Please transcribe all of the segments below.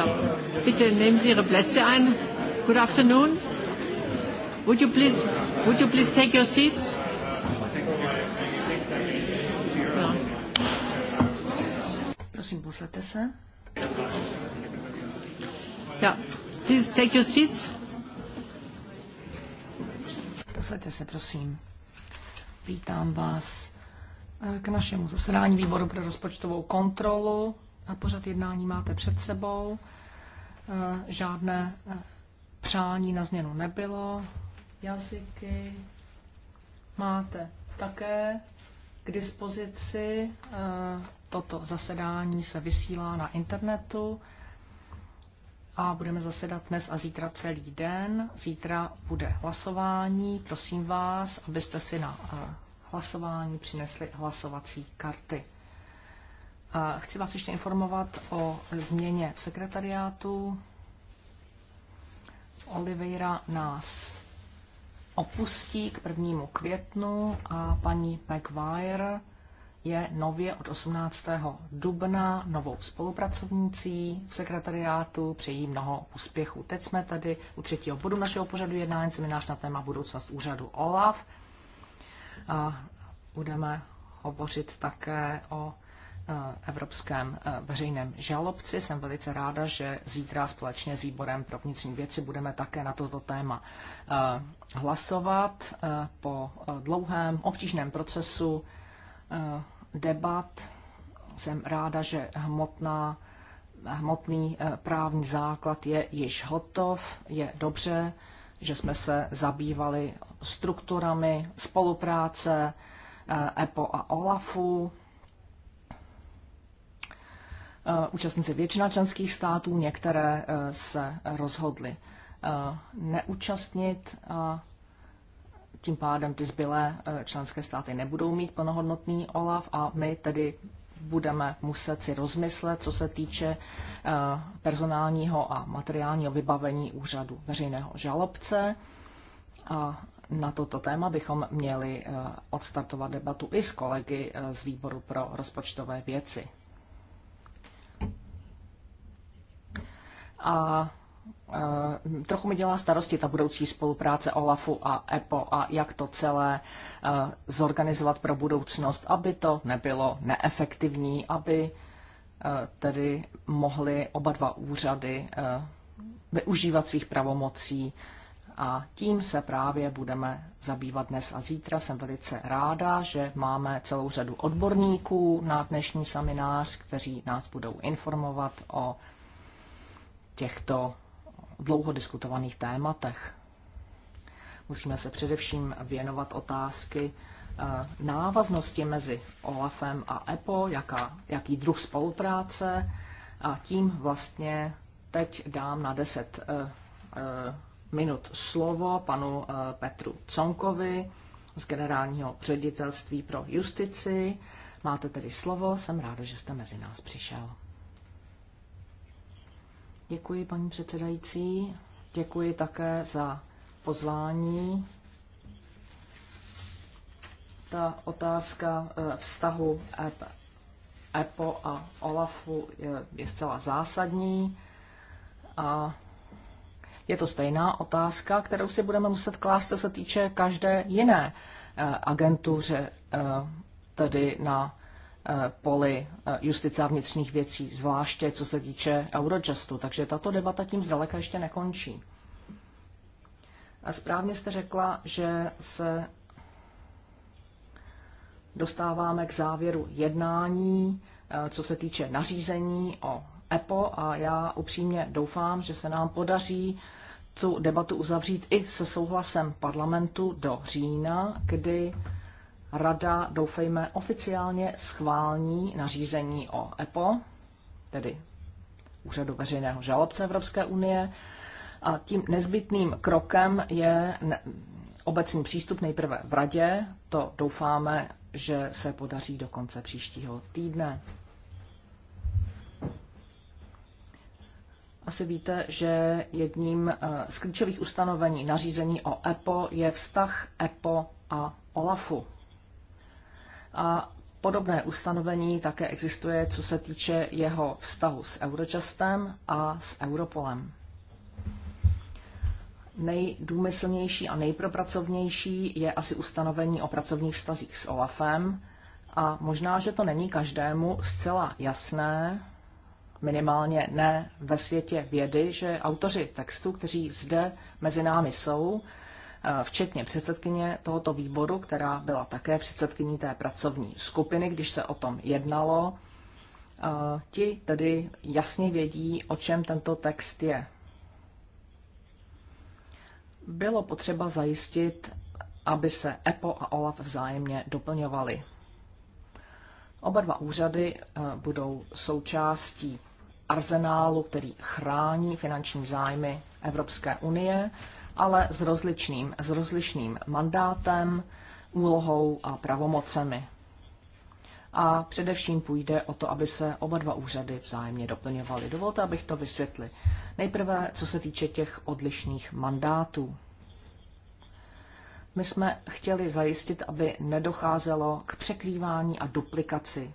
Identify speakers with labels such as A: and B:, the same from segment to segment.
A: Ja. Bitte nehmen Sie Ihre Plätze ein. Good afternoon. Would you please, would you please take your seats?
B: Prosím, posaďte se. Ja, please take your seats. Posaďte se, prosím. Vítám vás eh, k našemu zasedání výboru pro rozpočtovou kontrolu. Pořad jednání máte před sebou. E, žádné e, přání na změnu nebylo. Jazyky máte také k dispozici. E, toto zasedání se vysílá na internetu a budeme zasedat dnes a zítra celý den. Zítra bude hlasování. Prosím vás, abyste si na hlasování přinesli hlasovací karty. Chci vás ještě informovat o změně v sekretariátu. Oliveira nás opustí k prvnímu květnu a paní McWire je nově od 18. dubna novou spolupracovnicí v sekretariátu. Přejí mnoho úspěchů. Teď jsme tady u třetího bodu našeho pořadu jednání, seminář na téma budoucnost úřadu OLAF. A budeme hovořit také o Eh, evropském eh, veřejném žalobci. Jsem velice ráda, že zítra společně s výborem pro vnitřní věci budeme také na toto téma eh, hlasovat po dlouhém obtížném procesu debat. Jsem ráda, že hmotná, hmotný právní základ je již hotov, je dobře, že jsme se zabývali strukturami spolupráce EPO a OLAFu Eh, účastníci většina členských států, některé eh, se rozhodly eh, neúčastnit a tím pádem ty zbylé členské státy nebudou mít plnohodnotný OLAF a my tedy budeme muset si rozmyslet, co se týče personálního a materiálního vybavení úřadu veřejného žalobce. A na toto téma bychom měli odstartovat debatu i s kolegy z výboru pro rozpočtové věci. a eh, trochu mi dělá starosti ta budoucí spolupráce OLAFu a EPO a jak to celé eh, zorganizovat pro budoucnost, aby to nebylo neefektivní, aby eh, tedy mohly oba dva úřady využívat svých pravomocí a tím se právě budeme zabývat dnes a zítra. Jsem velice ráda, že máme celou řadu odborníků na dnešní seminář, kteří nás budou informovat o těchto dlouho diskutovaných tématech. Musíme se především věnovat otázky eh, návaznosti mezi OLAFem a EPO, jaká, jaký druh spolupráce a tím vlastně teď dám na 10 eh, eh, minut slovo panu Petru Conkovi z generálního ředitelství pro justici. Máte tedy slovo, jsem ráda, že jste mezi nás přišel. Děkuji, paní předsedající. Děkuji také za pozvání. Ta otázka e, vztahu EPO e a OLAFu je, je zcela zásadní a je to stejná otázka, kterou si budeme muset klást, co se týče každé jiné e, agentuře, tedy na Eh, poli eh, justice a vnitřních věcí, zvláště co se týče Eurojustu. Takže tato debata tím zdaleka ještě nekončí. A správně jste řekla, že se dostáváme k závěru jednání, eh, co se týče nařízení o EPO a já upřímně doufám, že se nám podaří tu debatu uzavřít i se souhlasem parlamentu do října, kdy Rada, doufejme, oficiálně schvální nařízení o EPO, tedy Úřadu veřejného žalobce Evropské unie. A tím nezbytným krokem je obecný přístup nejprve v Radě. To doufáme, že se podaří do konce příštího týdne. Asi víte, že jedním eh, z klíčových ustanovení nařízení o EPO je vztah EPO a OLAFu a podobné ustanovení také existuje, co se týče jeho vztahu s Eurojustem a s Europolem. Nejdůmyslnější a nejpropracovnější je asi ustanovení o pracovních vztazích s OLAFem a možná, že to není každému zcela jasné, minimálně ne ve světě vědy, že autoři textu, kteří zde mezi námi jsou, Eh, včetně předsedkyně tohoto výboru, která byla také předsedkyní té pracovní skupiny, když se o tom jednalo. Eh, ti tedy jasně vědí, o čem tento text je. Bylo potřeba zajistit, aby se EPO a OLAF vzájemně doplňovaly. Oba dva úřady eh, budou součástí arzenálu, který chrání finanční zájmy Evropské unie ale s rozličným, s rozličným mandátem, úlohou a pravomocemi. A především půjde o to, aby se oba dva úřady vzájemně doplňovaly. Dovolte, abych to vysvětli. Nejprve, co se týče těch odlišných mandátů. My jsme chtěli zajistit, aby nedocházelo k překrývání a duplikaci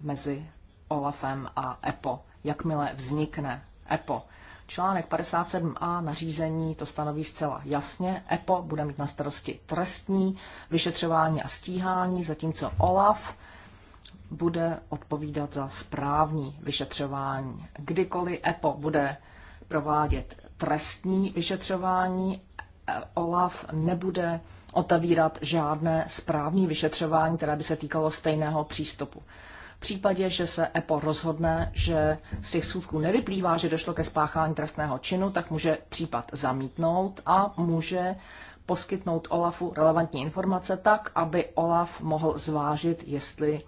B: mezi OLAFem a EPO, jakmile vznikne EPO. Článek 57a nařízení to stanoví zcela jasně. EPO bude mít na starosti trestní vyšetřování a stíhání, zatímco OLAF bude odpovídat za správní vyšetřování. Kdykoliv EPO bude provádět trestní vyšetřování, OLAF nebude otevírat žádné správní vyšetřování, které by se týkalo stejného přístupu případě, že se EPO rozhodne, že z těch sudků nevyplývá, že došlo ke spáchání trestného činu, tak může případ zamítnout a může poskytnout OLAFu relevantní informace tak, aby OLAF mohl zvážit, jestli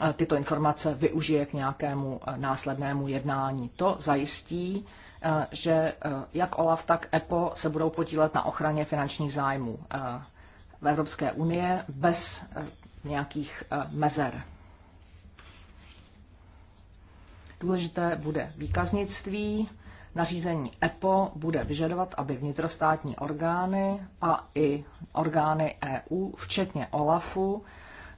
B: eh, tyto informace využije k nějakému eh, následnému jednání. To zajistí, eh, že jak OLAF, tak EPO se budou podílet na ochraně finančních zájmů v Evropské unie bez nějakých mezer. Důležité bude výkaznictví, Nařízení EPO bude vyžadovat, aby vnitrostátní orgány a i orgány EU, včetně OLAFu,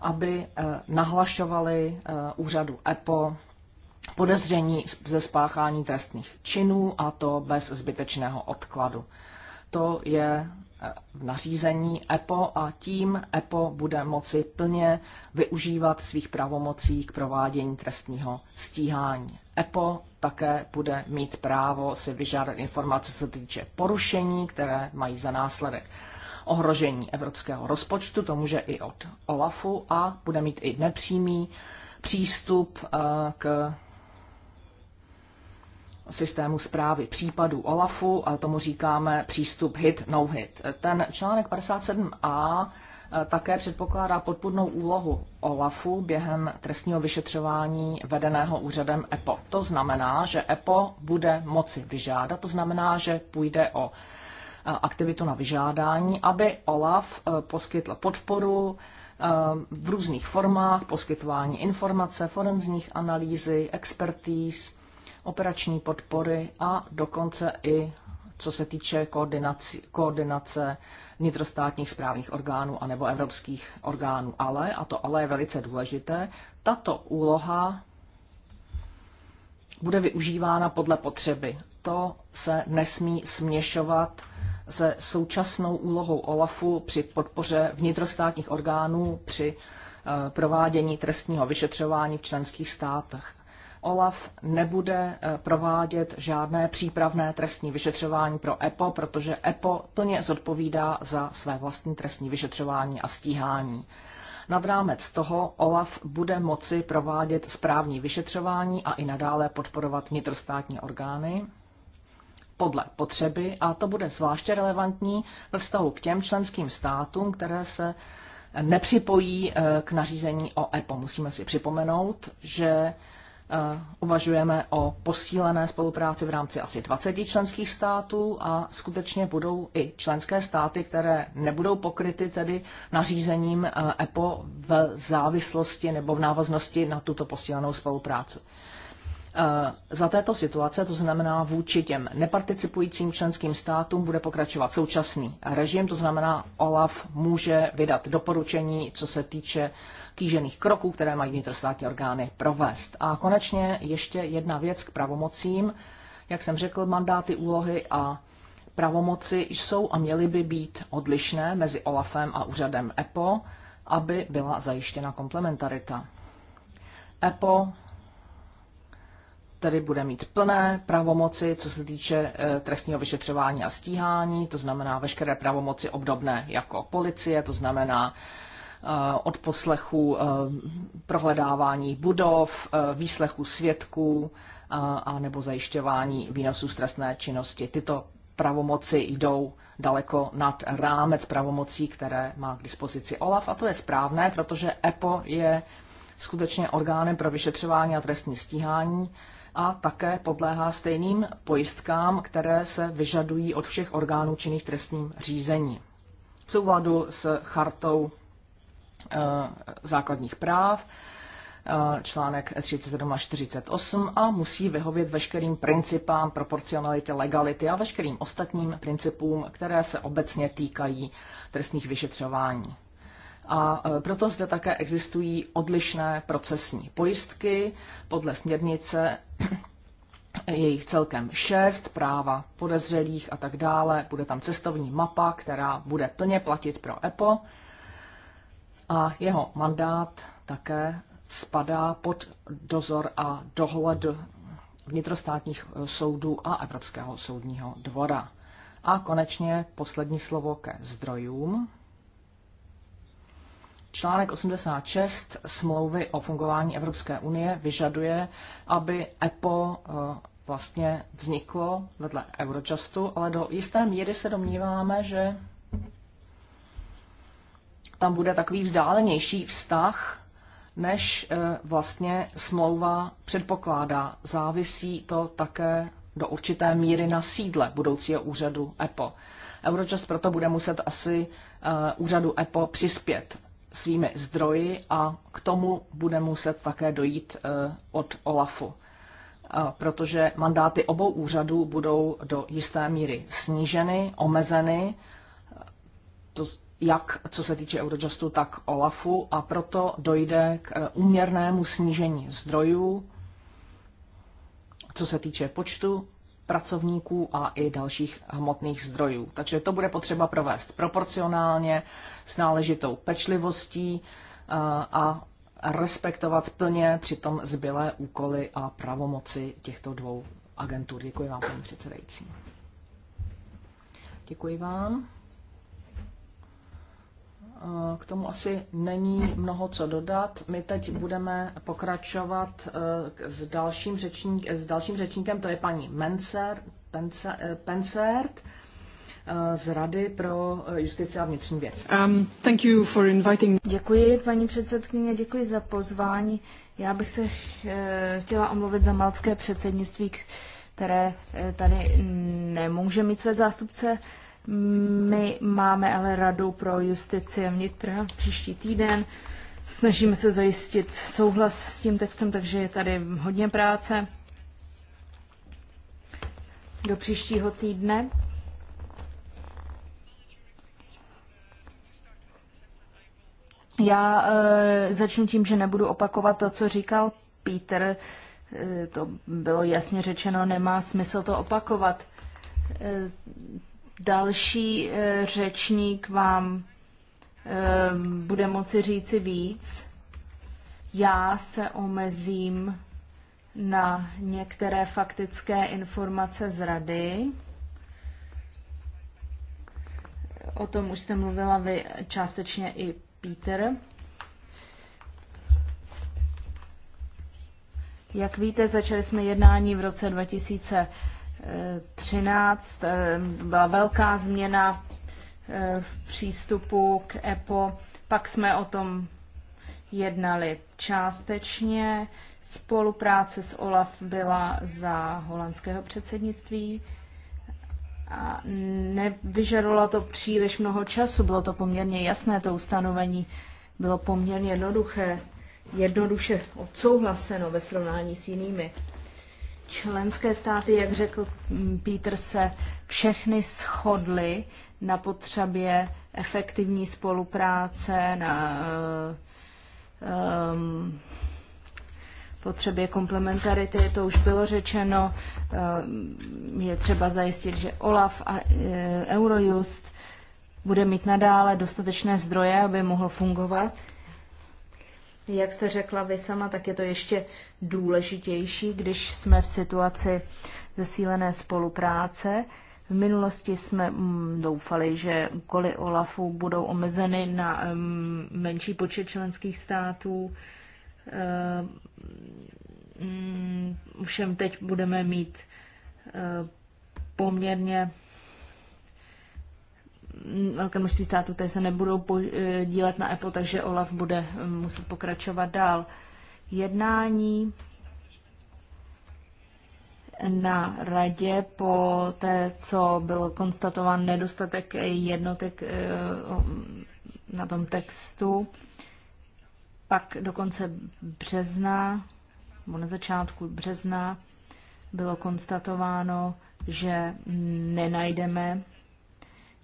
B: aby eh, nahlašovaly eh, úřadu EPO podezření ze spáchání trestných činů a to bez zbytečného odkladu. To je v eh, nařízení EPO a tím EPO bude moci plně využívat svých pravomocí k provádění trestního stíhání. EPO také bude mít právo si vyžádat informace, co se týče porušení, které mají za následek ohrožení evropského rozpočtu, to může i od OLAFu a bude mít i nepřímý přístup eh, k systému zprávy případů OLAFu, a tomu říkáme přístup hit, no hit. Ten článek 57a eh, také předpokládá podpůrnou úlohu OLAFu během trestního vyšetřování vedeného úřadem EPO. To znamená, že EPO bude moci vyžádat, to znamená, že půjde o eh, aktivitu na vyžádání, aby OLAF eh, poskytl podporu v různých formách, poskytování informace, forenzních analýzy, expertíz, operační podpory a dokonce i co se týče koordinace, koordinace vnitrostátních správních orgánů anebo evropských orgánů. Ale, a to ale je velice důležité, tato úloha bude využívána podle potřeby. To se nesmí směšovat se současnou úlohou OLAFu při podpoře vnitrostátních orgánů při eh, provádění trestního vyšetřování v členských státech. OLAF nebude eh, provádět žádné přípravné trestní vyšetřování pro EPO, protože EPO plně zodpovídá za své vlastní trestní vyšetřování a stíhání. Nad rámec toho OLAF bude moci provádět správní vyšetřování a i nadále podporovat vnitrostátní orgány podle potřeby a to bude zvláště relevantní ve vztahu k těm členským státům, které se nepřipojí eh, k nařízení o EPO. Musíme si připomenout, že Eh, uvažujeme o posílené spolupráci v rámci asi 20 členských států a skutečně budou i členské státy, které nebudou pokryty tedy nařízením eh, EPO v závislosti nebo v návaznosti na tuto posílenou spolupráci. Eh, za této situace, to znamená vůči těm neparticipujícím členským státům, bude pokračovat současný režim, to znamená, OLAF může vydat doporučení, co se týče kýžených kroků, které mají vnitrostátní orgány provést. A konečně ještě jedna věc k pravomocím. Jak jsem řekl, mandáty, úlohy a pravomoci jsou a měly by být odlišné mezi OLAFem a úřadem EPO, aby byla zajištěna komplementarita. EPO tedy bude mít plné pravomoci, co se týče eh, trestního vyšetřování a stíhání, to znamená veškeré pravomoci obdobné jako policie, to znamená eh, od poslechu eh, prohledávání budov, výslechu svědků a nebo zajišťování výnosů z trestné činnosti. Tyto pravomoci jdou daleko nad rámec pravomocí, které má k dispozici OLAF a to je správné, protože EPO je skutečně orgánem pro vyšetřování a trestní stíhání a také podléhá stejným pojistkám, které se vyžadují od všech orgánů činných trestním řízení. V souladu s chartou eh, základních práv, eh, článek 37 a 48 a musí vyhovět veškerým principám proporcionality, legality a veškerým ostatním principům, které se obecně týkají trestních vyšetřování a e, proto zde také existují odlišné procesní pojistky podle směrnice je jich celkem šest, práva podezřelých a tak dále. Bude tam cestovní mapa, která bude plně platit pro EPO a jeho mandát také spadá pod dozor a dohled vnitrostátních e, soudů a Evropského soudního dvora. A konečně poslední slovo ke zdrojům. Článek 86 smlouvy o fungování Evropské unie vyžaduje, aby EPO eh, vlastně vzniklo vedle Eurojustu, ale do jisté míry se domníváme, že tam bude takový vzdálenější vztah, než eh, vlastně smlouva předpokládá. Závisí to také do určité míry na sídle budoucího úřadu EPO. Eurojust proto bude muset asi eh, úřadu EPO přispět svými zdroji a k tomu bude muset také dojít eh, od OLAFu, eh, protože mandáty obou úřadů budou do jisté míry sníženy, omezeny, eh, to jak co se týče Eurojustu, tak OLAFu a proto dojde k úměrnému snížení zdrojů, co se týče počtu pracovníků a i dalších hmotných zdrojů. Takže to bude potřeba provést proporcionálně, s náležitou pečlivostí eh, a respektovat plně přitom zbylé úkoly a pravomoci těchto dvou agentur. Děkuji vám, paní předsedající. Děkuji vám. Eh, k tomu asi není mnoho co dodat. My teď budeme pokračovat eh, s dalším, řečník, s dalším řečníkem, to je paní Menser, eh, Pensert z Rady pro justici a vnitřní věci.
C: Um, thank you for inviting... Děkuji, paní předsedkyně, děkuji za pozvání. Já bych se chtěla omluvit za malcké předsednictví, které tady mm, nemůže mít své zástupce. My máme ale radu pro justici a vnitra příští týden. Snažíme se zajistit souhlas s tím textem, takže je tady hodně práce do příštího týdne. Já e, začnu tím, že nebudu opakovat to, co říkal Peter. E, to bylo jasně řečeno, nemá smysl to opakovat. E, Další eh, řečník vám eh, bude moci říci víc. Já se omezím na některé faktické informace z rady. O tom už jste mluvila vy částečně i Peter. Jak víte, začali jsme jednání v roce 2000. 13 eh, byla velká změna eh, v přístupu k EPO. Pak jsme o tom jednali částečně. Spolupráce s OLAF byla za holandského předsednictví a nevyžadovalo to příliš mnoho času. Bylo to poměrně jasné, to ustanovení bylo poměrně jednoduché, jednoduše odsouhlaseno ve srovnání s jinými Členské státy, jak řekl Pítr, se všechny shodly na potřebě efektivní spolupráce, na um, potřebě komplementarity, to už bylo řečeno, um, je třeba zajistit, že OLAF a Eurojust bude mít nadále dostatečné zdroje, aby mohl fungovat. Jak jste řekla vy sama, tak je to ještě důležitější, když jsme v situaci zesílené spolupráce. V minulosti jsme mm, doufali, že úkoly OLAFu budou omezeny na mm, menší počet členských států. Ehm, mm, všem teď budeme mít eh, poměrně velké množství států které se nebudou dílet na EPO, takže OLAF bude eh, muset pokračovat dál. Jednání na radě po té, co byl konstatován nedostatek jednotek eh, na tom textu, pak do konce března, nebo na začátku března, bylo konstatováno, že nenajdeme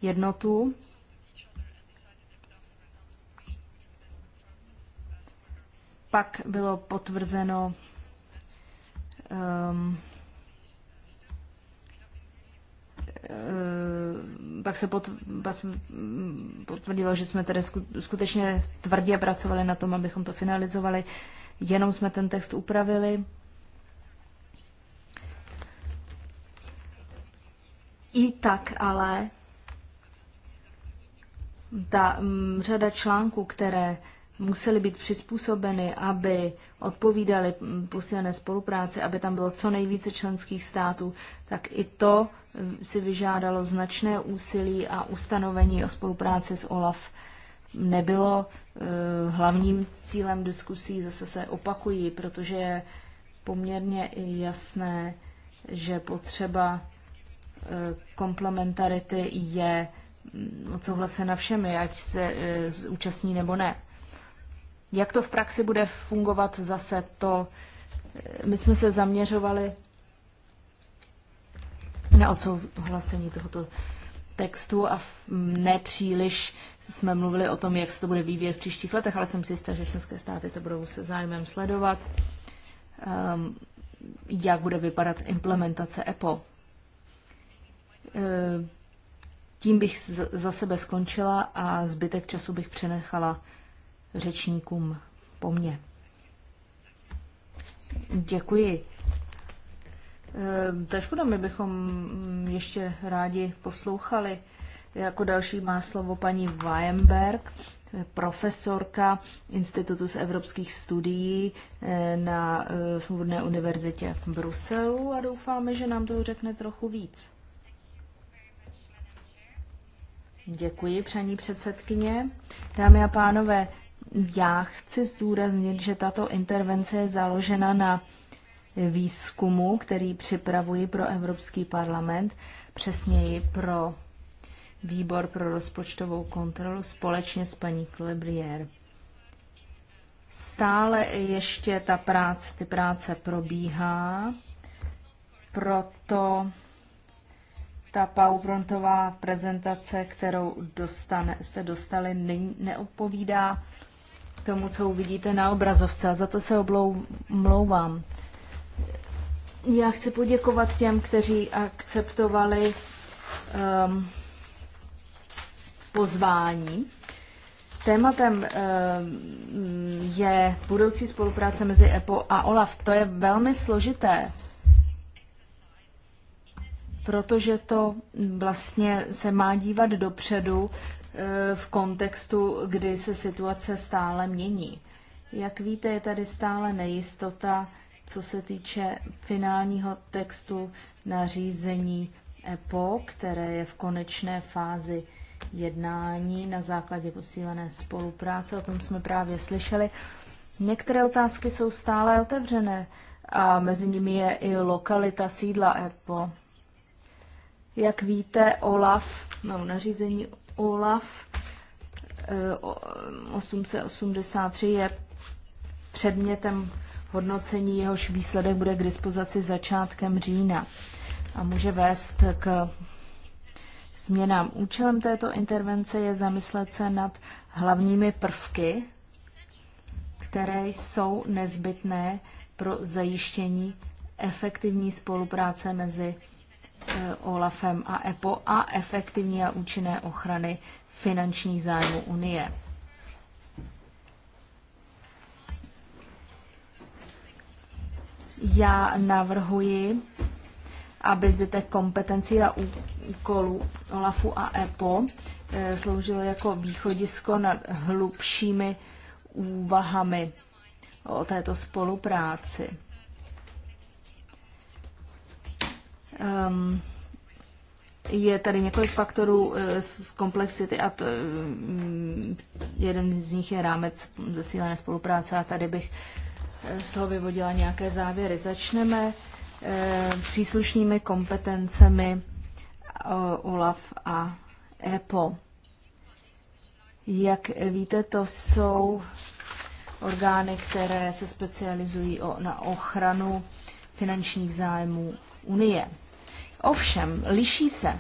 C: jednotu. Pak bylo potvrzeno um, pak se potvrdilo, že jsme tedy skutečně tvrdě pracovali na tom, abychom to finalizovali. Jenom jsme ten text upravili. I tak ale ta m, mm, řada článků, které musely být přizpůsobeny, aby odpovídaly mm, posílené spolupráci, aby tam bylo co nejvíce členských států, tak i to mm, si vyžádalo značné úsilí a ustanovení o spolupráci s OLAF nebylo e, hlavním cílem diskusí, zase se opakují, protože je poměrně i jasné, že potřeba e, komplementarity je odsouhlasena všemi, ať se e, účastní nebo ne. Jak to v praxi bude fungovat zase to, e, my jsme se zaměřovali na odsouhlasení tohoto textu a nepříliš jsme mluvili o tom, jak se to bude vyvíjet v příštích letech, ale jsem si jistá, že české státy to budou se zájmem sledovat, um, jak bude vypadat implementace EPO. Um, ehm, tím bych za sebe skončila a zbytek času bych přenechala řečníkům po mně. Děkuji. Eh, Ta škoda, no, my bychom mm, ještě rádi poslouchali. Jako další má slovo paní Weinberg, profesorka Institutu z evropských studií eh, na eh, Svobodné univerzitě v Bruselu a doufáme, že nám to řekne trochu víc. Děkuji, přání předsedkyně. Dámy a pánové, já chci zdůraznit, že tato intervence je založena na výzkumu, který připravuji pro Evropský parlament, přesněji pro výbor pro rozpočtovou kontrolu společně s paní Klebrier. Stále ještě ta práce, ty práce probíhá, proto ta PowerPointová prezentace, kterou dostane, jste dostali, ne, neodpovídá tomu, co uvidíte na obrazovce. A za to se omlouvám. Já chci poděkovat těm, kteří akceptovali um, pozvání. Tématem um, je budoucí spolupráce mezi EPO a OLAF. To je velmi složité protože to vlastně se má dívat dopředu eh, v kontextu, kdy se situace stále mění. Jak víte, je tady stále nejistota, co se týče finálního textu nařízení EPO, které je v konečné fázi jednání na základě posílené spolupráce, o tom jsme právě slyšeli. Některé otázky jsou stále otevřené a mezi nimi je i lokalita sídla EPO. Jak víte, OLAF, no, nařízení OLAF 883 eh, je předmětem hodnocení, jehož výsledek bude k dispozici začátkem října a může vést k změnám. Účelem této intervence je zamyslet se nad hlavními prvky, které jsou nezbytné pro zajištění efektivní spolupráce mezi Eh, OLAFem a EPO a efektivní a účinné ochrany finančních zájmů Unie. Já navrhuji, aby zbytek kompetencí a úkolů OLAFu a EPO eh, sloužil jako východisko nad hlubšími úvahami o této spolupráci. Um, je tady několik faktorů eh, z komplexity a to, mm, jeden z nich je rámec zesílené spolupráce a tady bych eh, z toho vyvodila nějaké závěry. Začneme eh, příslušnými kompetencemi OLAF a EPO. Jak víte, to jsou orgány, které se specializují na ochranu finančních zájmů Unie. Ovšem, liší se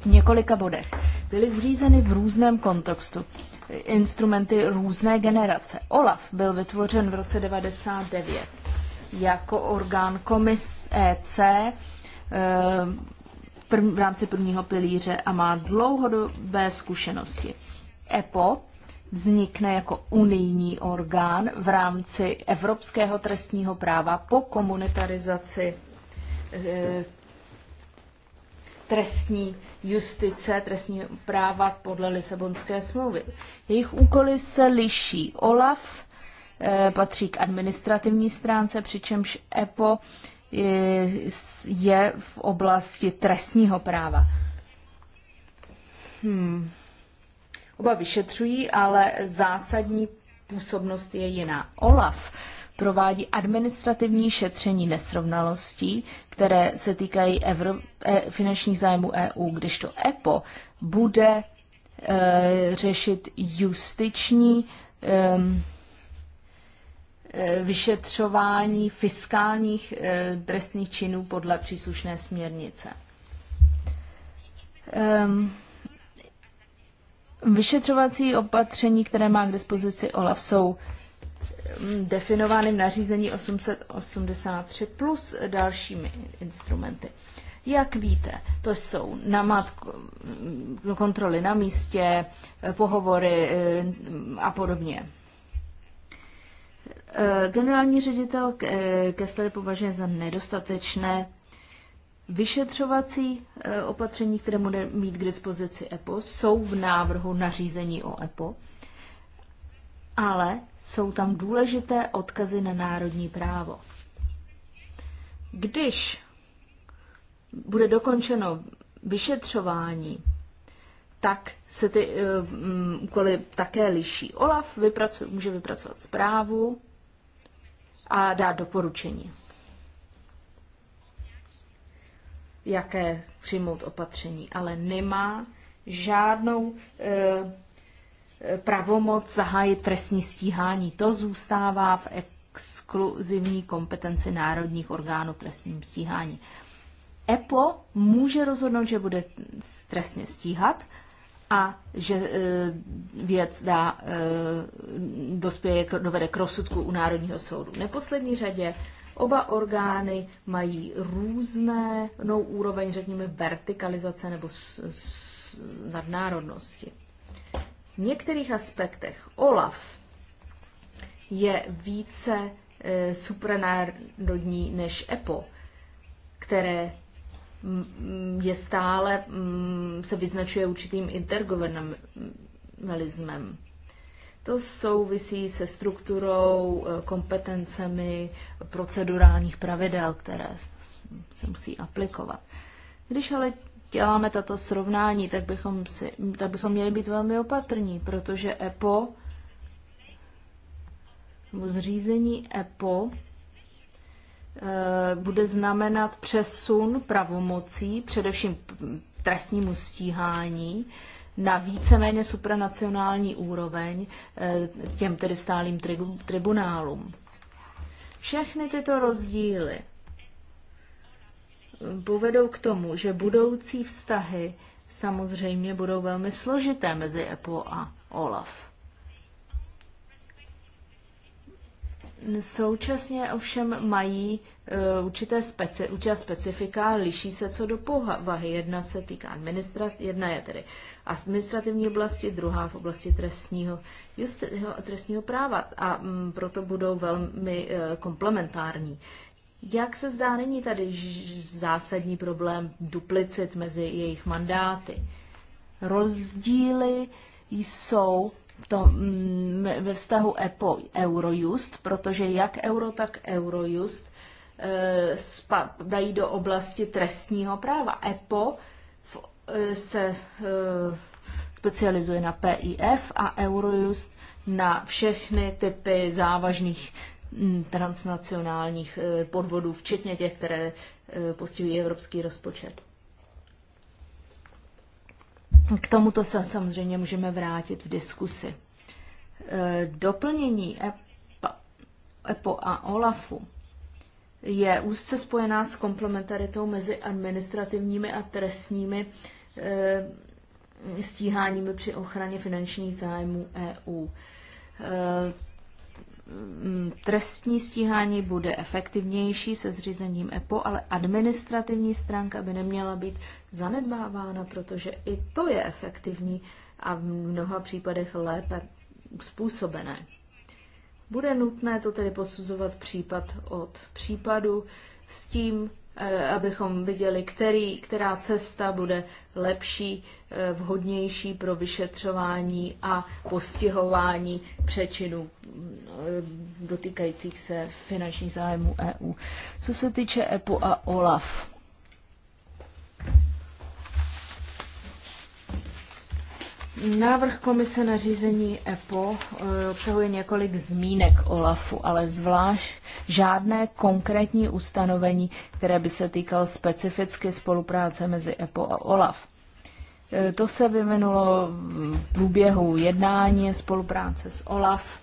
C: v několika bodech. Byly zřízeny v různém kontextu instrumenty různé generace. OLAF byl vytvořen v roce 99 jako orgán komis EC eh, v rámci prvního pilíře a má dlouhodobé zkušenosti. EPO vznikne jako unijní orgán v rámci evropského trestního práva po komunitarizaci e, trestní justice, trestní práva podle Lisabonské smlouvy. Jejich úkoly se liší. OLAF e, patří k administrativní stránce, přičemž EPO je, eh, je v oblasti trestního práva. Hmm oba vyšetřují, ale zásadní působnost je jiná. OLAF provádí administrativní šetření nesrovnalostí, které se týkají Evro- e- finančních zájmů EU, když to EPO bude e- řešit justiční e- vyšetřování fiskálních e- trestných činů podle příslušné směrnice. E- Vyšetřovací opatření, které má k dispozici OLAF, jsou mm, definovány v nařízení 883 plus dalšími instrumenty. Jak víte, to jsou matku, mm, kontroly na místě, eh, pohovory eh, a podobně. Eh, generální ředitel Kessler považuje za nedostatečné Vyšetřovací eh, opatření, které bude mít k dispozici EPO, jsou v návrhu nařízení o EPO, ale jsou tam důležité odkazy na národní právo. Když bude dokončeno vyšetřování, tak se ty um, úkoly také liší. Olaf vypracu, může vypracovat zprávu a dát doporučení. jaké přijmout opatření, ale nemá žádnou e, pravomoc zahájit trestní stíhání. To zůstává v exkluzivní kompetenci národních orgánů trestním stíhání. EPO může rozhodnout, že bude trestně stíhat a že e, věc dá, e, dospěje, dovede k rozsudku u Národního soudu. V neposlední řadě Oba orgány mají různé no, úroveň, řekněme, vertikalizace nebo s, s, nadnárodnosti. V některých aspektech OLAF je více e, supranárodní než EPO, které je stále, se vyznačuje určitým intergovernmentalismem. To souvisí se strukturou, eh, kompetencemi procedurálních pravidel, které se musí aplikovat. Když ale děláme tato srovnání, tak bychom, si, tak bychom měli být velmi opatrní, protože EPO, zřízení EPO, eh, bude znamenat přesun pravomocí, především trestnímu stíhání, na víceméně supranacionální úroveň eh, těm tedy stálým tribunálům. Všechny tyto rozdíly eh, povedou k tomu, že budoucí vztahy samozřejmě budou velmi složité mezi EPO a OLAF. Současně ovšem mají Eh, určité speci, určitá specifika, liší se co do povahy. Jedna se týká administrativní, jedna je tedy administrativní oblasti, druhá v oblasti trestního, justi, eh, trestního práva a m, mm, proto budou velmi e, komplementární. Jak se zdá, není tady zásadní problém duplicit mezi jejich mandáty. Rozdíly jsou v tom, mm, ve vztahu EPO Eurojust, protože jak Euro, tak Eurojust Eh, spadají do oblasti trestního práva. EPO eh, se eh, specializuje na PIF a Eurojust na všechny typy závažných hm, transnacionálních podvodů, včetně těch, které postihují evropský rozpočet. K tomuto se samozřejmě můžeme vrátit v diskusi. Doplnění EPO a e OLAFu je úzce spojená s komplementaritou mezi administrativními a trestními eh, stíháními při ochraně finančních zájmů EU. Eh, mm, trestní stíhání bude efektivnější se zřízením EPO, ale administrativní stránka by neměla být zanedbávána, protože i to je efektivní a v mnoha případech lépe způsobené. Bude nutné to tedy posuzovat případ od případu s tím, eh, abychom viděli, který, která cesta bude lepší, eh, vhodnější pro vyšetřování a postihování přečinů eh, dotýkajících se finančních zájmů EU. Co se týče EPU a OLAF, Návrh komise na řízení EPO eh, obsahuje několik zmínek OLAFu, ale zvlášť žádné konkrétní ustanovení, které by se týkalo specificky spolupráce mezi EPO a OLAF. Eh, to se vyvinulo v průběhu jednání spolupráce s OLAF.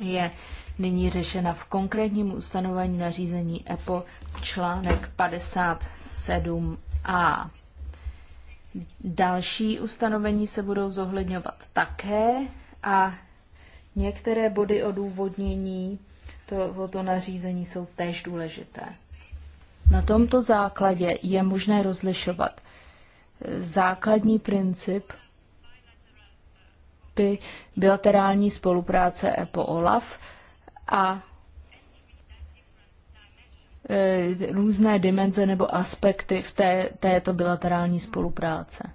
C: Je nyní řešena v konkrétním ustanovení nařízení EPO článek 57a. Další ustanovení se budou zohledňovat také a některé body odůvodnění tohoto nařízení jsou též důležité. Na tomto základě je možné rozlišovat eh, základní princip bilaterální spolupráce EPO-OLAF a Eh, různé dimenze nebo aspekty v té, této bilaterální spolupráce.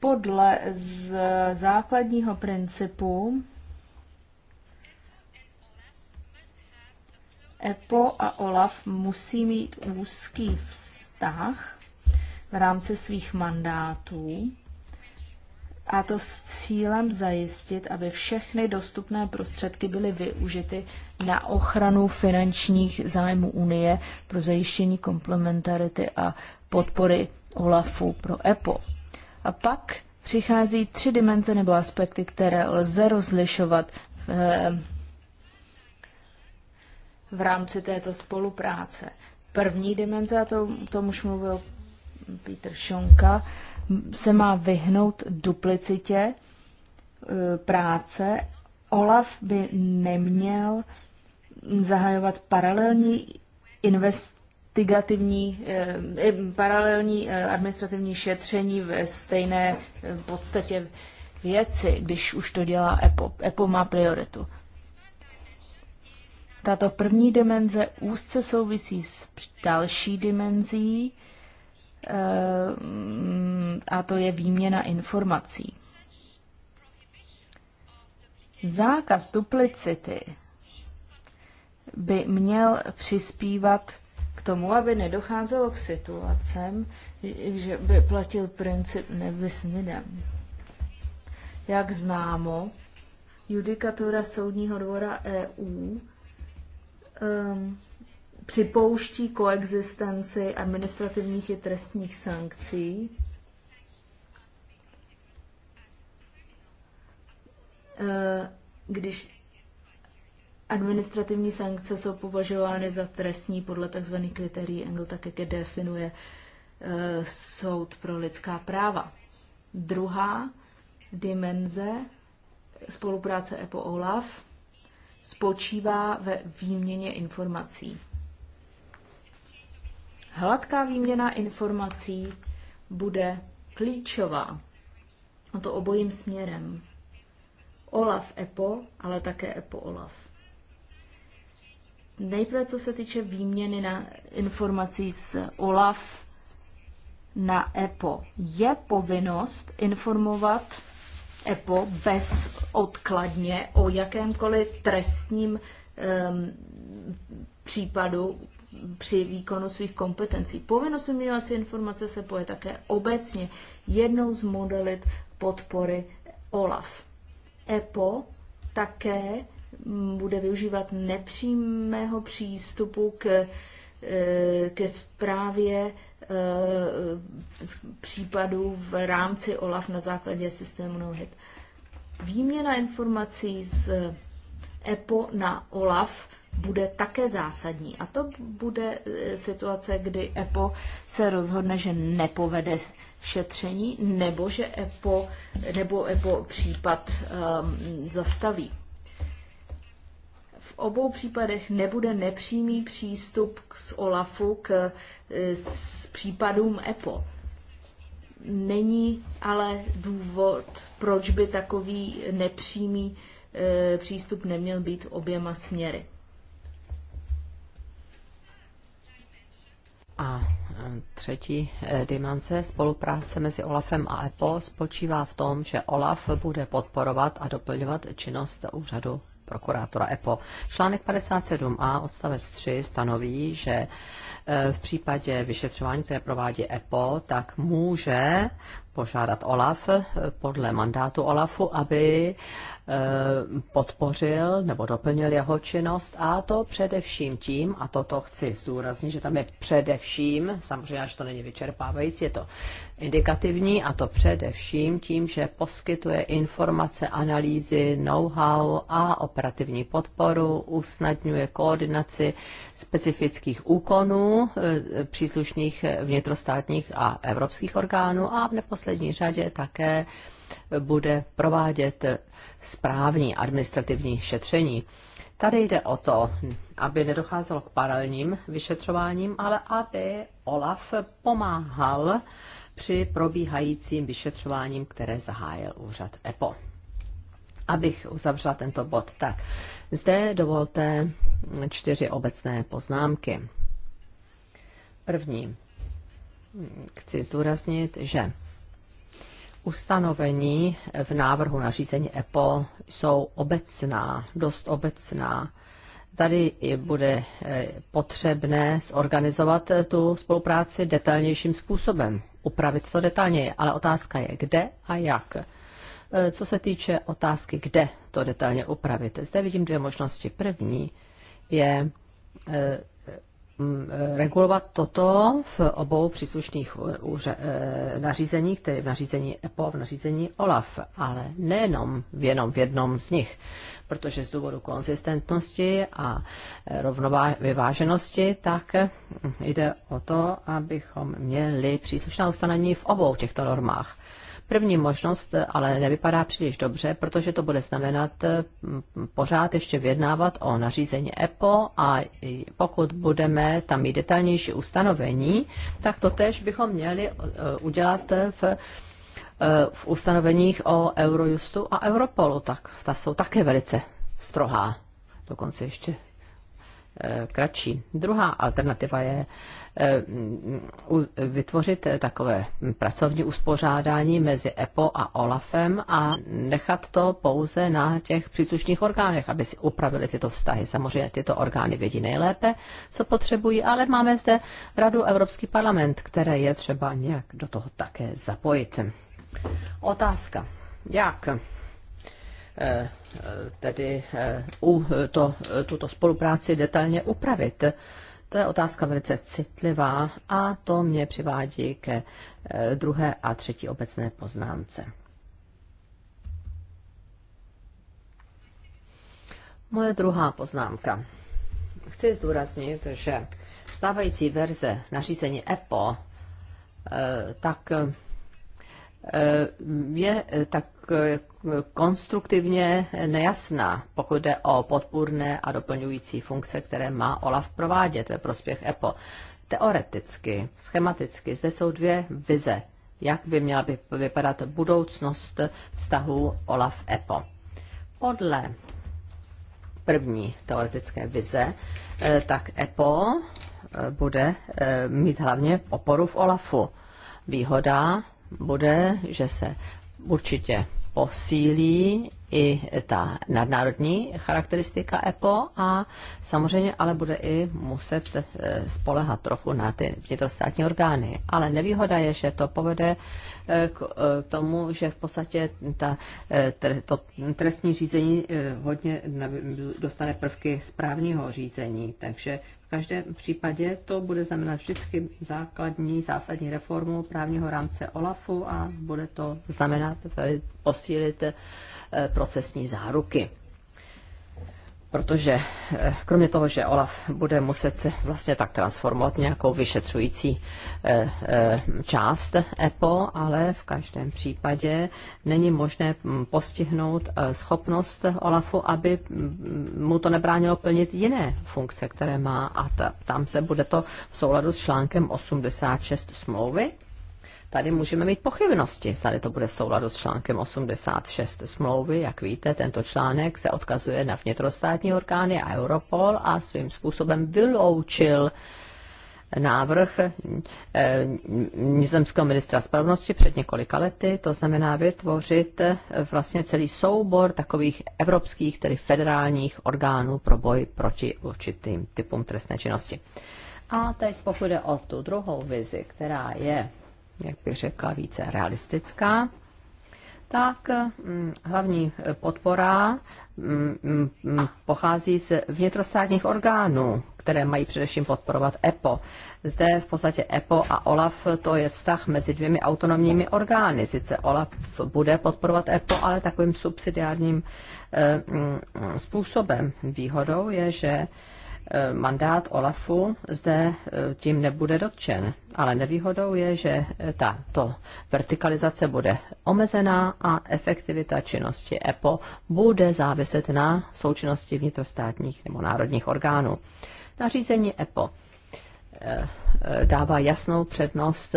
C: Podle z základního principu EPO a OLAF musí mít úzký vztah v rámci svých mandátů a to s cílem zajistit, aby všechny dostupné prostředky byly využity na ochranu finančních zájmů Unie pro zajištění komplementarity a podpory OLAFu pro EPO. A pak přichází tři dimenze nebo aspekty, které lze rozlišovat v, eh, v rámci této spolupráce. První dimenze, a to, tom už mluvil Peter Šonka, se má vyhnout duplicitě e, práce. Olaf by neměl zahajovat paralelní investigativní, e, paralelní e, administrativní šetření ve stejné podstatě věci, když už to dělá EPO. EPO má prioritu. Tato první dimenze úzce souvisí s další dimenzí, Eh, a to je výměna informací. Zákaz duplicity by měl přispívat k tomu, aby nedocházelo k situacem, že by platil princip nebis Jak známo, judikatura Soudního dvora EU um, ehm, připouští koexistenci administrativních i trestních sankcí. Eh, když administrativní sankce jsou považovány za trestní podle tzv. kritérií Engel, tak jak je definuje eh, Soud pro lidská práva. Druhá dimenze spolupráce EPO-OLAF spočívá ve výměně informací. Hladká výměna informací bude klíčová, a to obojím směrem. OLAF EPO, ale také EPO OLAF. Nejprve, co se týče výměny na informací z OLAF na EPO. Je povinnost informovat EPO bezodkladně o jakémkoliv trestním um, případu, při výkonu svých kompetencí. Povinnost vyměňovat si informace se poje také obecně jednou z modelit podpory OLAF. EPO také bude využívat nepřímého přístupu k, e, ke zprávě e, případů v rámci OLAF na základě systému NOHIT. Výměna informací s EPO na OLAF bude také zásadní. A to bude e, situace, kdy EPO se rozhodne, že nepovede šetření, nebo že EPO, nebo EPO případ um, zastaví. V obou případech nebude nepřímý přístup z OLAFu k e, s případům EPO. Není ale důvod, proč by takový nepřímý Eh, přístup neměl být oběma směry.
A: A eh, třetí eh, dimenze spolupráce mezi OLAFem a EPO spočívá v tom, že OLAF bude podporovat a doplňovat činnost úřadu prokurátora EPO. Článek 57a odstavec 3 stanoví, že v případě vyšetřování, které provádí EPO, tak může požádat OLAF eh, podle mandátu OLAFu, aby eh, podpořil nebo doplnil jeho činnost a to především tím, a toto chci zdůraznit, že tam je především, samozřejmě že to není vyčerpávající, je to indikativní a to především tím, že poskytuje informace, analýzy, know-how a operativní podporu, usnadňuje koordinaci specifických úkonů eh, příslušných vnitrostátních a evropských orgánů a v neposlední neposlední řadě také bude provádět správní administrativní šetření. Tady jde o to, aby nedocházelo k paralelním vyšetřováním, ale aby OLAF pomáhal při probíhajícím vyšetřováním, které zahájil úřad EPO. Abych uzavřela tento bod, tak zde dovolte čtyři obecné poznámky. První. Chci zdůraznit, že ustanovení v návrhu nařízení EPO jsou obecná, dost obecná. Tady bude eh, potřebné zorganizovat eh, tu spolupráci detailnějším způsobem, upravit to detailněji, ale otázka je, kde a jak. Eh, co se týče otázky, kde to detailně upravit, zde vidím dvě možnosti. První je Mm, eh, regulovat toto v obou příslušných eh, úře, eh, nařízeních, tedy v nařízení EPO, v nařízení OLAF, ale nejenom v jenom v jednom z nich, protože z důvodu konzistentnosti a rovnováženosti, tak hm, jde o to, abychom měli příslušná ustanovení v obou těchto normách. První možnost ale nevypadá příliš dobře, protože to bude znamenat mm, pořád ještě vyjednávat o nařízení EPO a pokud budeme tam mít detailnější ustanovení, tak to tež bychom měli e, udělat v e, v ustanoveních o Eurojustu a Europolu, tak ta jsou také velice strohá, dokonce ještě e, kratší. Druhá alternativa je Eh, vytvořit takové pracovní uspořádání mezi EPO a OLAFem a nechat to pouze na těch příslušných orgánech, aby si upravili tyto vztahy. Samozřejmě tyto orgány vědí nejlépe, co potřebují, ale máme zde Radu Evropský parlament, které je třeba nějak do toho také zapojit. Otázka. Jak eh, eh, tedy u to, tuto spolupráci detailně upravit? To je otázka velice citlivá a to mě přivádí ke eh, druhé a třetí obecné poznámce. Moje druhá poznámka. Chci zdůraznit, že stávající verze nařízení EPO eh, tak je tak konstruktivně nejasná, pokud jde o podpůrné a doplňující funkce, které má OLAF provádět ve prospěch EPO. Teoreticky, schematicky, zde jsou dvě vize, jak by měla vypadat budoucnost vztahu OLAF-EPO. Podle první teoretické vize, eh, tak EPO eh, bude eh, mít hlavně oporu v OLAFu. Výhoda bude, že se určitě posílí i ta nadnárodní charakteristika EPO a samozřejmě ale bude i muset e, spolehat trochu na ty vnitrostátní orgány. Ale nevýhoda je, že to povede e, k e, tomu, že v podstatě ta, to trestní řízení hodně dostane prvky správního řízení, takže v každém případě to bude znamenat vždycky základní, zásadní reformu právního rámce OLAFu a bude to znamenat eh, posílit eh, procesní záruky protože eh, kromě toho, že Olaf bude muset se vlastně tak transformovat nějakou vyšetřující eh, eh, část EPO, ale v každém případě není možné mm, postihnout schopnost Olafu, aby mm, mu to nebránilo plnit jiné funkce, které má a tam se bude to v souladu s článkem 86 smlouvy tady můžeme mít pochybnosti. Tady to bude v souladu s článkem 86 smlouvy. Jak víte, tento článek se odkazuje na vnitrostátní orgány a Europol a svým způsobem vyloučil návrh eh, nizozemského ministra spravedlnosti před několika lety, to znamená vytvořit eh, vlastně celý soubor takových evropských, tedy federálních orgánů pro boj proti určitým typům trestné činnosti. A teď pokud jde o tu druhou vizi, která je jak bych řekla, více realistická, tak mm, hlavní podpora mm, mm, pochází z vnitrostátních orgánů, které mají především podporovat EPO. Zde v podstatě EPO a OLAF to je vztah mezi dvěmi autonomními orgány. Sice OLAF bude podporovat EPO, ale takovým subsidiárním eh, způsobem. Výhodou je, že Eh, mandát OLAFu zde eh, tím nebude dotčen. Ale nevýhodou je, že eh, tato vertikalizace bude omezená a efektivita činnosti EPO bude záviset na součinnosti vnitrostátních nebo národních orgánů. Nařízení EPO dává jasnou přednost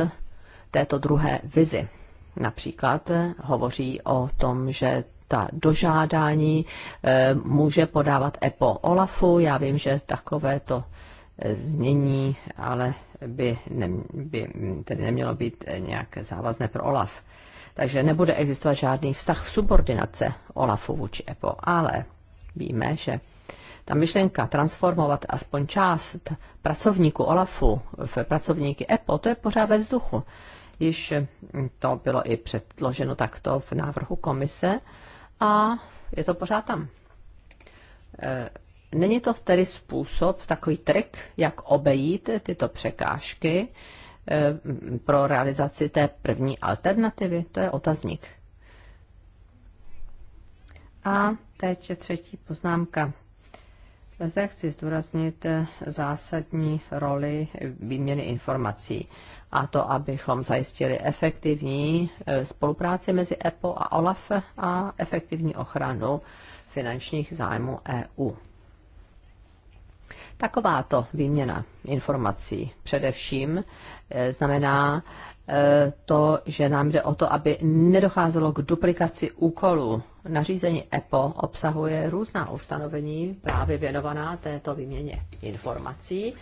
A: této druhé vizi. Například hovoří o tom, že ta dožádání eh, může podávat EPO OLAFu. Já vím, že takové to eh, znění, ale by, ne, by tedy nemělo být eh, nějak závazné pro OLAF. Takže nebude existovat žádný vztah subordinace OLAFu vůči EPO, ale víme, že ta myšlenka transformovat aspoň část pracovníků OLAFu v pracovníky EPO, to je pořád ve vzduchu. Již to bylo i předloženo takto v návrhu komise a je to pořád tam. E, není to tedy způsob, takový trik, jak obejít tyto překážky e, pro realizaci té první alternativy? To je otazník. A teď je třetí poznámka. Zde chci zdůraznit eh, zásadní roli výměny informací a to, abychom zajistili efektivní eh, spolupráci mezi EPO a OLAF a efektivní ochranu finančních zájmů EU. Takováto výměna informací především eh, znamená to, že nám jde o to, aby nedocházelo k duplikaci úkolů nařízení EPO obsahuje různá ustanovení právě věnovaná této výměně informací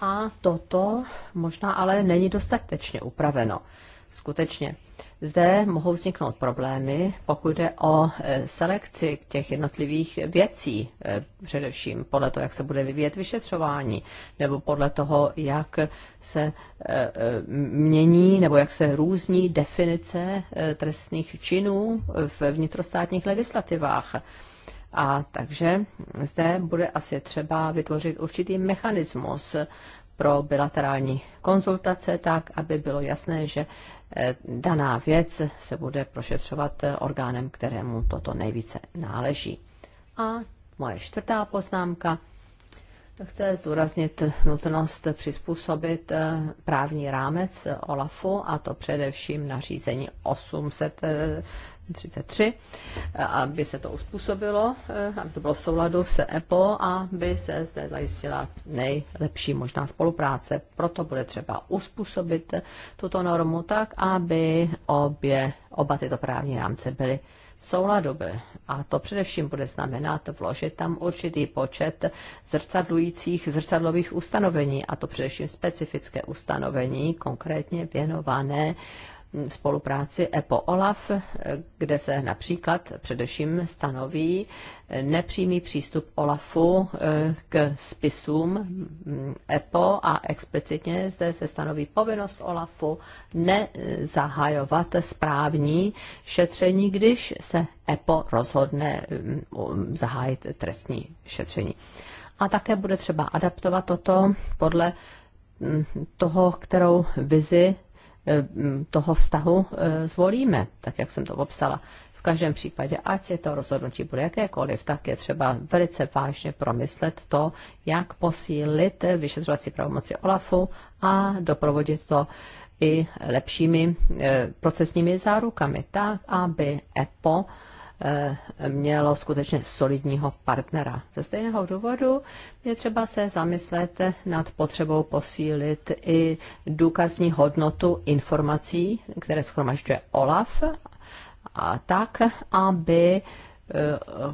A: a toto možná ale není dostatečně upraveno skutečně. Zde mohou vzniknout problémy, pokud jde o e, selekci těch jednotlivých věcí, e, především podle toho, jak se bude vyvíjet vyšetřování, nebo podle toho, jak se e, mění nebo jak se různí definice trestných činů v vnitrostátních legislativách. A takže zde bude asi třeba vytvořit určitý mechanismus pro bilaterální konzultace, tak aby bylo jasné, že Eh, daná věc se bude prošetřovat eh, orgánem, kterému toto nejvíce náleží. A moje čtvrtá poznámka. Chce zdůraznit nutnost přizpůsobit eh, právní rámec OLAFu, a to především nařízení 800 33, aby se to uspůsobilo, eh, aby to bylo v souladu se EPO a by se zde zajistila nejlepší možná spolupráce. Proto bude třeba uspůsobit tuto normu tak, aby obě, oba tyto právní rámce byly v souladu byly. A to především bude znamenat vložit tam určitý počet zrcadlujících zrcadlových ustanovení, a to především specifické ustanovení, konkrétně věnované spolupráci EPO-OLAF, kde se například především stanoví nepřímý přístup OLAFu eh, k spisům EPO a explicitně zde se stanoví povinnost OLAFu nezahajovat správní šetření, když se EPO rozhodne mm, um, zahájit trestní šetření. A také bude třeba adaptovat toto podle mm, toho, kterou vizi Eh, toho vztahu eh, zvolíme, tak jak jsem to popsala. V každém případě, ať je to rozhodnutí bude jakékoliv, tak je třeba velice vážně promyslet to, jak posílit vyšetřovací pravomoci OLAFu a doprovodit to i lepšími eh, procesními zárukami, tak aby EPO Eh, mělo skutečně solidního partnera. Ze stejného důvodu je třeba se zamyslet nad potřebou posílit i důkazní hodnotu informací, které schromažďuje OLAF, a tak, aby eh,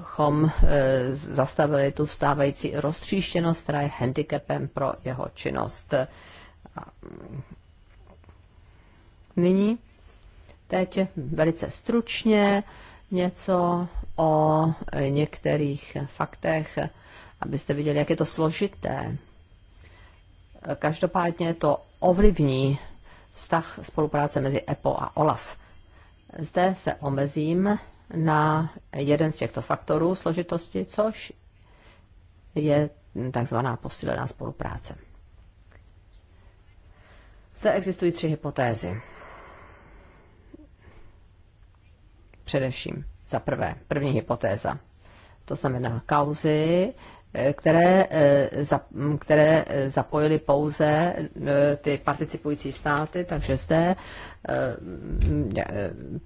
A: chom eh, zastavili tu vstávající roztříštěnost, která je handicapem pro jeho činnost. Mm, nyní, teď velice stručně, něco o některých faktech, abyste viděli, jak je to složité. Každopádně to ovlivní vztah spolupráce mezi EPO a OLAF. Zde se omezím na jeden z těchto faktorů složitosti, což je takzvaná posílená spolupráce. Zde existují tři hypotézy. především. Za prvé, první hypotéza. To znamená kauzy, eh, které, eh, které eh, zapojily pouze ty participující státy, takže zde,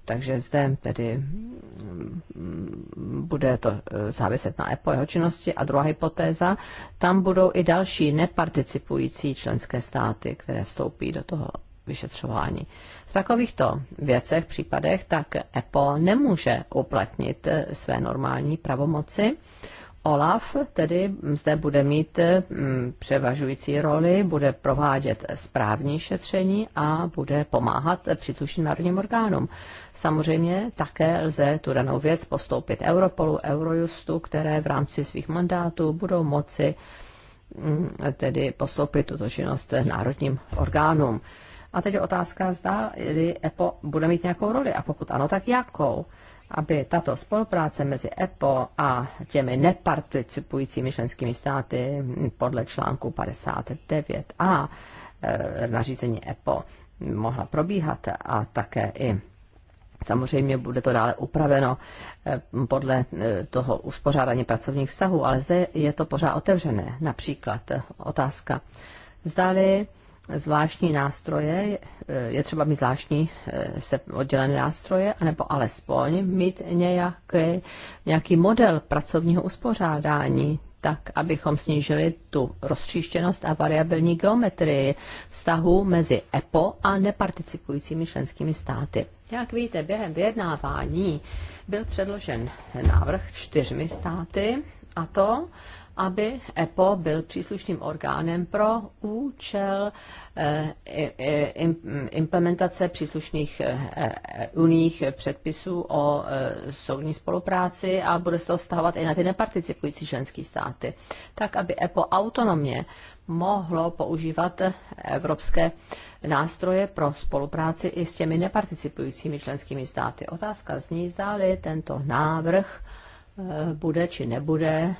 A: takže zde tedy mm, bude to záviset na EPO jeho činnosti. A druhá hypotéza, tam budou i další neparticipující členské státy, které vstoupí do toho vyšetřování. V takovýchto věcech, případech, tak EPO nemůže uplatnit eh, své normální pravomoci. OLAF tedy zde bude mít mm, převažující roli, bude provádět správní šetření a bude pomáhat příslušným národním orgánům. Samozřejmě také lze tu danou věc postoupit Europolu, Eurojustu, které v rámci svých mandátů budou moci mm, tedy postoupit tuto činnost národním orgánům. A teď je otázka, zda EPO bude mít nějakou roli a pokud ano, tak jakou? aby tato spolupráce mezi EPO a těmi neparticipujícími členskými státy podle článku 59a e, nařízení EPO mohla probíhat a také i Samozřejmě bude to dále upraveno e, podle e, toho uspořádání pracovních vztahů, ale zde je to pořád otevřené. Například otázka, zdali zvláštní nástroje, eh, je třeba mít zvláštní eh, se oddělené nástroje, anebo alespoň mít nějaký, nějaký model pracovního uspořádání, tak, abychom snížili tu rozstříštěnost a variabilní geometrii vztahu mezi EPO a neparticipujícími členskými státy. Jak víte, během vyjednávání byl předložen návrh čtyřmi státy, a to aby EPO byl příslušným orgánem pro účel eh, implementace příslušných eh, unijních předpisů o eh, soudní spolupráci a bude se to vztahovat i na ty neparticipující členské státy, tak aby EPO autonomně mohlo používat evropské nástroje pro spolupráci i s těmi neparticipujícími členskými státy. Otázka zní, zdáli tento návrh bude či nebude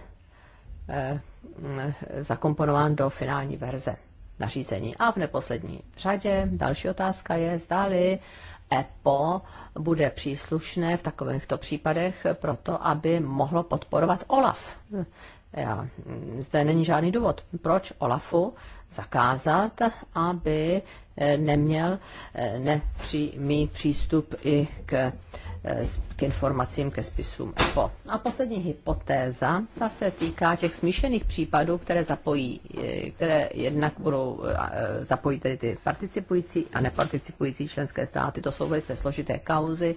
A: Eh, zakomponován do finální verze nařízení. A v neposlední řadě další otázka je, zdáli EPO bude příslušné v takovýchto případech proto, aby mohlo podporovat OLAF. Já, mm, zde není žádný důvod, proč Olafu zakázat, aby eh, neměl eh, nepřímý přístup i k, eh, k informacím, ke spisům EPO. A poslední hypotéza, ta se týká těch smíšených případů, které zapojí, které jednak budou zapojit tedy ty participující a neparticipující členské státy. To jsou velice složité kauzy,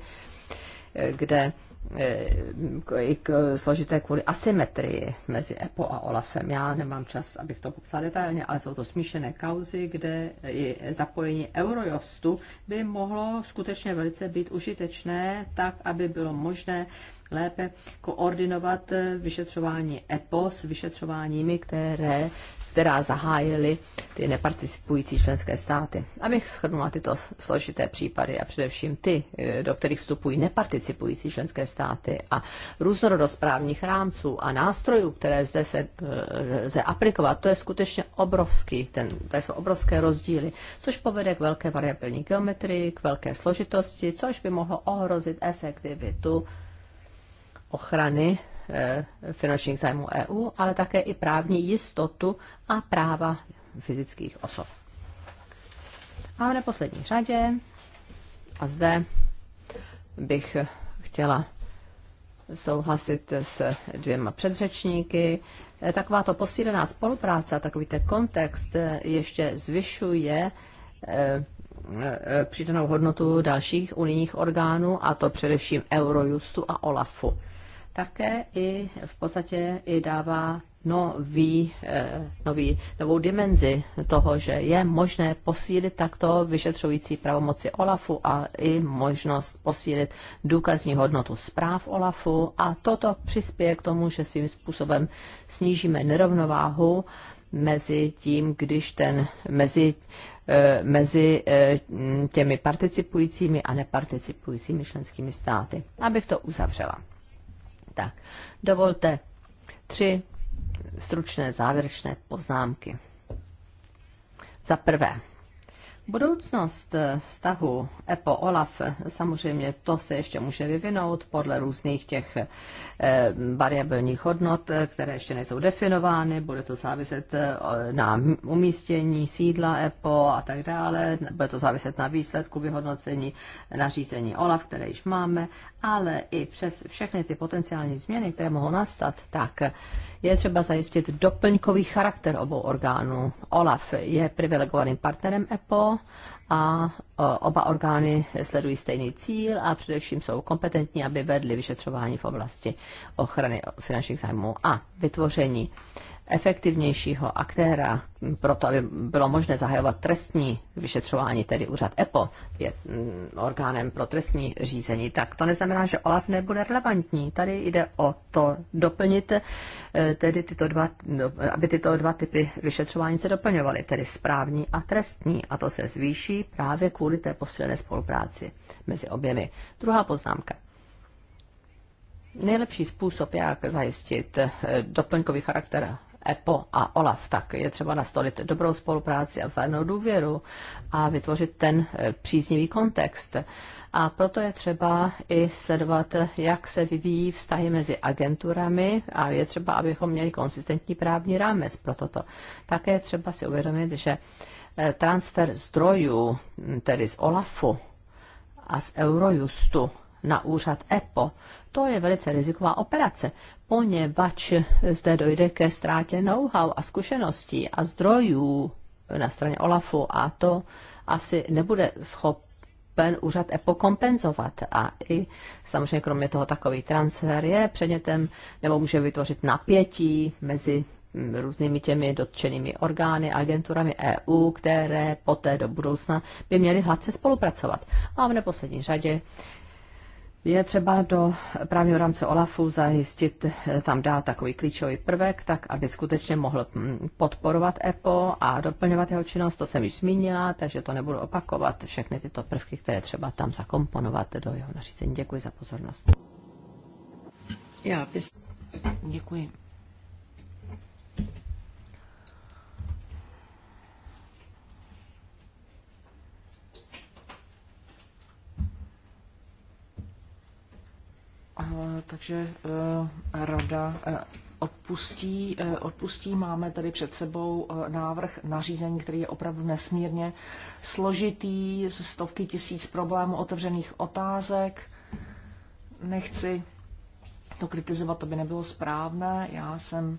A: kde Eh, složité kvůli asymetrii mezi EPO a OLAFem. Já nemám čas, abych to popsal detailně, ale jsou to smíšené kauzy, kde i zapojení Eurojustu by mohlo skutečně velice být užitečné, tak, aby bylo možné lépe koordinovat eh, vyšetřování EPO s vyšetřováními, které, která zahájily ty neparticipující členské státy. Abych schrnula tyto složité případy a především ty, eh, do kterých vstupují neparticipující členské státy a různorodost právních rámců a nástrojů, které zde se eh, lze aplikovat, to je skutečně obrovský, ten, to jsou obrovské rozdíly, což povede k velké variabilní geometrii, k velké složitosti, což by mohlo ohrozit efektivitu ochrany eh, finančních zájmů EU, ale také i právní jistotu a práva fyzických osob. A v neposlední řadě, a zde bych chtěla souhlasit s dvěma předřečníky. Eh, takováto posílená spolupráce, takový ten kontext eh, ještě zvyšuje přidanou hodnotu dalších unijních orgánů, a to především Eurojustu a OLAFu také i v podstatě i dává nový, eh, nový, novou dimenzi toho, že je možné posílit takto vyšetřující pravomoci OLAFu a i možnost posílit důkazní hodnotu zpráv OLAFu a toto přispěje k tomu, že svým způsobem snížíme nerovnováhu mezi tím, když ten, mezi, eh, mezi eh, těmi participujícími a neparticipujícími členskými státy. Abych to uzavřela. Tak, dovolte tři stručné závěrečné poznámky. Za prvé, budoucnost vztahu EPO OLAF, samozřejmě to se ještě může vyvinout podle různých těch eh, variabilních hodnot, eh, které ještě nejsou definovány, bude to záviset eh, na umístění sídla EPO a tak dále, bude to záviset na výsledku vyhodnocení nařízení OLAF, které již máme ale i přes všechny ty potenciální změny, které mohou nastat, tak je třeba zajistit doplňkový charakter obou orgánů. OLAF je privilegovaným partnerem EPO a e, oba orgány sledují stejný cíl a především jsou kompetentní, aby vedli vyšetřování v oblasti ochrany finančních zájmů a vytvoření efektivnějšího aktéra pro to, aby bylo možné zahajovat trestní vyšetřování, tedy úřad EPO je mm, orgánem pro trestní řízení, tak to neznamená, že OLAF nebude relevantní. Tady jde o to doplnit, eh, tedy tyto dva, no, aby tyto dva typy vyšetřování se doplňovaly, tedy správní a trestní. A to se zvýší právě kvůli té posílené spolupráci mezi oběmi. Druhá poznámka. Nejlepší způsob, jak zajistit eh, doplňkový charakter EPO a OLAF, tak je třeba nastolit dobrou spolupráci a vzájemnou důvěru a vytvořit ten e, příznivý kontext. A proto je třeba i sledovat, jak se vyvíjí vztahy mezi agenturami a je třeba, abychom měli konsistentní právní rámec pro toto. Také je třeba si uvědomit, že e, transfer zdrojů, tedy z OLAFu a z Eurojustu na úřad EPO, to je velice riziková operace, poněvadž zde dojde ke ztrátě know-how a zkušeností a zdrojů na straně OLAFu a to asi nebude schopen úřad EPO kompenzovat. A i samozřejmě kromě toho takový transfer je předmětem nebo může vytvořit napětí mezi různými těmi dotčenými orgány, agenturami EU, které poté do budoucna by měly hladce spolupracovat. A v neposlední řadě je třeba do právního rámce OLAFu zajistit, eh, tam dát takový klíčový prvek, tak aby skutečně mohl hm, podporovat EPO a doplňovat jeho činnost, to jsem již zmínila, takže to nebudu opakovat, všechny tyto prvky, které třeba tam zakomponovat do jeho nařízení. Děkuji za pozornost. Já bys... Děkuji
B: takže eh, rada eh, odpustí, eh, odpustí. Máme tady před sebou návrh nařízení, který je opravdu nesmírně složitý, stovky tisíc problémů, otevřených otázek. Nechci to kritizovat, to by nebylo správné. Já jsem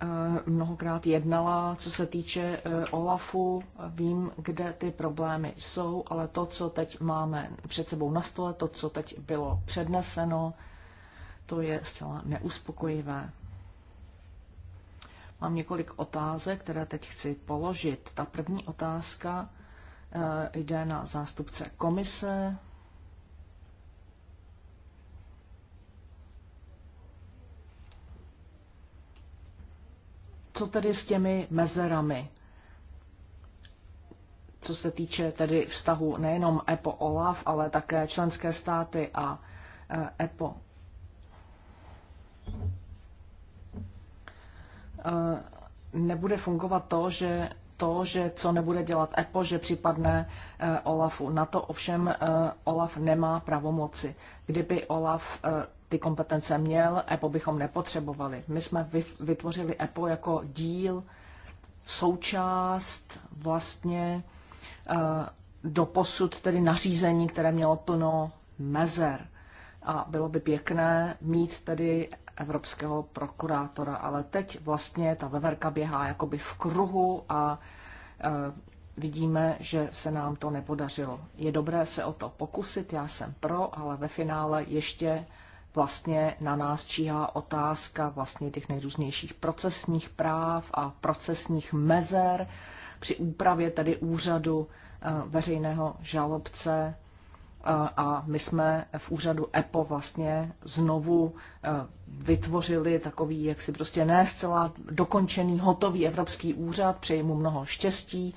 B: Eh, mnohokrát jednala, co se týče eh, OLAFu. Vím, kde ty problémy jsou, ale to, co teď máme před sebou na stole, to, co teď bylo předneseno, to je zcela neuspokojivé. Mám několik otázek, které teď chci položit. Ta první otázka eh, jde na zástupce komise. co tedy s těmi mezerami? Co se týče tedy vztahu nejenom EPO-OLAF, ale také členské státy a eh, EPO. Eh, nebude fungovat to, že to, že co nebude dělat EPO, že připadne eh, OLAFu. Na to ovšem eh, OLAF nemá pravomoci. Kdyby OLAF eh, ty kompetence měl, EPO bychom nepotřebovali. My jsme vytvořili EPO jako díl, součást vlastně do posud tedy nařízení, které mělo plno mezer. A bylo by pěkné mít tedy evropského prokurátora, ale teď vlastně ta veverka běhá jakoby v kruhu a e, vidíme, že se nám to nepodařilo. Je dobré se o to pokusit, já jsem pro, ale ve finále ještě vlastně na nás číhá otázka vlastně těch nejrůznějších procesních práv a procesních mezer při úpravě tedy úřadu e, veřejného žalobce a my jsme v úřadu EPO vlastně znovu e, vytvořili takový, jak si prostě ne zcela dokončený, hotový evropský úřad, přeji mu mnoho štěstí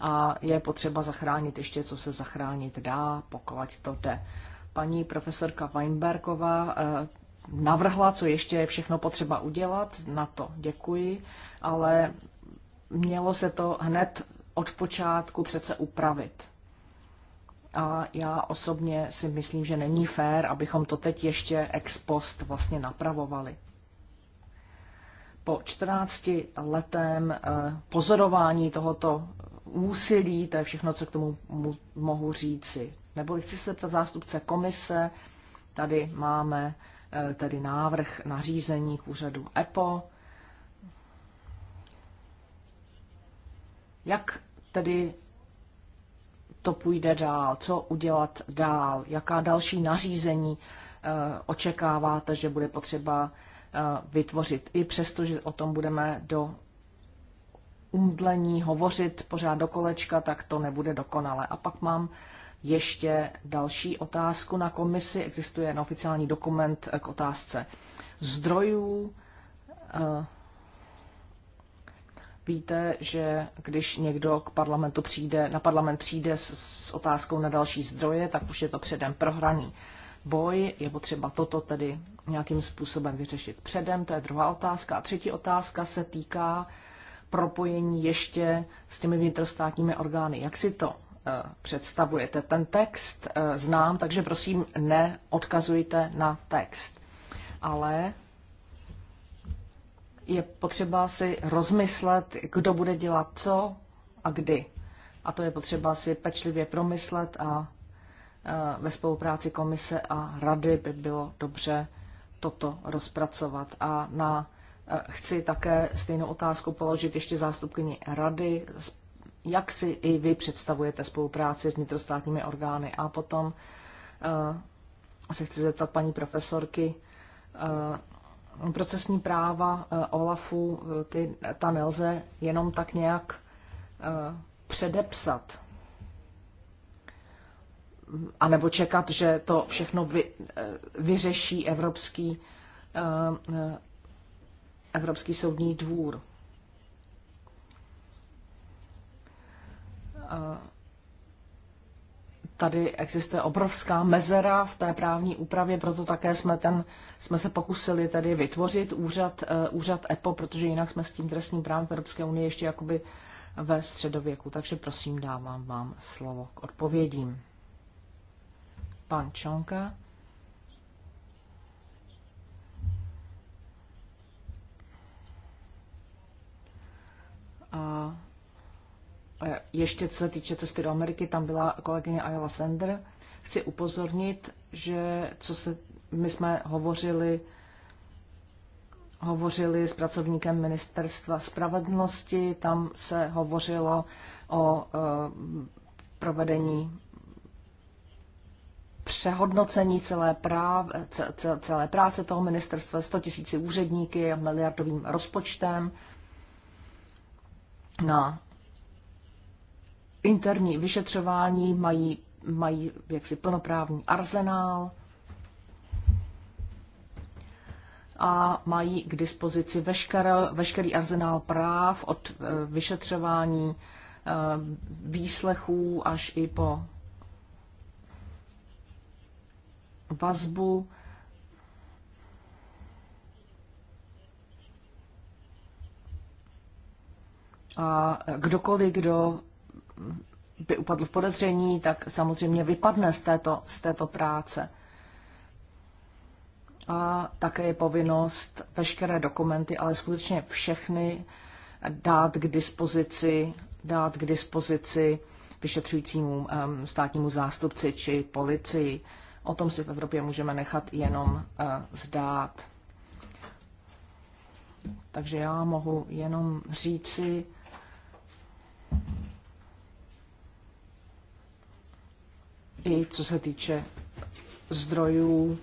B: a je potřeba zachránit ještě, co se zachránit dá, pokud to jde. Paní profesorka Weinbergová e, navrhla, co ještě je všechno potřeba udělat, na to děkuji, ale mělo se to hned od počátku přece upravit a já osobně si myslím, že není fér, abychom to teď ještě ex post vlastně napravovali. Po 14 letém eh, pozorování tohoto úsilí, to je všechno, co k tomu mohu říci. Nebo chci se zeptat zástupce komise, tady máme eh, tedy návrh nařízení k úřadu EPO. Jak tedy to půjde dál, co udělat dál, jaká další nařízení eh, očekáváte, že bude potřeba eh, vytvořit. I přesto, že o tom budeme do umdlení hovořit pořád do kolečka, tak to nebude dokonale. A pak mám ještě další otázku na komisi. Existuje oficiální dokument k otázce zdrojů. Eh, víte, že když někdo k parlamentu přijde, na parlament přijde s, s otázkou na další zdroje, tak už je to předem prohraný boj. Je potřeba toto tedy nějakým způsobem vyřešit předem, to je druhá otázka. A třetí otázka se týká propojení ještě s těmi vnitrostátními orgány. Jak si to eh, představujete? Ten text eh, znám, takže prosím neodkazujte na text. Ale je potřeba si rozmyslet, kdo bude dělat co a kdy. A to je potřeba si pečlivě promyslet a e, ve spolupráci komise a rady by bylo dobře toto rozpracovat. A na, e, chci také stejnou otázku položit ještě zástupkyni rady, jak si i vy představujete spolupráci s vnitrostátními orgány. A potom e, se chci zeptat paní profesorky, procesní práva eh, OLAFu, eh, ty, ta nelze jenom tak nějak eh, předepsat. A nebo čekat, že to všechno vy, vyřeší Evropský, Evropský soudní dvůr tady existuje obrovská mezera v té právní úpravě, proto také jsme, ten, jsme se pokusili tady vytvořit úřad, eh, úřad EPO, protože jinak jsme s tím trestním právem v Evropské unii ještě jakoby ve středověku. Takže prosím, dávám vám slovo k odpovědím. Pan Čonka. A E, ještě co se týče cesty do Ameriky, tam byla kolegyně Ayala Sender. Chci upozornit, že co se, my jsme hovořili hovořili s pracovníkem ministerstva spravedlnosti, tam se hovořilo o uh, provedení přehodnocení celé, práv, celé práce toho ministerstva, 100 000 úředníky a miliardovým rozpočtem na interní vyšetřování, mají, mají jaksi plnoprávní arzenál a mají k dispozici veškerý, veškerý arzenál práv od eh, vyšetřování eh, výslechů až i po vazbu. A kdokoliv, kdo by upadl v podezření, tak samozřejmě vypadne z této, z této práce. A také je povinnost veškeré dokumenty, ale skutečně všechny dát k dispozici, dát k dispozici vyšetřujícímu státnímu zástupci či policii. O tom si v Evropě můžeme nechat jenom e, zdát. Takže já mohu jenom říci, i co se týče zdrojů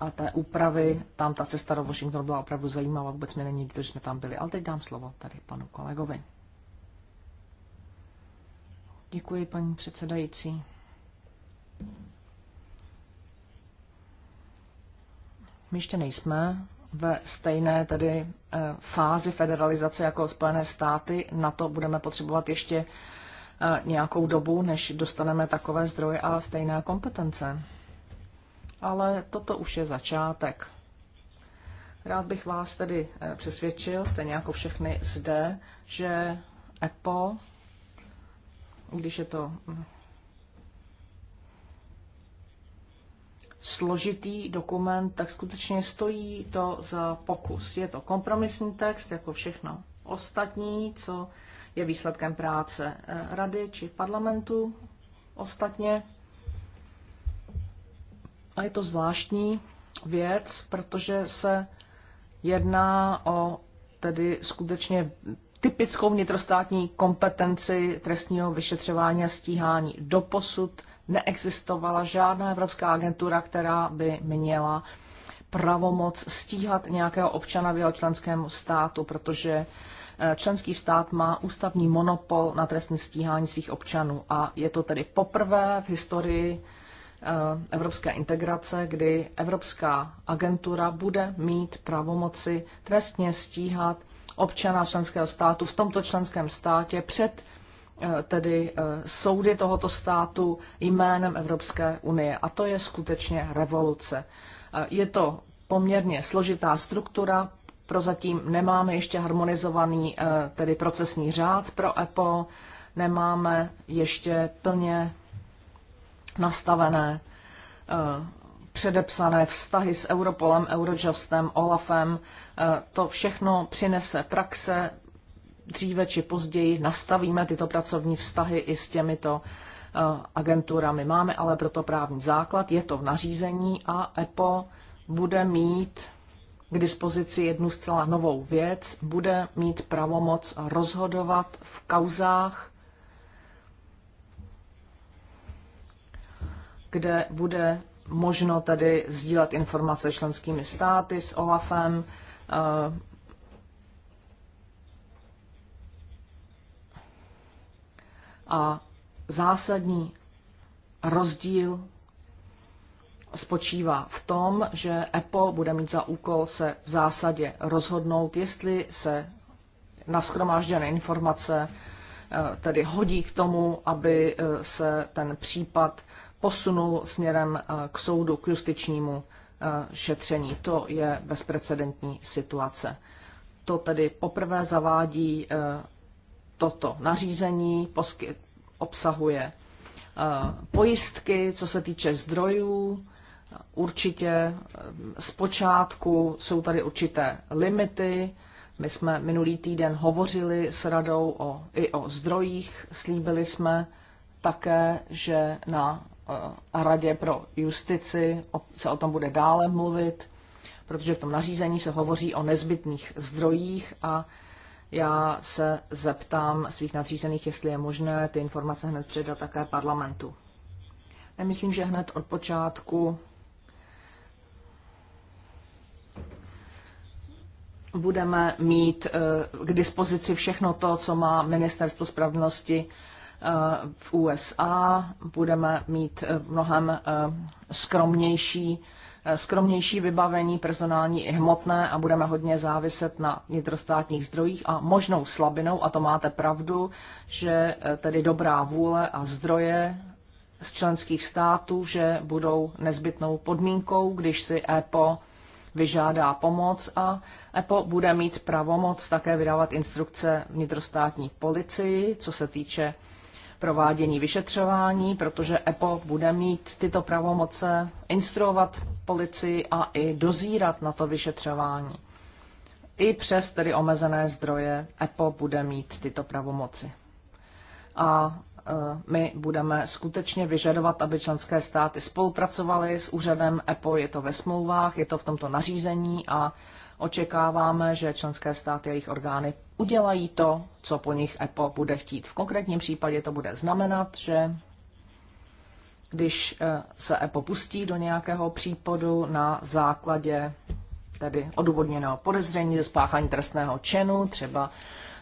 B: a té úpravy, tam ta cesta do Washingtonu byla opravdu zajímavá, vůbec mi není, když jsme tam byli. Ale teď dám slovo tady panu kolegovi. Děkuji, paní předsedající. My ještě nejsme ve stejné tedy eh, fázi federalizace jako Spojené státy. Na to budeme potřebovat ještě nějakou dobu, než dostaneme takové zdroje a stejné kompetence. Ale toto už je začátek. Rád bych vás tedy eh, přesvědčil, stejně jako všechny zde, že EPO, když je to hm, složitý dokument, tak skutečně stojí to za pokus. Je to kompromisní text, jako všechno ostatní, co je výsledkem práce eh, rady či parlamentu ostatně. A je to zvláštní věc, protože se jedná o tedy skutečně typickou vnitrostátní kompetenci trestního vyšetřování a stíhání. Doposud neexistovala žádná evropská agentura, která by měla pravomoc stíhat nějakého občana v jeho členském státu, protože členský stát má ústavní monopol na trestní stíhání svých občanů a je to tedy poprvé v historii eh, evropské integrace, kdy Evropská agentura bude mít pravomoci trestně stíhat občana členského státu v tomto členském státě před eh, tedy eh, soudy tohoto státu jménem Evropské unie. A to je skutečně revoluce. Je to poměrně složitá struktura, Prozatím nemáme ještě harmonizovaný eh, tedy procesní řád pro EPO, nemáme ještě plně nastavené eh, předepsané vztahy s Europolem, Eurojustem, Olafem. Eh, to všechno přinese praxe. Dříve či později nastavíme tyto pracovní vztahy i s těmito agenturami. Máme ale proto právní základ, je to v nařízení a EPO bude mít k dispozici jednu zcela novou věc, bude mít pravomoc rozhodovat v kauzách, kde bude možno tedy sdílet informace členskými státy s OLAFem, eh, a zásadní rozdíl spočívá v tom, že EPO bude mít za úkol se v zásadě rozhodnout, jestli se naschromážděné informace eh, tedy hodí k tomu, aby eh, se ten případ posunul směrem eh, k soudu, k justičnímu šetření. To je bezprecedentní situace. To tedy poprvé zavádí toto nařízení, obsahuje pojistky, co se týče zdrojů, Určitě eh, zpočátku jsou tady určité limity. My jsme minulý týden hovořili s radou o, i o zdrojích. Slíbili jsme také, že na eh, radě pro justici se o tom bude dále mluvit, protože v tom nařízení se hovoří o nezbytných zdrojích a já se zeptám svých nadřízených, jestli je možné ty informace hned předat také parlamentu. Nemyslím, že hned od počátku budeme mít eh, k dispozici všechno to, co má Ministerstvo spravedlnosti eh, v USA. Budeme mít eh, mnohem skromnější, skromnější vybavení, personální i hmotné a budeme hodně záviset na vnitrostátních zdrojích a možnou slabinou, a to máte pravdu, že tedy dobrá vůle a zdroje z členských států, že budou nezbytnou podmínkou, když si EPO vyžádá pomoc a EPO bude mít pravomoc také vydávat instrukce vnitrostátní policii, co se týče provádění vyšetřování, protože EPO bude mít tyto pravomoce instruovat policii a i dozírat na to vyšetřování. I přes tedy omezené zdroje EPO bude mít tyto pravomoci. A Eh, my budeme skutečně vyžadovat, aby členské státy spolupracovaly s úřadem EPO. Je to ve smlouvách, je to v tomto nařízení a očekáváme, že členské státy a jejich orgány udělají to, co po nich EPO bude chtít. V konkrétním případě to bude znamenat, že když eh, se EPO pustí do nějakého případu na základě tedy odůvodněného podezření ze spáchání trestného činu, třeba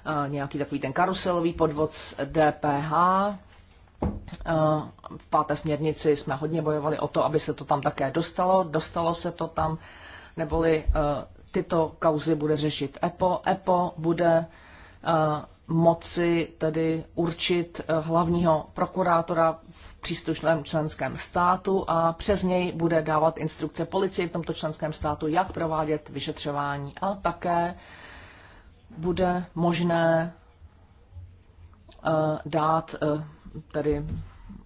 B: Eh, nějaký takový ten karuselový podvod s DPH. Eh, v páté směrnici jsme hodně bojovali o to, aby se to tam také dostalo. Dostalo se to tam, neboli eh, tyto kauzy bude řešit EPO. EPO bude moci tedy určit hlavního prokurátora v příslušném členském státu a přes něj bude dávat instrukce policii v tomto členském státu, jak provádět vyšetřování a také bude možné eh, dát eh, tedy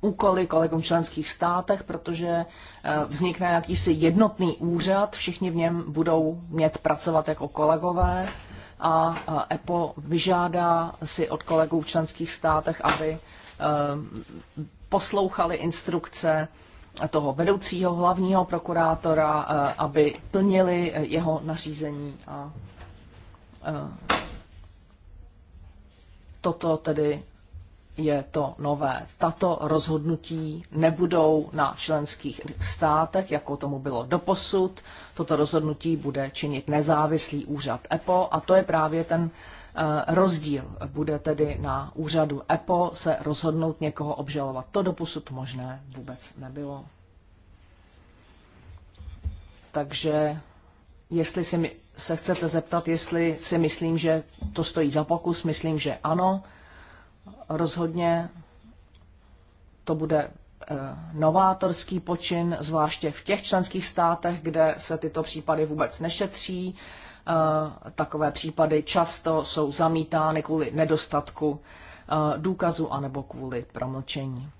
B: úkoly kolegům členských státech, protože eh, vznikne jakýsi jednotný úřad, všichni v něm budou mět pracovat jako kolegové a EPO vyžádá si od kolegů v členských státech, aby poslouchali instrukce toho vedoucího hlavního prokurátora, aby plnili jeho nařízení a Eh, toto tedy je to nové. Tato rozhodnutí nebudou na členských státech, jako tomu bylo doposud. Toto rozhodnutí bude činit nezávislý úřad EPO a to je právě ten eh, rozdíl. Bude tedy na úřadu EPO se rozhodnout někoho obžalovat. To doposud možné vůbec nebylo. Takže jestli si my se chcete zeptat, jestli si myslím, že to stojí za pokus. Myslím, že ano. Rozhodně to bude eh, novátorský počin, zvláště v těch členských státech, kde se tyto případy vůbec nešetří. Eh, takové případy často jsou zamítány kvůli nedostatku eh, důkazu anebo kvůli promlčení.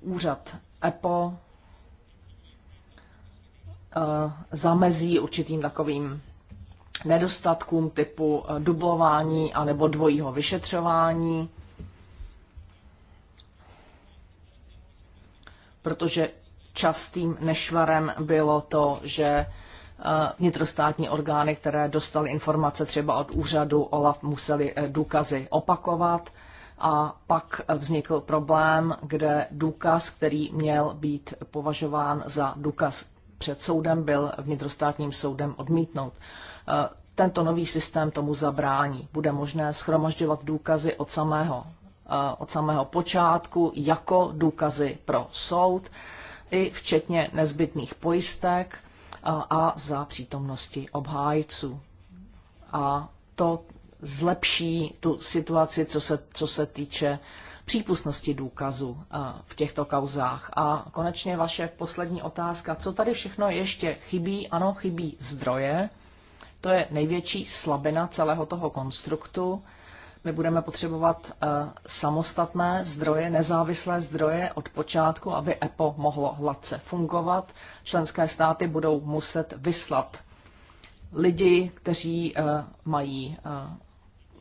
B: Úřad EPO Eh, zamezí určitým takovým nedostatkům typu eh, dublování anebo dvojího vyšetřování, protože častým nešvarem bylo to, že eh, vnitrostátní orgány, které dostaly informace třeba od úřadu OLAF, museli důkazy opakovat a pak vznikl problém, kde důkaz, který měl být považován za důkaz před soudem byl vnitrostátním soudem odmítnout. Eh, tento nový systém tomu zabrání. Bude možné schromažďovat důkazy od samého, eh, od samého počátku jako důkazy pro soud, i včetně nezbytných pojistek eh, a za přítomnosti obhájců. A to zlepší tu situaci, co se, co se týče přípustnosti důkazu eh, v těchto kauzách. A konečně vaše poslední otázka, co tady všechno ještě chybí? Ano, chybí zdroje. To je největší slabina celého toho konstruktu. My budeme potřebovat eh, samostatné zdroje, nezávislé zdroje od počátku, aby EPO mohlo hladce fungovat. Členské státy budou muset vyslat lidi, kteří eh, mají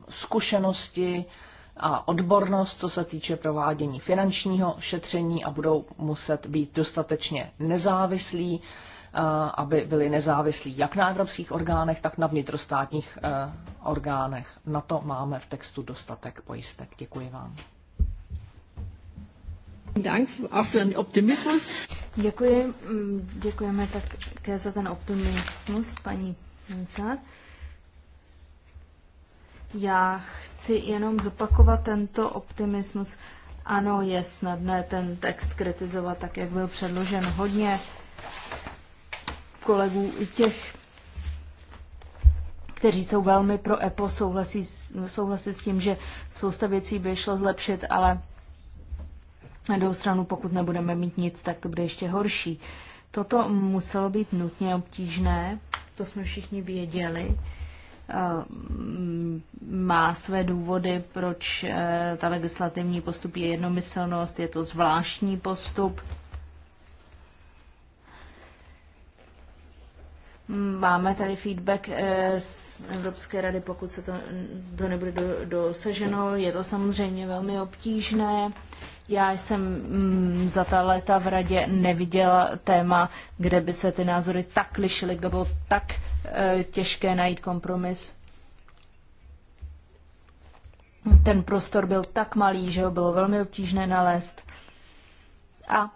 B: zkušenosti a odbornost, co se týče provádění finančního šetření a budou muset být dostatečně nezávislí, eh, aby byli nezávislí jak na evropských orgánech, tak na vnitrostátních eh, orgánech. Na to máme v textu dostatek pojistek. Děkuji vám.
C: Děkuji, mm, děkujeme také za ten optimismus, paní Monsar. Já chci jenom zopakovat tento optimismus. Ano, je snadné ten text kritizovat tak, jak byl předložen. Hodně kolegů i těch, kteří jsou velmi pro EPO, souhlasí, souhlasí s tím, že spousta věcí by šlo zlepšit, ale na druhou stranu, pokud nebudeme mít nic, tak to bude ještě horší. Toto muselo být nutně obtížné, to jsme všichni věděli. Eh, má své důvody, proč eh, ta legislativní postup je jednomyslnost, je to zvláštní postup. Máme tady feedback eh, z Evropské rady, pokud se to, to nebude dosaženo. Je to samozřejmě velmi obtížné. Já jsem mm, za ta léta v radě neviděla téma, kde by se ty názory tak lišily, kde bylo tak e, těžké najít kompromis. Ten prostor byl tak malý, že ho bylo velmi obtížné nalézt. A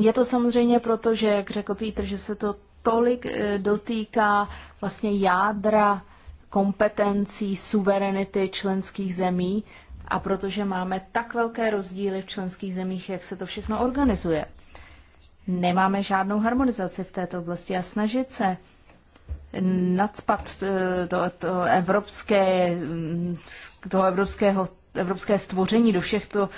C: je to samozřejmě proto, že, jak řekl Pítr, že se to tolik e, dotýká vlastně jádra kompetencí, suverenity členských zemí, a protože máme tak velké rozdíly v členských zemích, jak se to všechno organizuje. Nemáme žádnou harmonizaci v této oblasti a snažit se nadspat eh, to, to evropské, mm, toho evropského, evropské stvoření do všech uh,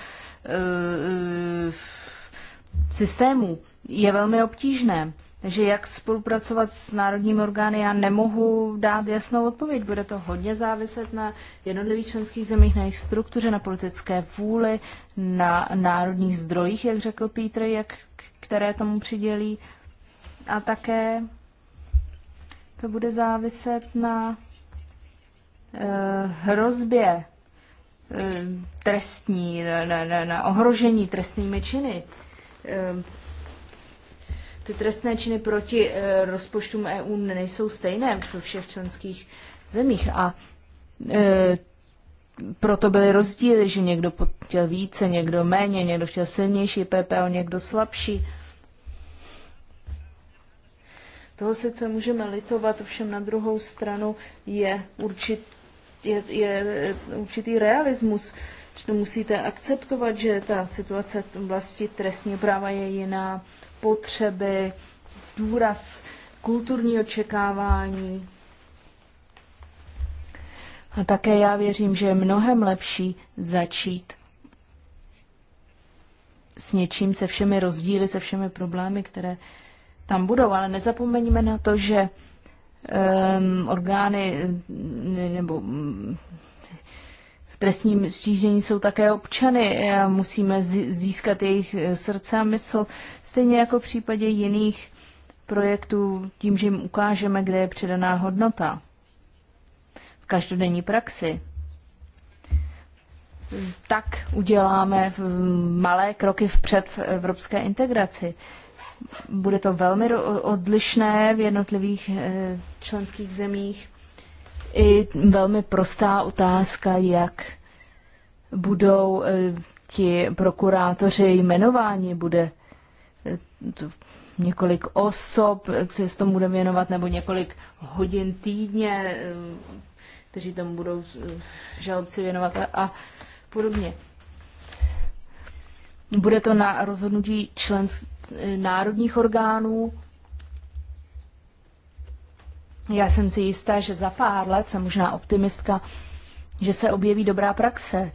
C: systémů je velmi obtížné. Takže jak spolupracovat s národními orgány, já nemohu dát jasnou odpověď. Bude to hodně záviset na jednotlivých členských zemích, na jejich struktuře, na politické vůli, na národních zdrojích, jak řekl Pítr, jak, které tomu přidělí. A také to bude záviset na eh, hrozbě eh, trestní, na, na, na ohrožení trestnými činy. Eh, ty trestné činy proti eh, rozpočtům EU nejsou stejné ve všech členských zemích a e, proto byly rozdíly, že někdo chtěl více, někdo méně, někdo chtěl silnější PPO, někdo slabší. Toho sice můžeme litovat, ovšem na druhou stranu je, určit, je, je určitý realismus. Že musíte akceptovat, že ta situace v oblasti trestního práva je jiná, potřeby, důraz kulturní očekávání. A také já věřím, že je mnohem lepší začít s něčím, se všemi rozdíly, se všemi problémy, které tam budou. Ale nezapomeňme na to, že um, orgány nebo trestním stížení jsou také občany a e, musíme získat jejich e, srdce a mysl, stejně jako v případě jiných projektů, tím, že jim ukážeme, kde je přidaná hodnota v každodenní praxi. Tak uděláme malé kroky vpřed v evropské integraci. Bude to velmi odlišné v jednotlivých e, členských zemích i velmi prostá otázka, jak budou e, ti prokurátoři jmenováni, bude e, několik osob, jak se tomu bude věnovat, nebo několik hodin týdně, e, kteří tomu budou žalci věnovat a, a podobně. Bude to na rozhodnutí člen národních orgánů, já jsem si jistá, že za pár let jsem možná optimistka, že se objeví dobrá praxe,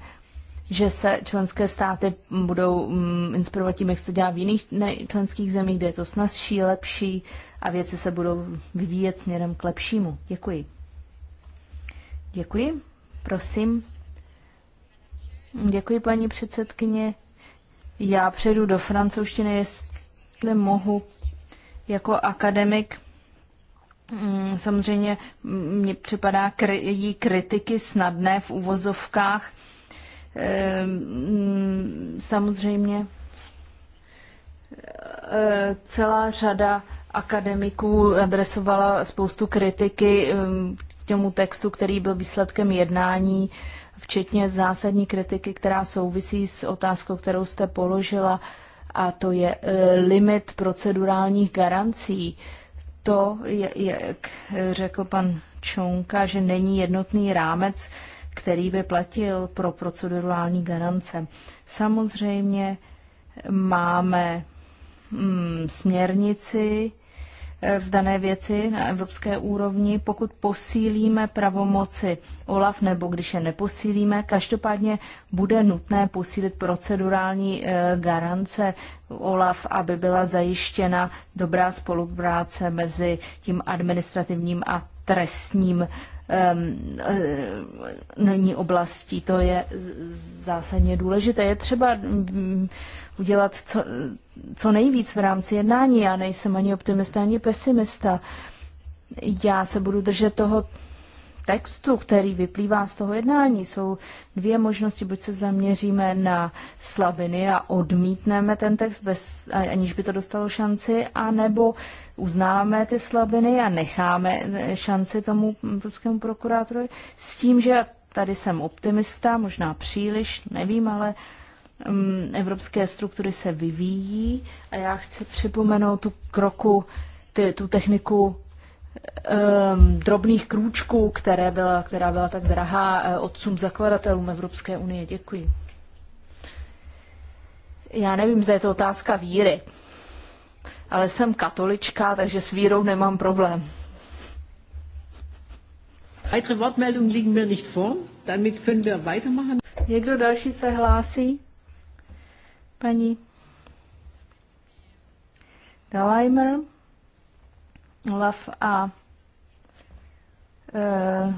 C: že se členské státy budou mm, inspirovat tím, jak se to dělá v jiných členských zemích, kde je to snazší, lepší a věci se budou vyvíjet směrem k lepšímu. Děkuji. Děkuji. Prosím. Děkuji, paní předsedkyně. Já přejdu do francouzštiny, jestli mohu jako akademik Mm, samozřejmě mně připadá její kritiky snadné v uvozovkách. Ehm, mm, samozřejmě eh, celá řada akademiků adresovala spoustu kritiky ehm, k tomu textu, který byl výsledkem jednání, včetně zásadní kritiky, která souvisí s otázkou, kterou jste položila, a to je eh, limit procedurálních garancí to, jak řekl pan Čonka, že není jednotný rámec, který by platil pro procedurální garance. Samozřejmě máme mm, směrnici, v dané věci na evropské úrovni, pokud posílíme pravomoci OLAF nebo když je neposílíme. Každopádně bude nutné posílit procedurální eh, garance OLAF, aby byla zajištěna dobrá spolupráce mezi tím administrativním a trestním Ehm, eh, není oblastí. To je zásadně důležité. Je třeba mm, udělat co, co nejvíc v rámci jednání. Já nejsem ani optimista, ani pesimista. Já se budu držet toho textu, který vyplývá z toho jednání, jsou dvě možnosti. Buď se zaměříme na slabiny a odmítneme ten text, bez, aniž by to dostalo šanci, anebo uznáme ty slabiny a necháme šanci tomu ruskému prokurátorovi s tím, že tady jsem optimista, možná příliš, nevím, ale um, evropské struktury se vyvíjí a já chci připomenout tu kroku, ty, tu techniku um, drobných krůčků, které byla, která byla tak drahá eh, otcům zakladatelům Evropské unie. Děkuji. Já nevím, zda je to otázka víry, ale jsem katolička, takže s vírou nemám problém. Weitere Wortmeldungen liegen mir nicht vor. Damit können wir weitermachen. Někdo další se hlásí? Paní Dalajmer? hlav a e,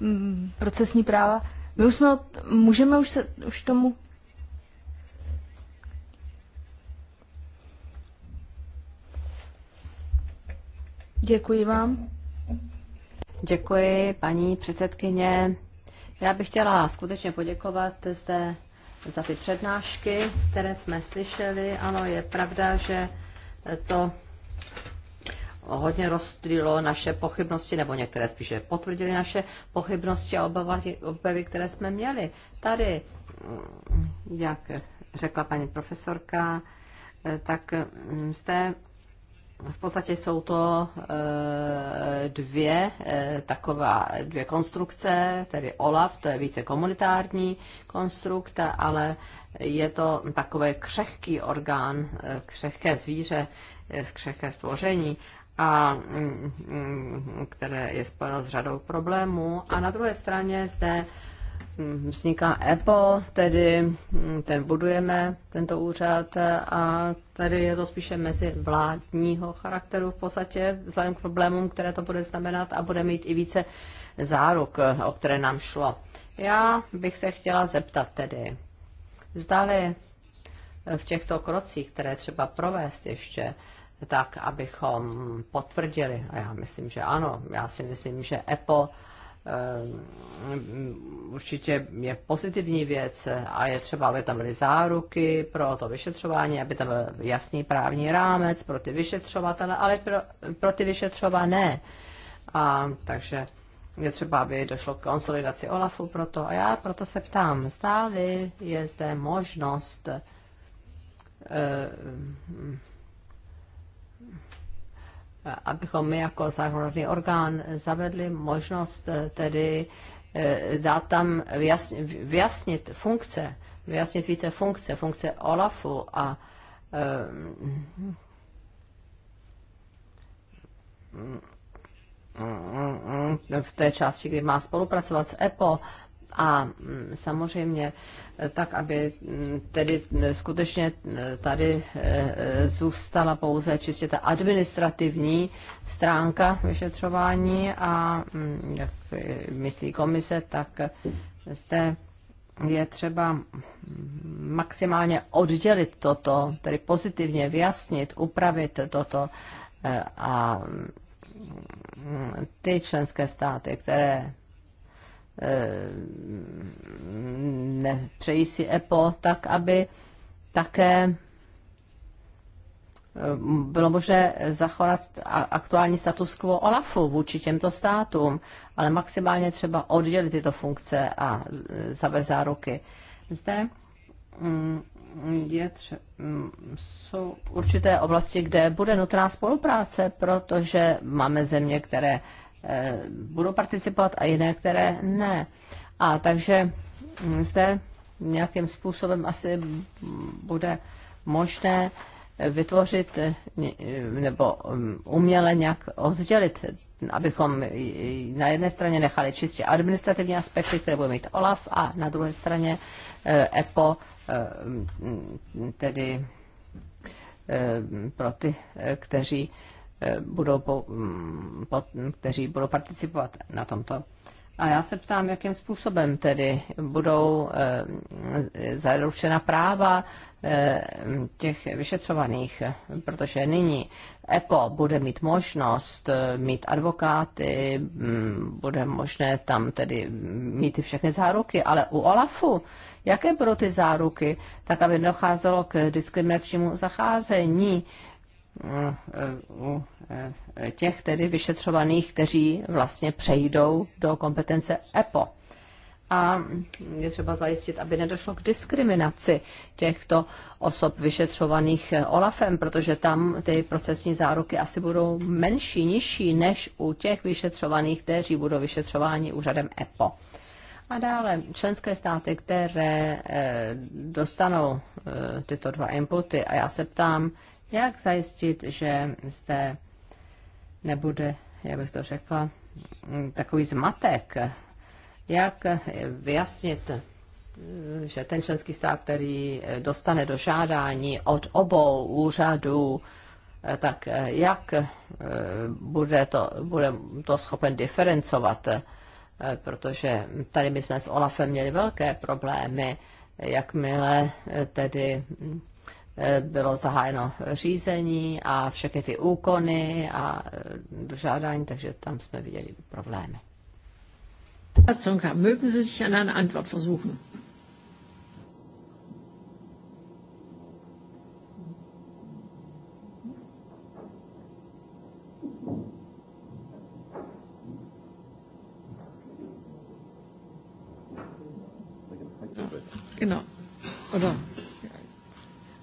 C: mm, procesní práva. My už jsme, můžeme už se už tomu
A: Děkuji vám. Děkuji, paní předsedkyně. Já bych chtěla skutečně poděkovat zde za ty přednášky, které jsme slyšeli. Ano, je pravda, že to hodně rozptýlilo naše pochybnosti, nebo některé spíše potvrdili naše pochybnosti a obavy, obavy, které jsme měli. Tady, mm, jak řekla paní profesorka, eh, tak jste mm, v podstatě jsou to eh, dvě eh, taková, dvě konstrukce, tedy OLAF, to je více komunitární konstrukt, ale je to takové křehký orgán, křehké zvíře, křehké stvoření a mm, mm, které je spojeno s řadou problémů. A na druhé straně zde mm, vzniká EPO, tedy ten budujeme, tento úřad, a tady je to spíše mezi vládního charakteru v podstatě, vzhledem k problémům, které to bude znamenat a bude mít i více záruk, o které nám šlo. Já bych se chtěla zeptat tedy, zdali v těchto krocích, které třeba provést ještě, tak abychom potvrdili, a já myslím, že ano, já si myslím, že EPO eh, určitě je pozitivní věc a je třeba, aby tam byly záruky pro to vyšetřování, aby tam byl jasný právní rámec pro ty vyšetřovatele, ale pro, pro ty vyšetřované. A, takže je třeba, aby došlo k konsolidaci OLAFu proto. A já proto se ptám, stále je zde možnost eh, abychom my jako zákonodárný orgán zavedli možnost eh, tedy eh, dát tam vyjasnit, vyjasnit funkce, vyjasnit více funkce, funkce OLAFu a eh, v té části, kdy má spolupracovat s EPO a mm, samozřejmě tak, aby mm, tedy mm, skutečně tady eh, eh, zůstala pouze čistě ta administrativní stránka vyšetřování a jak eh, myslí komise, tak zde je třeba maximálně oddělit toto, tedy pozitivně vyjasnit, upravit toto a ty členské státy, které Eh, ne, přejí si EPO, tak aby také eh, bylo možné zachovat aktuální status quo OLAFu vůči těmto státům, ale maximálně třeba oddělit tyto funkce a eh, zavést záruky. Zde mm, je tře- mm, jsou určité oblasti, kde bude nutná spolupráce, protože máme země, které Eh, budou participovat a jiné, které ne. A takže hm, zde nějakým způsobem asi bude možné vytvořit eh, eh, nebo hm, uměle nějak oddělit, abychom na jedné straně nechali čistě administrativní aspekty, které bude mít OLAF, a na druhé straně EPO, hm, tedy pro ty, kteří Eh, budou po, mm, po, kteří budou participovat na tomto. A já se ptám, jakým způsobem tedy budou e, zaručena práva e, těch vyšetřovaných, protože nyní EPO bude mít možnost mít advokáty, mm, bude možné tam tedy mít ty všechny záruky, ale u OLAFu, jaké budou ty záruky, tak aby docházelo k diskriminačnímu zacházení e, E, těch tedy vyšetřovaných, kteří vlastně přejdou do kompetence EPO. A je třeba zajistit, aby nedošlo k diskriminaci těchto osob vyšetřovaných e, OLAFem, protože tam ty procesní záruky asi budou menší, nižší než u těch vyšetřovaných, kteří budou vyšetřováni úřadem EPO. A dále členské státy, které e, dostanou tyto dva inputy, a já se ptám, jak zajistit, že zde nebude, jak bych to řekla, takový zmatek? Jak vyjasnit, že ten členský stát, který dostane do žádání od obou úřadů, tak jak bude to, bude to schopen diferencovat? Protože tady my jsme s Olafem měli velké problémy, jakmile tedy Eh, bylo zahájeno řízení a všechny ty úkony a dožádání, eh, takže tam jsme viděli problémy. Herr Zonka, mögen Sie sich an eine Antwort versuchen?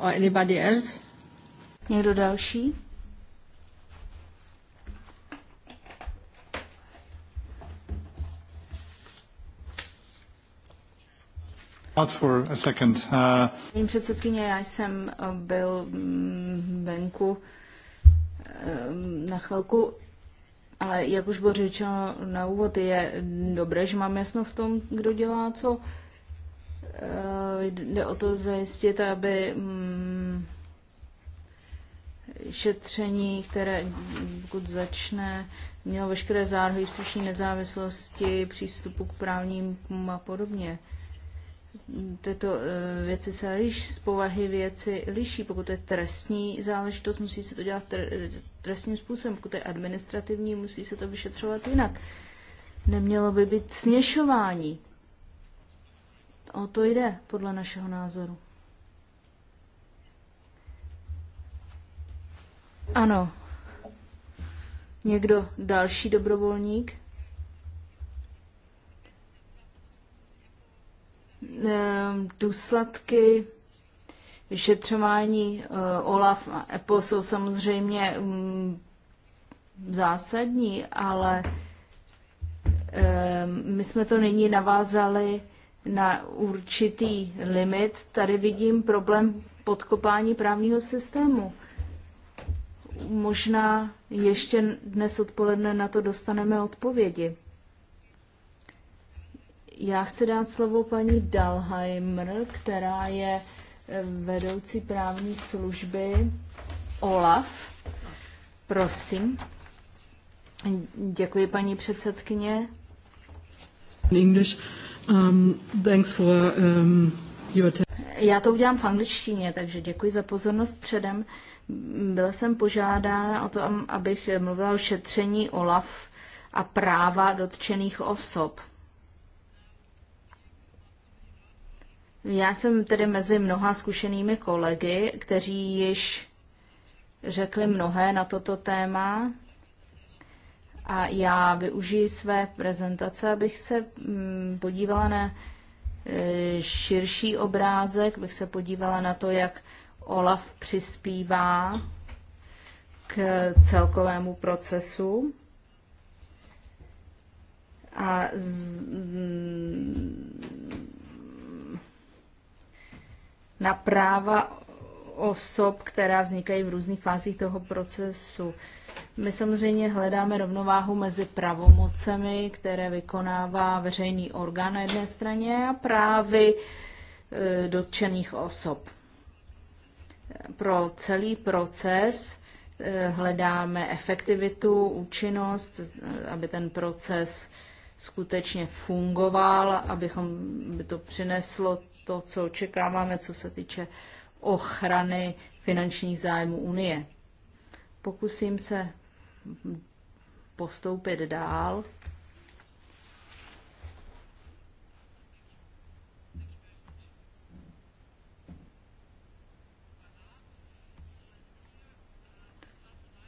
A: Or anybody
C: else? Někdo další? Out for a second. Uh... předsedkyně, já jsem eh, byl mm, venku eh, na chvilku, ale jak už bylo řečeno na úvod, je dobré, že mám jasno v tom, kdo dělá co. Eh, jde o to zajistit, aby mm, šetření, které pokud začne, mělo veškeré zároveň vnitřní nezávislosti, přístupu k právním a podobně. Tyto eh, věci se liš, z povahy věci liší. Pokud je trestní záležitost, musí se to dělat trestním způsobem. Pokud je administrativní, musí se to vyšetřovat jinak. Nemělo by být směšování O to jde, podle našeho názoru. Ano. Někdo další dobrovolník? Ehm, důsledky vyšetřování eh, OLAF a EPO jsou samozřejmě mm, zásadní, ale ehm, my jsme to nyní navázali na určitý limit, tady vidím problém podkopání právního systému. Možná ještě dnes odpoledne na to dostaneme odpovědi. Já chci dát slovo paní Dalheimer, která je vedoucí právní služby OLAF. Prosím. Děkuji, paní předsedkyně.
A: Um, um,
C: Já to udělám v angličtině, takže děkuji za pozornost předem. Byla jsem požádána o to, abych mluvila o šetření OLAF a práva dotčených osob. Já jsem tedy mezi mnoha zkušenými kolegy, kteří již řekli mnohé na toto téma. A já využiji své prezentace, abych se mm, podívala na e, širší obrázek, bych se podívala na to, jak OLAF přispívá k celkovému procesu. A z, mm, na práva osob, která vznikají v různých fázích toho procesu. My samozřejmě hledáme rovnováhu mezi pravomocemi, které vykonává veřejný orgán na jedné straně a právy e, dotčených osob. Pro celý proces e, hledáme efektivitu, účinnost, aby ten proces skutečně fungoval, abychom, by to přineslo to, co očekáváme, co se týče ochrany finančních zájmů Unie. Pokusím se postoupit dál.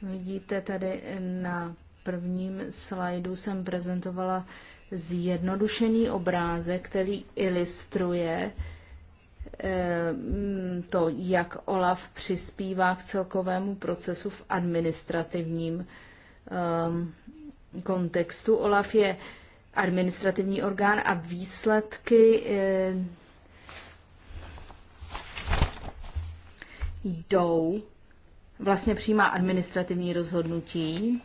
C: Vidíte tady na prvním slajdu jsem prezentovala zjednodušený obrázek, který ilustruje Eh, to, jak OLAF přispívá k celkovému procesu v administrativním eh, kontextu. OLAF je administrativní orgán a výsledky eh, jdou, vlastně přijímá administrativní rozhodnutí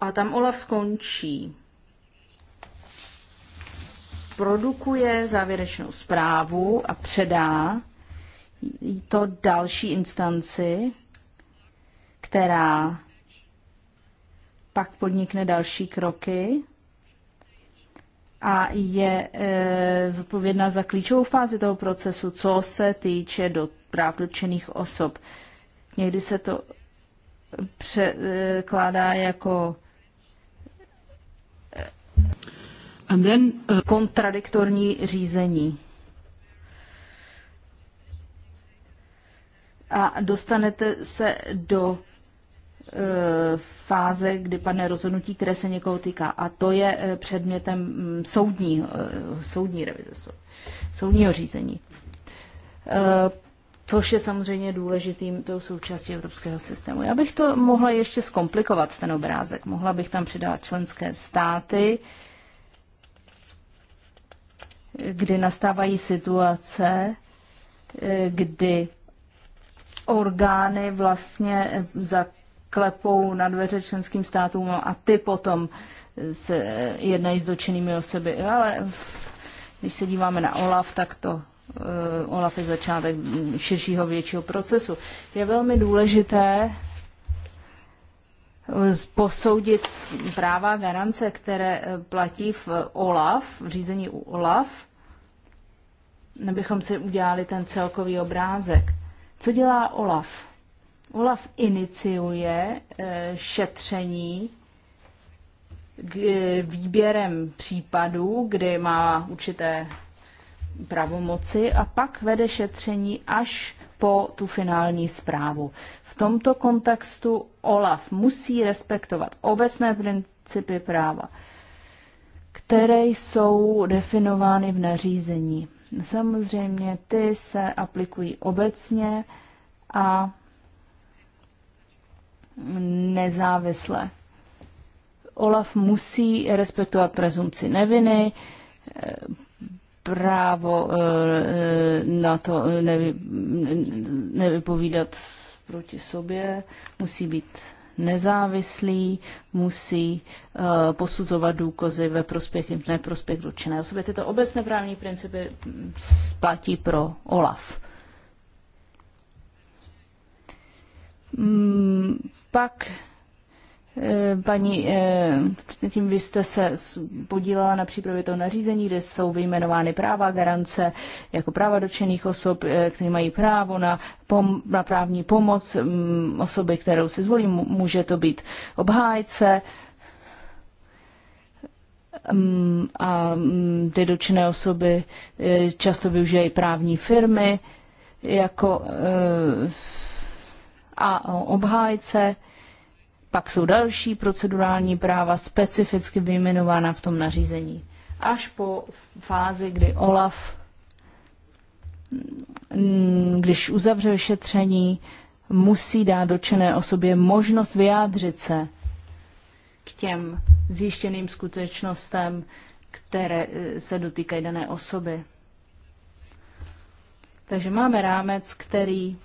C: a tam OLAF skončí produkuje závěrečnou zprávu a předá to další instanci, která pak podnikne další kroky a je e, zodpovědná za klíčovou fázi toho procesu, co se týče do práv dotčených osob. Někdy se to překládá e, jako And then, uh... Kontradiktorní řízení. A dostanete se do uh, fáze, kdy padne rozhodnutí, které se někoho týká. A to je uh, předmětem mm, soudní, uh, soudní revize, soudního řízení. Což je samozřejmě důležitým tou součástí evropského systému. Já bych to mohla ještě zkomplikovat, ten obrázek. Mohla bych tam přidat členské státy, kdy nastávají situace, eh, kdy orgány vlastně eh, zaklepou na dveře členským státům a ty potom se jednají s dočinnými osoby. Ale když se díváme na OLAF, tak to eh, OLAF je začátek širšího, většího procesu. Je velmi důležité Eh, posoudit práva garance, které eh, platí v OLAF, v řízení u OLAF, Nebychom si udělali ten celkový obrázek. Co dělá OLAF? OLAF iniciuje eh, šetření k výběrem případů, kdy má určité pravomoci a pak vede šetření až po tu finální zprávu. V tomto kontextu OLAF musí respektovat obecné principy práva, které jsou definovány v nařízení. Samozřejmě ty se aplikují obecně a nezávisle. OLAF musí respektovat prezumci neviny, právo eh, eh, na to eh, nevy, nevypovídat proti sobě, musí být nezávislý, musí posuzovat důkazy ve prospěch i v neprospěch dočené osoby. Tyto obecné právní principy hm, platí pro OLAF. Hm, pak Eh, paní, eh, tím vy jste se podílela na přípravě toho nařízení, kde jsou vyjmenovány práva garance jako práva dočených osob, eh, které mají právo na, pom, na právní pomoc mm, osoby, kterou si zvolí. Může to být obhájce mm, a mm, ty dočené osoby často využijí právní firmy jako a obhájce pak jsou další procedurální práva specificky vyjmenována v tom nařízení. Až po fázi, kdy OLAF, mm, když uzavře vyšetření, musí dát dočené osobě možnost vyjádřit se k těm zjištěným skutečnostem, které eh, se dotýkají dané osoby. Takže máme rámec, který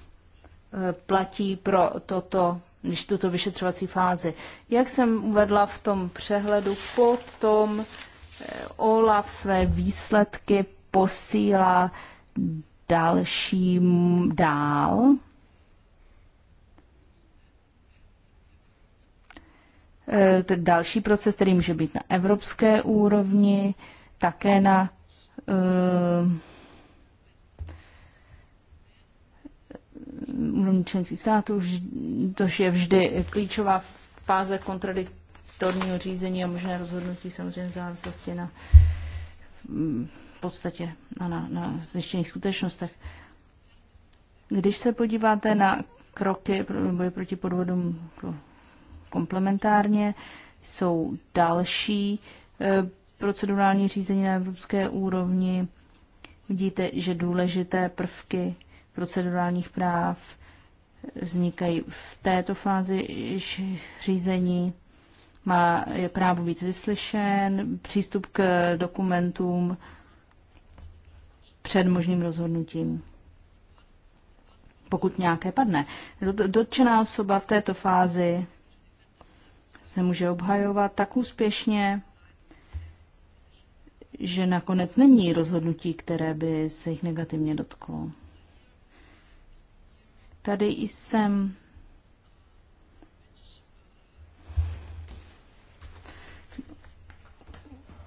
C: eh, platí pro toto než tuto vyšetřovací fázi. Jak jsem uvedla v tom přehledu, potom eh, OLAF své výsledky posílá dalším dál. Eh, Ten další proces, který může být na evropské úrovni, také na uh, úrovni členských států, což je vždy klíčová fáze kontradiktorního řízení a možné rozhodnutí samozřejmě v závislosti na v mm, podstatě na, na, na zjištěných skutečnostech. Když se podíváte na kroky boje proti podvodům komplementárně, jsou další e, procedurální řízení na evropské úrovni. Vidíte, že důležité prvky procedurálních práv vznikají v této fázi řízení, má je právo být vyslyšen, přístup k dokumentům před možným rozhodnutím pokud nějaké padne. Dotčená osoba v této fázi se může obhajovat tak úspěšně, že nakonec není rozhodnutí, které by se jich negativně dotklo. Tady jsem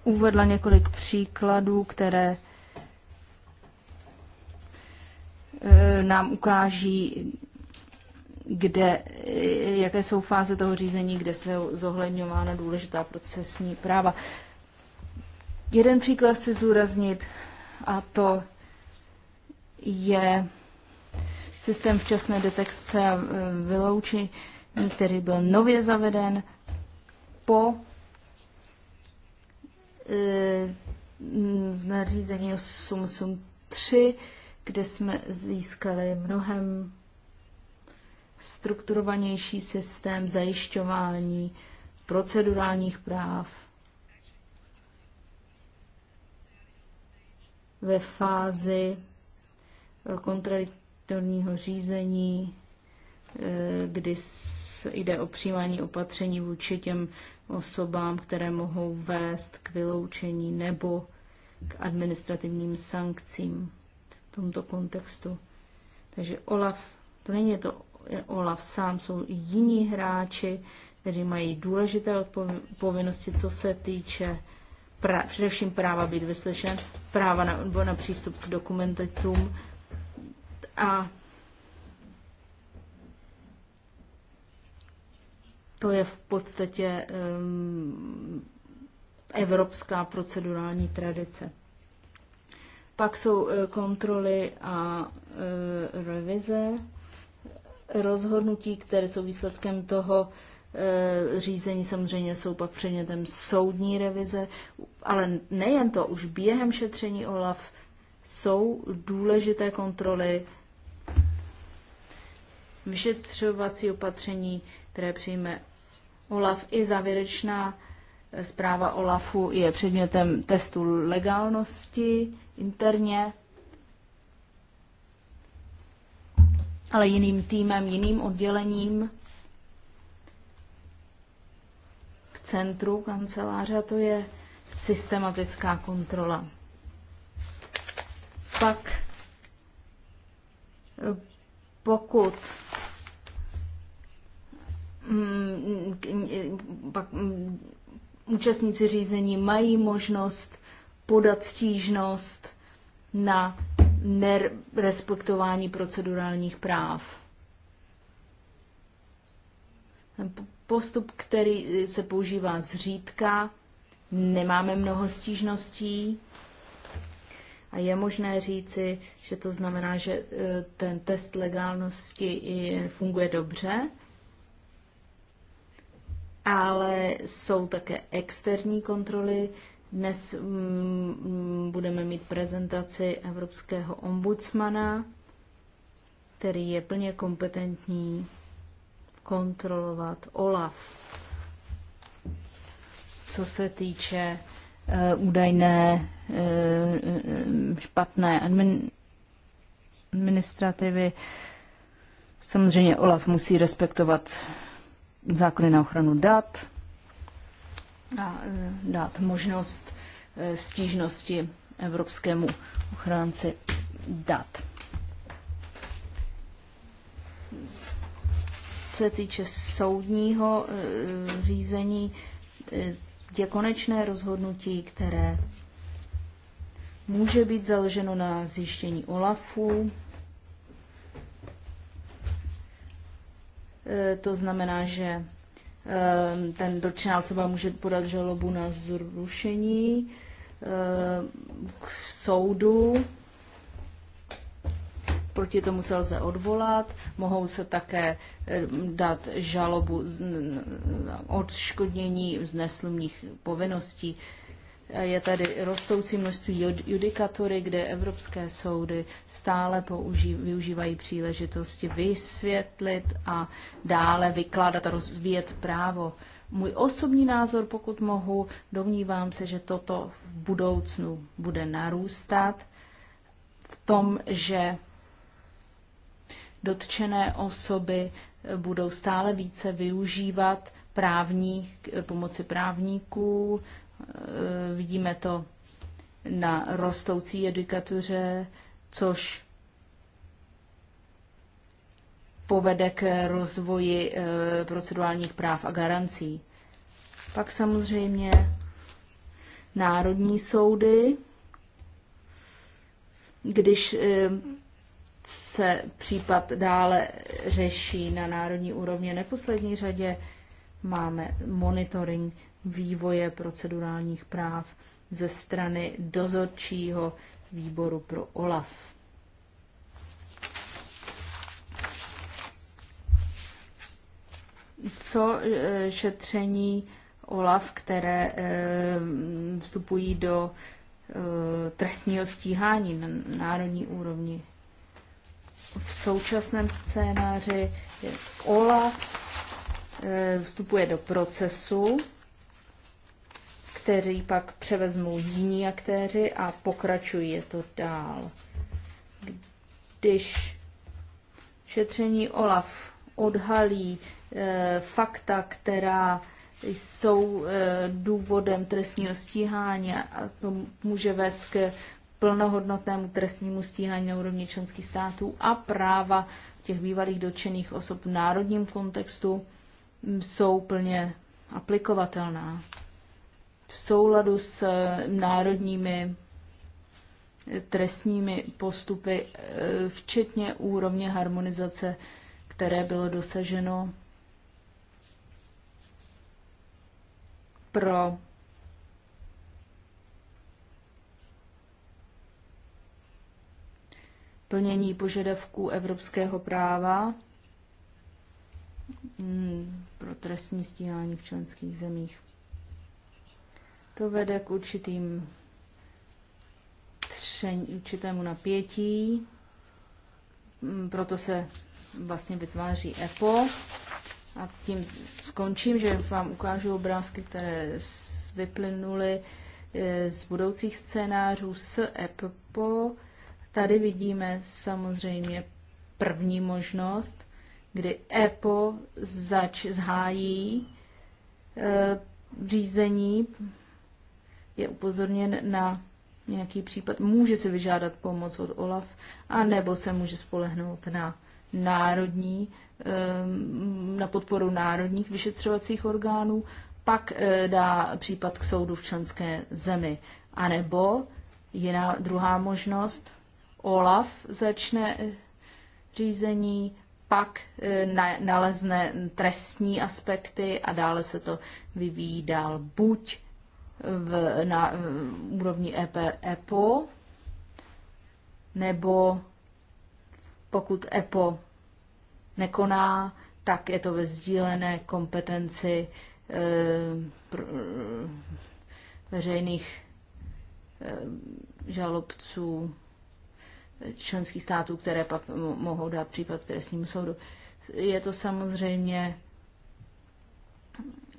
C: uvedla několik příkladů, které eh, nám ukáží, kde, eh, jaké jsou fáze toho řízení, kde se zohledňována důležitá procesní práva. Jeden příklad chci zdůraznit a to je systém včasné detekce a e, vyloučení, který byl nově zaveden po e, nařízení 883, kde jsme získali mnohem strukturovanější systém zajišťování procedurálních práv ve fázi e, kontradikt mandatorního řízení, eh, kdy jde o přijímání opatření vůči těm osobám, které mohou vést k vyloučení nebo k administrativním sankcím v tomto kontextu. Takže OLAF, to není to OLAF sám, jsou i jiní hráči, kteří mají důležité povinnosti, co se týče pra, především práva být vyslyšen, práva na, nebo na přístup k dokumentům, a to je v podstatě um, evropská procedurální tradice. Pak jsou e, kontroly a e, revize rozhodnutí, které jsou výsledkem toho e, řízení, samozřejmě jsou pak předmětem soudní revize, ale nejen to, už během šetření OLAF jsou důležité kontroly vyšetřovací opatření, které přijme OLAF i závěrečná zpráva OLAFu je předmětem testu legálnosti interně, ale jiným týmem, jiným oddělením v centru kanceláře, a to je systematická kontrola. Pak pokud mm, pak mm, účastníci řízení mají možnost podat stížnost na nerespektování procedurálních práv. Ten postup, který se používá zřídka, nemáme mnoho stížností, a je možné říci, že to znamená, že eh, ten test legálnosti funguje dobře, ale jsou také externí kontroly. Dnes mm, budeme mít prezentaci evropského ombudsmana, který je plně kompetentní kontrolovat OLAF. Co se týče Eh, údajné eh, špatné administrativy. Samozřejmě OLAF musí respektovat zákony na ochranu dat a eh, dát možnost stížnosti evropskému ochránci dat. Se týče soudního řízení, je konečné rozhodnutí, které může být založeno na zjištění OLAFu. E, to znamená, že e, ten dotčená osoba může podat žalobu na zrušení e, k soudu proti tomu se lze odvolat, mohou se také eh, dát žalobu odškodnění neslumních povinností. Eh, je tady rostoucí množství judikatury, kde evropské soudy stále použí, využívají příležitosti vysvětlit a dále vykládat a rozvíjet právo. Můj osobní názor, pokud mohu, domnívám se, že toto v budoucnu bude narůstat v tom, že dotčené osoby eh, budou stále více využívat právní, eh, pomoci právníků. Eh, vidíme to na rostoucí judikatuře, což povede k rozvoji procedurálních práv a garancí. Pak samozřejmě národní soudy, když se případ dále řeší na národní úrovni. Neposlední řadě máme monitoring vývoje procedurálních práv ze strany dozorčího výboru pro OLAF. Co eh, šetření OLAF, které eh, vstupují do eh, trestního stíhání na národní úrovni v současném scénáři Ola, eh, vstupuje do procesu, který pak převezmou jiní aktéři a je to dál. Když šetření OLAF odhalí e, fakta, která jsou e, důvodem trestního stíhání a to může vést k plnohodnotnému trestnímu stíhání na úrovni členských států a práva těch bývalých dotčených osob v národním kontextu jsou plně aplikovatelná. V souladu s eh, národními eh, trestními postupy, eh, včetně úrovně harmonizace, které bylo dosaženo pro plnění požadavků evropského práva mm, pro trestní stíhání v členských zemích. To vede k určitým třeň, určitému napětí, mm, proto se vlastně vytváří EPO. A tím skončím, že vám ukážu obrázky, které vyplynuly eh, z budoucích scénářů s EPO. Tady vidíme samozřejmě první možnost, kdy EPO zač zhájí e, řízení, je upozorněn na nějaký případ, může se vyžádat pomoc od OLAF, a nebo se může spolehnout na národní, e, na podporu národních vyšetřovacích orgánů, pak e, dá případ k soudu v členské zemi. A nebo jiná druhá možnost, OLAF začne eh, řízení, pak eh, nalezne trestní aspekty a dále se to vyvíjí dál buď v, na v eh, úrovni EP, EPO, nebo pokud EPO nekoná, tak je to ve sdílené kompetenci e, pr, veřejných e, žalobců členských států, které pak mohou dát případ k trestnímu soudu. Je to samozřejmě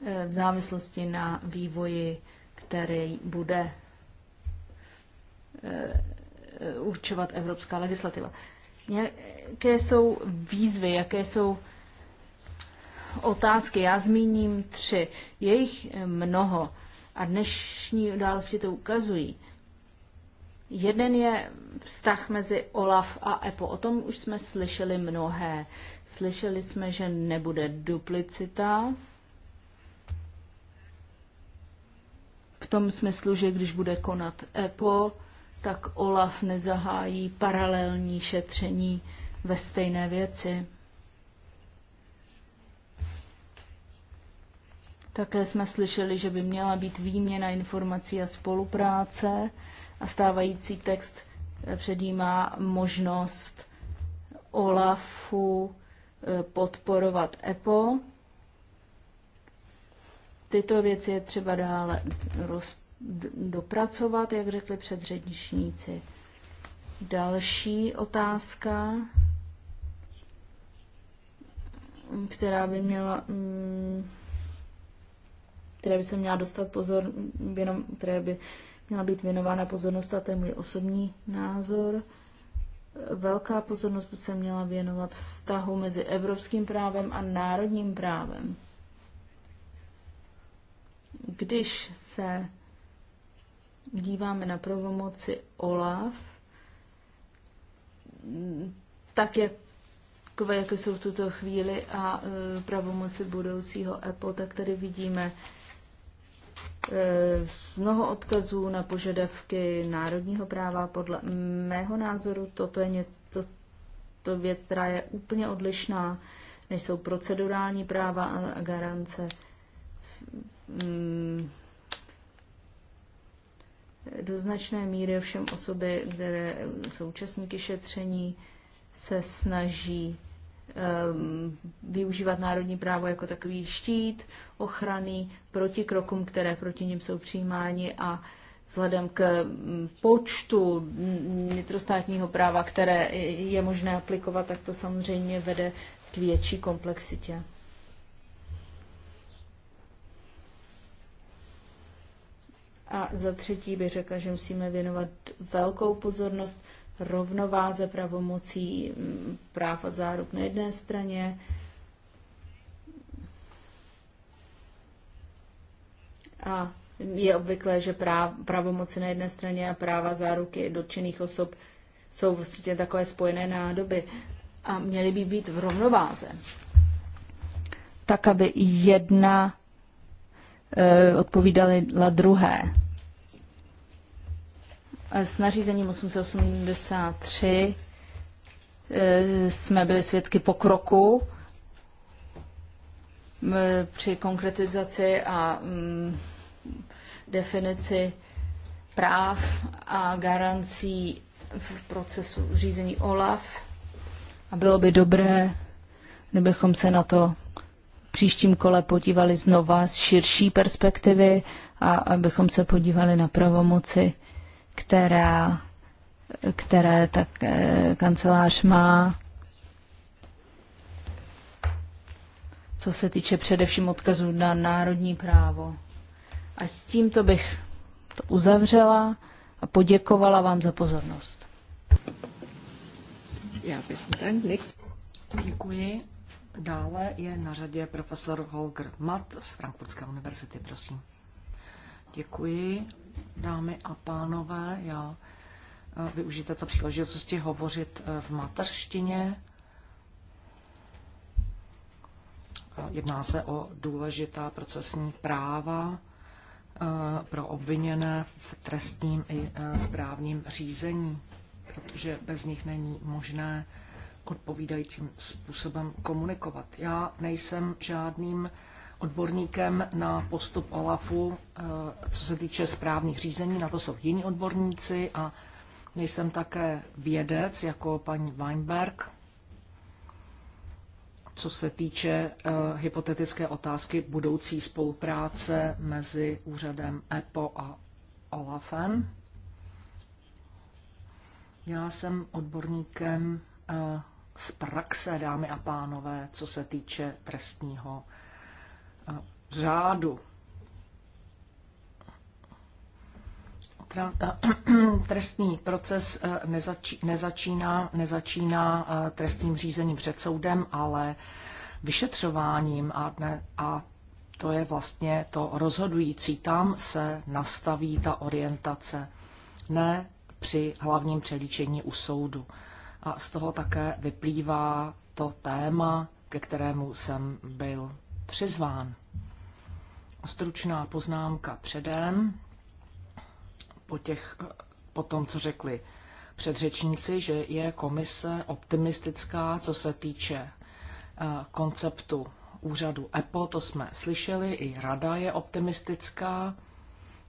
C: eh, v závislosti na vývoji, který bude eh, určovat evropská legislativa. Jaké jsou výzvy, jaké jsou otázky? Já zmíním tři. Je jich mnoho a dnešní události to ukazují. Jeden je vztah mezi OLAF a EPO. O tom už jsme slyšeli mnohé. Slyšeli jsme, že nebude duplicita. V tom smyslu, že když bude konat EPO, tak OLAF nezahájí paralelní šetření ve stejné věci. Také jsme slyšeli, že by měla být výměna informací a spolupráce a stávající text eh, předjímá možnost OLAFu eh, podporovat EPO. Tyto věci je třeba dále roz, dopracovat, jak řekli předřečníci. Další otázka, která by měla, mm, které by se měla dostat pozor, jenom, které by měla být věnována pozornost, a to je můj osobní názor. Velká pozornost by se měla věnovat vztahu mezi evropským právem a národním právem. Když se díváme na pravomoci OLAF, tak je takové, jaké jsou v tuto chvíli a e, pravomoci budoucího EPO, tak tady vidíme z eh, mnoho odkazů na požadavky národního práva. Podle mého názoru toto je něco, to, to věc, která je úplně odlišná, než jsou procedurální práva a garance. Hmm. Do značné míry všem osoby, které jsou účastníky šetření, se snaží Ehm, využívat národní právo jako takový štít ochrany proti krokům, které proti ním jsou přijímáni a vzhledem k mm, počtu vnitrostátního práva, které je možné aplikovat, tak to samozřejmě vede k větší komplexitě. A za třetí bych řekla, že musíme věnovat velkou pozornost rovnováze pravomocí mm, práv a záruk na jedné straně a je obvyklé, že práv, pravomoci na jedné straně a práva záruky dotčených osob jsou vlastně takové spojené nádoby a měly by být v rovnováze. Tak, aby jedna e, odpovídala druhé. S nařízením 883 eh, jsme byli svědky pokroku eh, při konkretizaci a mm, definici práv a garancí v procesu řízení OLAF. A bylo by dobré, kdybychom se na to příštím kole podívali znova z širší perspektivy a abychom se podívali na pravomoci která, které tak eh, kancelář má. co se týče především odkazů na národní právo. A s tímto bych to uzavřela a poděkovala vám za pozornost. Já
B: Děkuji. Dále je na řadě profesor Holger Matt z Frankfurtské univerzity, prosím. Děkuji dámy a pánové, já eh, využiju této příležitosti hovořit eh, v mateřštině. Jedná se o důležitá procesní práva eh, pro obviněné v trestním i správním řízení, protože bez nich není možné odpovídajícím způsobem komunikovat. Já nejsem žádným odborníkem na postup OLAFu, eh, co se týče správních řízení, na to jsou jiní odborníci a nejsem také vědec jako paní Weinberg, co se týče eh, hypotetické otázky budoucí spolupráce mezi úřadem EPO a OLAFem. Já jsem odborníkem eh, z praxe, dámy a pánové, co se týče trestního řádu. Eh, trestní proces eh, nezačí, nezačíná, nezačíná eh, trestním řízením před soudem, ale vyšetřováním a, dne, a to je vlastně to rozhodující. Tam se nastaví ta orientace, ne při hlavním přelíčení u soudu. A z toho také vyplývá to téma, ke kterému jsem byl přizván stručná poznámka předem, po, těch, po tom, co řekli předřečníci, že je komise optimistická, co se týče eh, konceptu úřadu EPO, to jsme slyšeli, i rada je optimistická.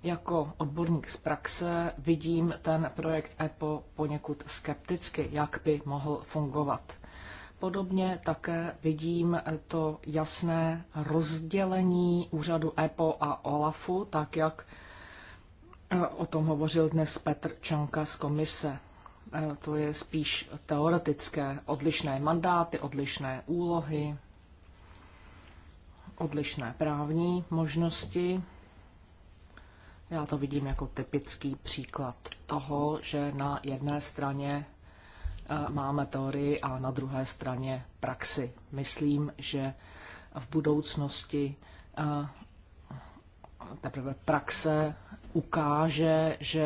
B: Jako odborník z praxe vidím ten projekt EPO poněkud skepticky, jak by mohl fungovat. Podobně také vidím to jasné rozdělení úřadu EPO a OLAFu, tak jak eh, o tom hovořil dnes Petr Čanka z komise. Eh, to je spíš teoretické. Odlišné mandáty, odlišné úlohy, odlišné právní možnosti. Já to vidím jako typický příklad toho, že na jedné straně Eh, máme teorii a na druhé straně praxi. Myslím, že v budoucnosti eh, teprve praxe ukáže, že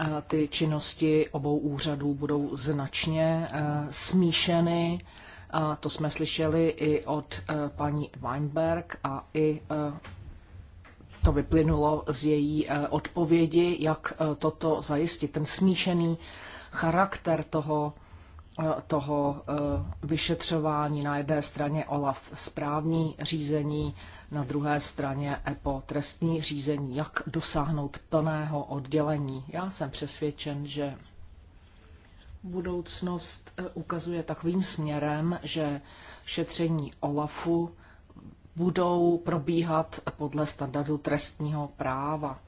B: eh, ty činnosti obou úřadů budou značně smíšeny. To jsme slyšeli i od paní Weinberg a i to vyplynulo z její odpovědi, jak toto zajistit. Ten smíšený charakter toho, eh, toho eh, vyšetřování. Na jedné straně OLAF správní řízení, na druhé straně EPO trestní řízení, jak dosáhnout plného oddělení. Já jsem přesvědčen, že budoucnost eh, ukazuje takovým směrem, že šetření OLAFu budou probíhat podle standardu trestního práva.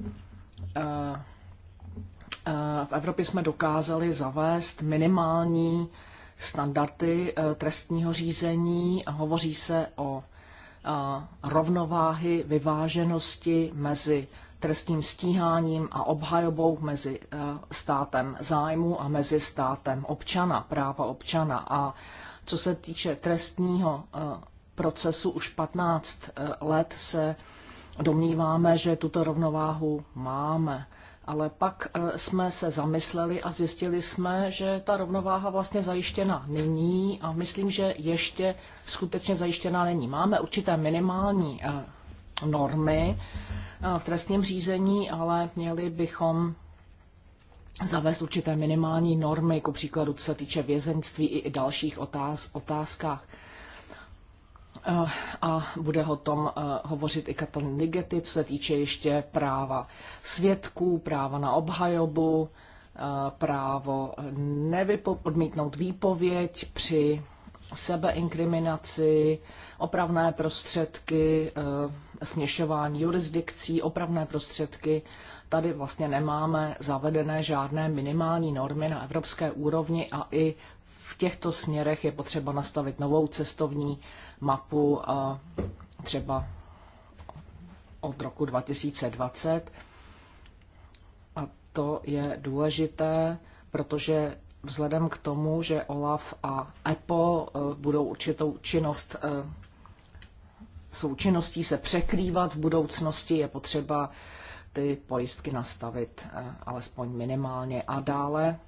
B: Eh, v Evropě jsme dokázali zavést minimální standardy eh, trestního řízení. Hovoří se o eh, rovnováhy, vyváženosti mezi trestním stíháním a obhajobou mezi státem zájmu a mezi státem občana, práva občana. A co se týče trestního procesu, už 15 let se domníváme, že tuto rovnováhu máme ale pak e, jsme se zamysleli a zjistili jsme, že ta rovnováha vlastně zajištěna není a myslím, že ještě skutečně zajištěna není. Máme určité minimální e, normy e, v trestním řízení, ale měli bychom zavést určité minimální normy, jako příkladu, co se týče vězenství i dalších otáz, otázkách. Eh, a bude o tom eh, hovořit i Katalin Ligety, co se týče ještě práva svědků, práva na obhajobu, eh, právo nevypo- odmítnout výpověď při sebeinkriminaci, opravné prostředky, směšování jurisdikcí, opravné prostředky. Tady vlastně nemáme zavedené žádné minimální normy na evropské úrovni a i v těchto směrech je potřeba nastavit novou cestovní mapu třeba od roku 2020. A to je důležité, protože vzhledem k tomu, že OLAF a EPO e, budou určitou činnost e, součinností se překrývat v budoucnosti, je potřeba ty pojistky nastavit e, alespoň minimálně. A dále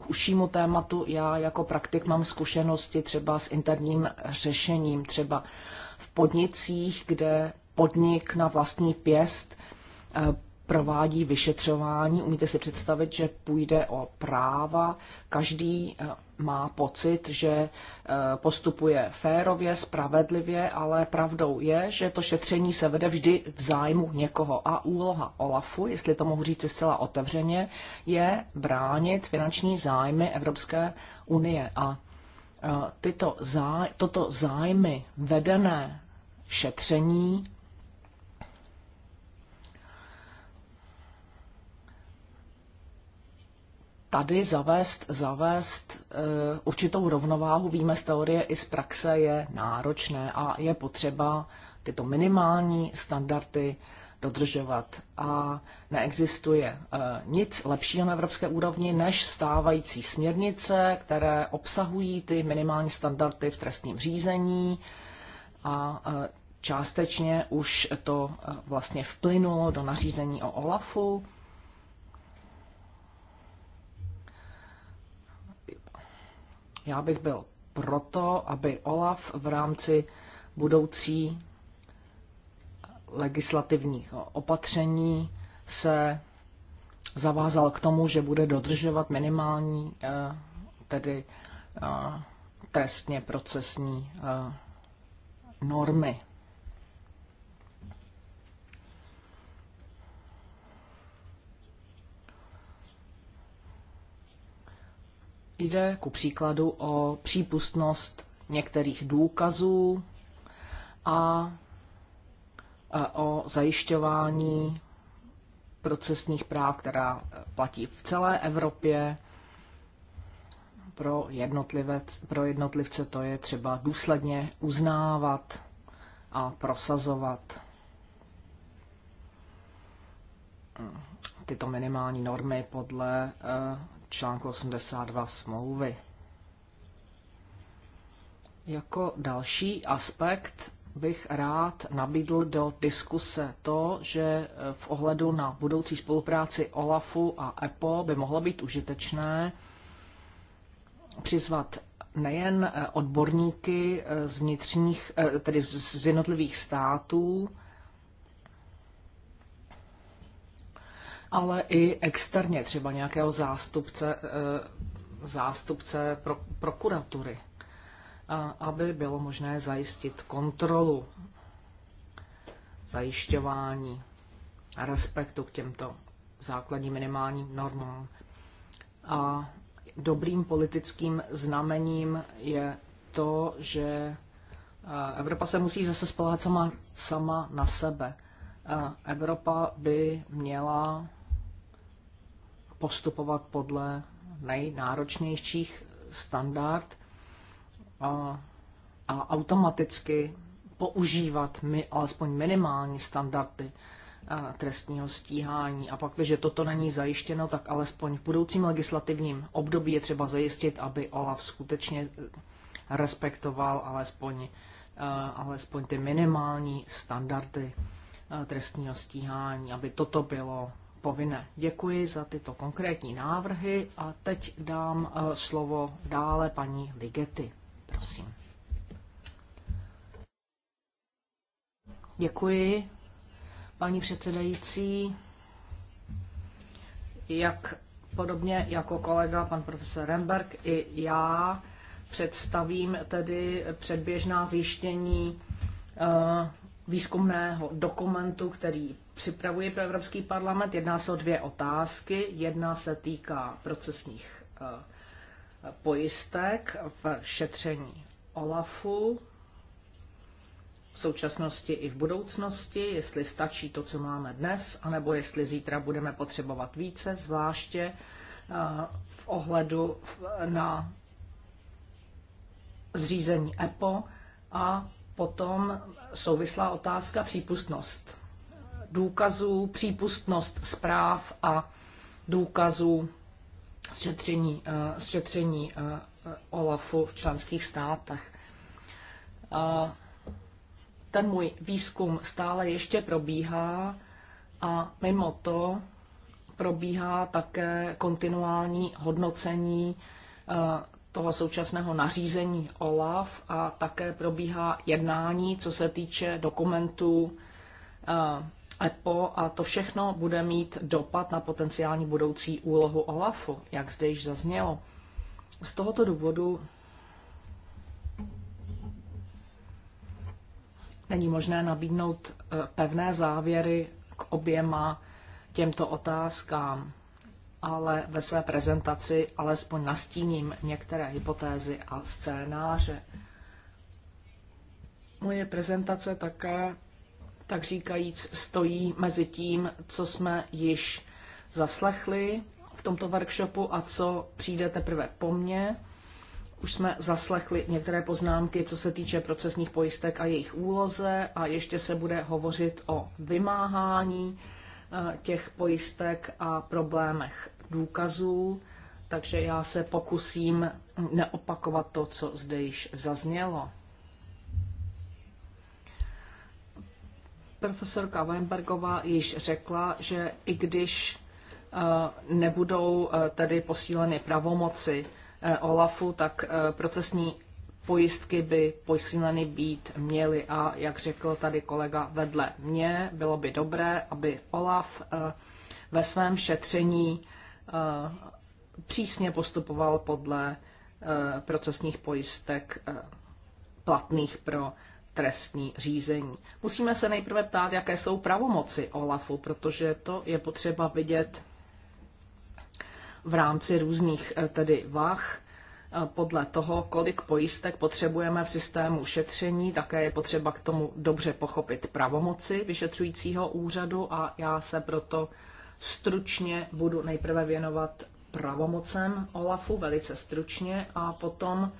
B: k užšímu tématu. Já jako praktik mám zkušenosti třeba s interním řešením, třeba v podnicích, kde podnik na vlastní pěst eh, provádí vyšetřování. Umíte si představit, že půjde o práva. Každý eh, má pocit, že eh, postupuje férově, spravedlivě, ale pravdou je, že to šetření se vede vždy v zájmu někoho. A úloha OLAFu, jestli to mohu říct zcela otevřeně, je bránit finanční zájmy Evropské unie. A eh, tyto zá toto zájmy vedené šetření tady zavést, zavést eh, určitou rovnováhu, víme z teorie i z praxe, je náročné a je potřeba tyto minimální standardy dodržovat. A neexistuje eh, nic lepšího na evropské úrovni než stávající směrnice, které obsahují ty minimální standardy v trestním řízení a eh, částečně už to vlastně vplynulo do nařízení o OLAFu Já bych byl proto, aby OLAF v rámci budoucí legislativních opatření se zavázal k tomu, že bude dodržovat minimální eh, tedy eh, trestně procesní eh, normy. Jde ku příkladu o přípustnost některých důkazů a o zajišťování procesních práv, která platí v celé Evropě. Pro, pro jednotlivce to je třeba důsledně uznávat a prosazovat tyto minimální normy podle eh, článku 82 smlouvy. Jako další aspekt bych rád nabídl do diskuse to, že v ohledu na budoucí spolupráci OLAFu a EPO by mohlo být užitečné přizvat nejen odborníky z vnitřních, eh, tedy z jednotlivých států, ale i externě, třeba nějakého zástupce, eh, zástupce pro, prokuratury, aby bylo možné zajistit kontrolu, zajišťování a respektu k těmto základním minimálním normám. A dobrým politickým znamením je to, že eh, Evropa se musí zase spolehat sama, sama na sebe. Eh, Evropa by měla postupovat podle nejnáročnějších standard a, a automaticky používat mi, alespoň minimální standardy trestního stíhání. A pak, když toto není zajištěno, tak alespoň v budoucím legislativním období je třeba zajistit, aby OLAF skutečně e, respektoval alespoň, e, alespoň ty minimální standardy e, trestního stíhání, aby toto bylo povinné. Děkuji za tyto konkrétní návrhy a teď dám eh, slovo dále paní Ligety. Prosím. Děkuji, paní předsedající. Jak podobně jako kolega pan profesor Remberg i já představím tedy předběžná zjištění eh, výzkumného dokumentu, který připravuji pro Evropský parlament. Jedná se o dvě otázky. Jedna se týká procesních eh, pojistek v šetření OLAFu v současnosti i v budoucnosti, jestli stačí to, co máme dnes, anebo jestli zítra budeme potřebovat více, zvláště eh, v ohledu na zřízení EPO a potom souvislá otázka přípustnost důkazů, přípustnost zpráv a důkazů šetření, eh, šetření eh, OLAFu v členských státech. Eh, ten můj výzkum stále ještě probíhá a mimo to probíhá také kontinuální hodnocení toho současného nařízení OLAF a také probíhá jednání, co se týče dokumentů EPO a to všechno bude mít dopad na potenciální budoucí úlohu OLAFu, jak zde již zaznělo. Z tohoto důvodu není možné nabídnout e, pevné závěry k oběma těmto otázkám, ale ve své prezentaci alespoň nastíním některé hypotézy a scénáře. Moje prezentace také tak říkajíc stojí mezi tím, co jsme již zaslechli v tomto workshopu a co přijde teprve po mně. Už jsme zaslechli některé poznámky, co se týče procesních pojistek a jejich úloze a ještě se bude hovořit o vymáhání eh, těch pojistek a problémech důkazů, takže já se pokusím neopakovat to, co zde již zaznělo. profesorka Weinbergová již řekla, že i když eh, nebudou eh, tedy posíleny pravomoci eh, OLAFu, tak procesní pojistky by posíleny být měly a jak řekl tady kolega vedle mě, bylo by dobré, aby OLAF ve svém šetření přísně postupoval podle procesních pojistek platných pro trestní řízení. Musíme se nejprve ptát, jaké jsou pravomoci OLAFu, protože to je potřeba vidět v rámci různých eh, tedy vah eh, podle toho, kolik pojistek potřebujeme v systému šetření, také je potřeba k tomu dobře pochopit pravomoci vyšetřujícího úřadu a já se proto stručně budu nejprve věnovat pravomocem OLAFu, velice stručně, a potom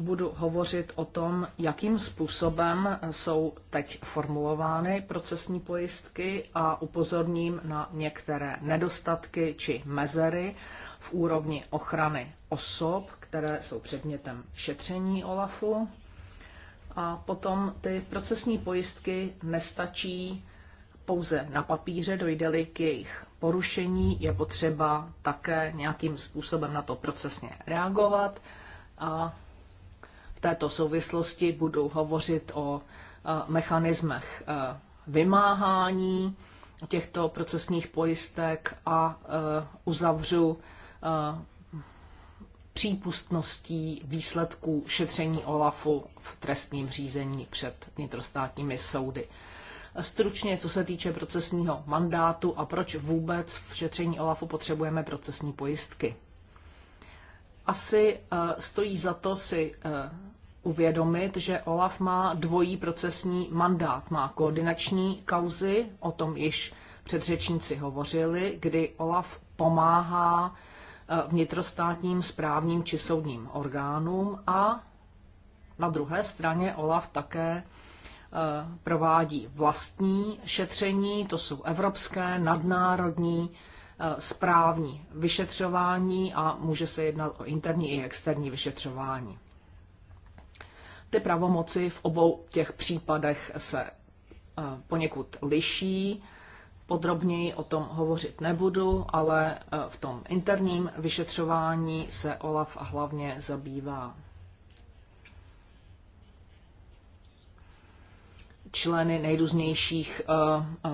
B: budu hovořit o tom, jakým způsobem jsou teď formulovány procesní pojistky a upozorním na některé nedostatky či mezery v úrovni ochrany osob, které jsou předmětem šetření OLAFu. A potom ty procesní pojistky nestačí pouze na papíře, dojde-li k jejich porušení, je potřeba také nějakým způsobem na to procesně reagovat a této souvislosti budu hovořit o e, mechanismech e, vymáhání těchto procesních pojistek a e, uzavřu přípustností výsledků šetření OLAFu v trestním řízení před vnitrostátními soudy. Stručně, co se týče procesního mandátu a proč vůbec v šetření OLAFu potřebujeme procesní pojistky. Asi stojí za to si uvědomit, že OLAF má dvojí procesní mandát. Má koordinační kauzy, o tom již předřečníci hovořili, kdy OLAF pomáhá eh, vnitrostátním správním či soudním orgánům a na druhé straně OLAF také eh, provádí vlastní šetření, to jsou evropské, nadnárodní, eh, správní vyšetřování a může se jednat o interní i externí vyšetřování. Ty pravomoci v obou těch případech se eh, poněkud liší. Podrobněji o tom hovořit nebudu, ale eh, v tom interním vyšetřování se OLAF hlavně zabývá členy nejrůznějších eh,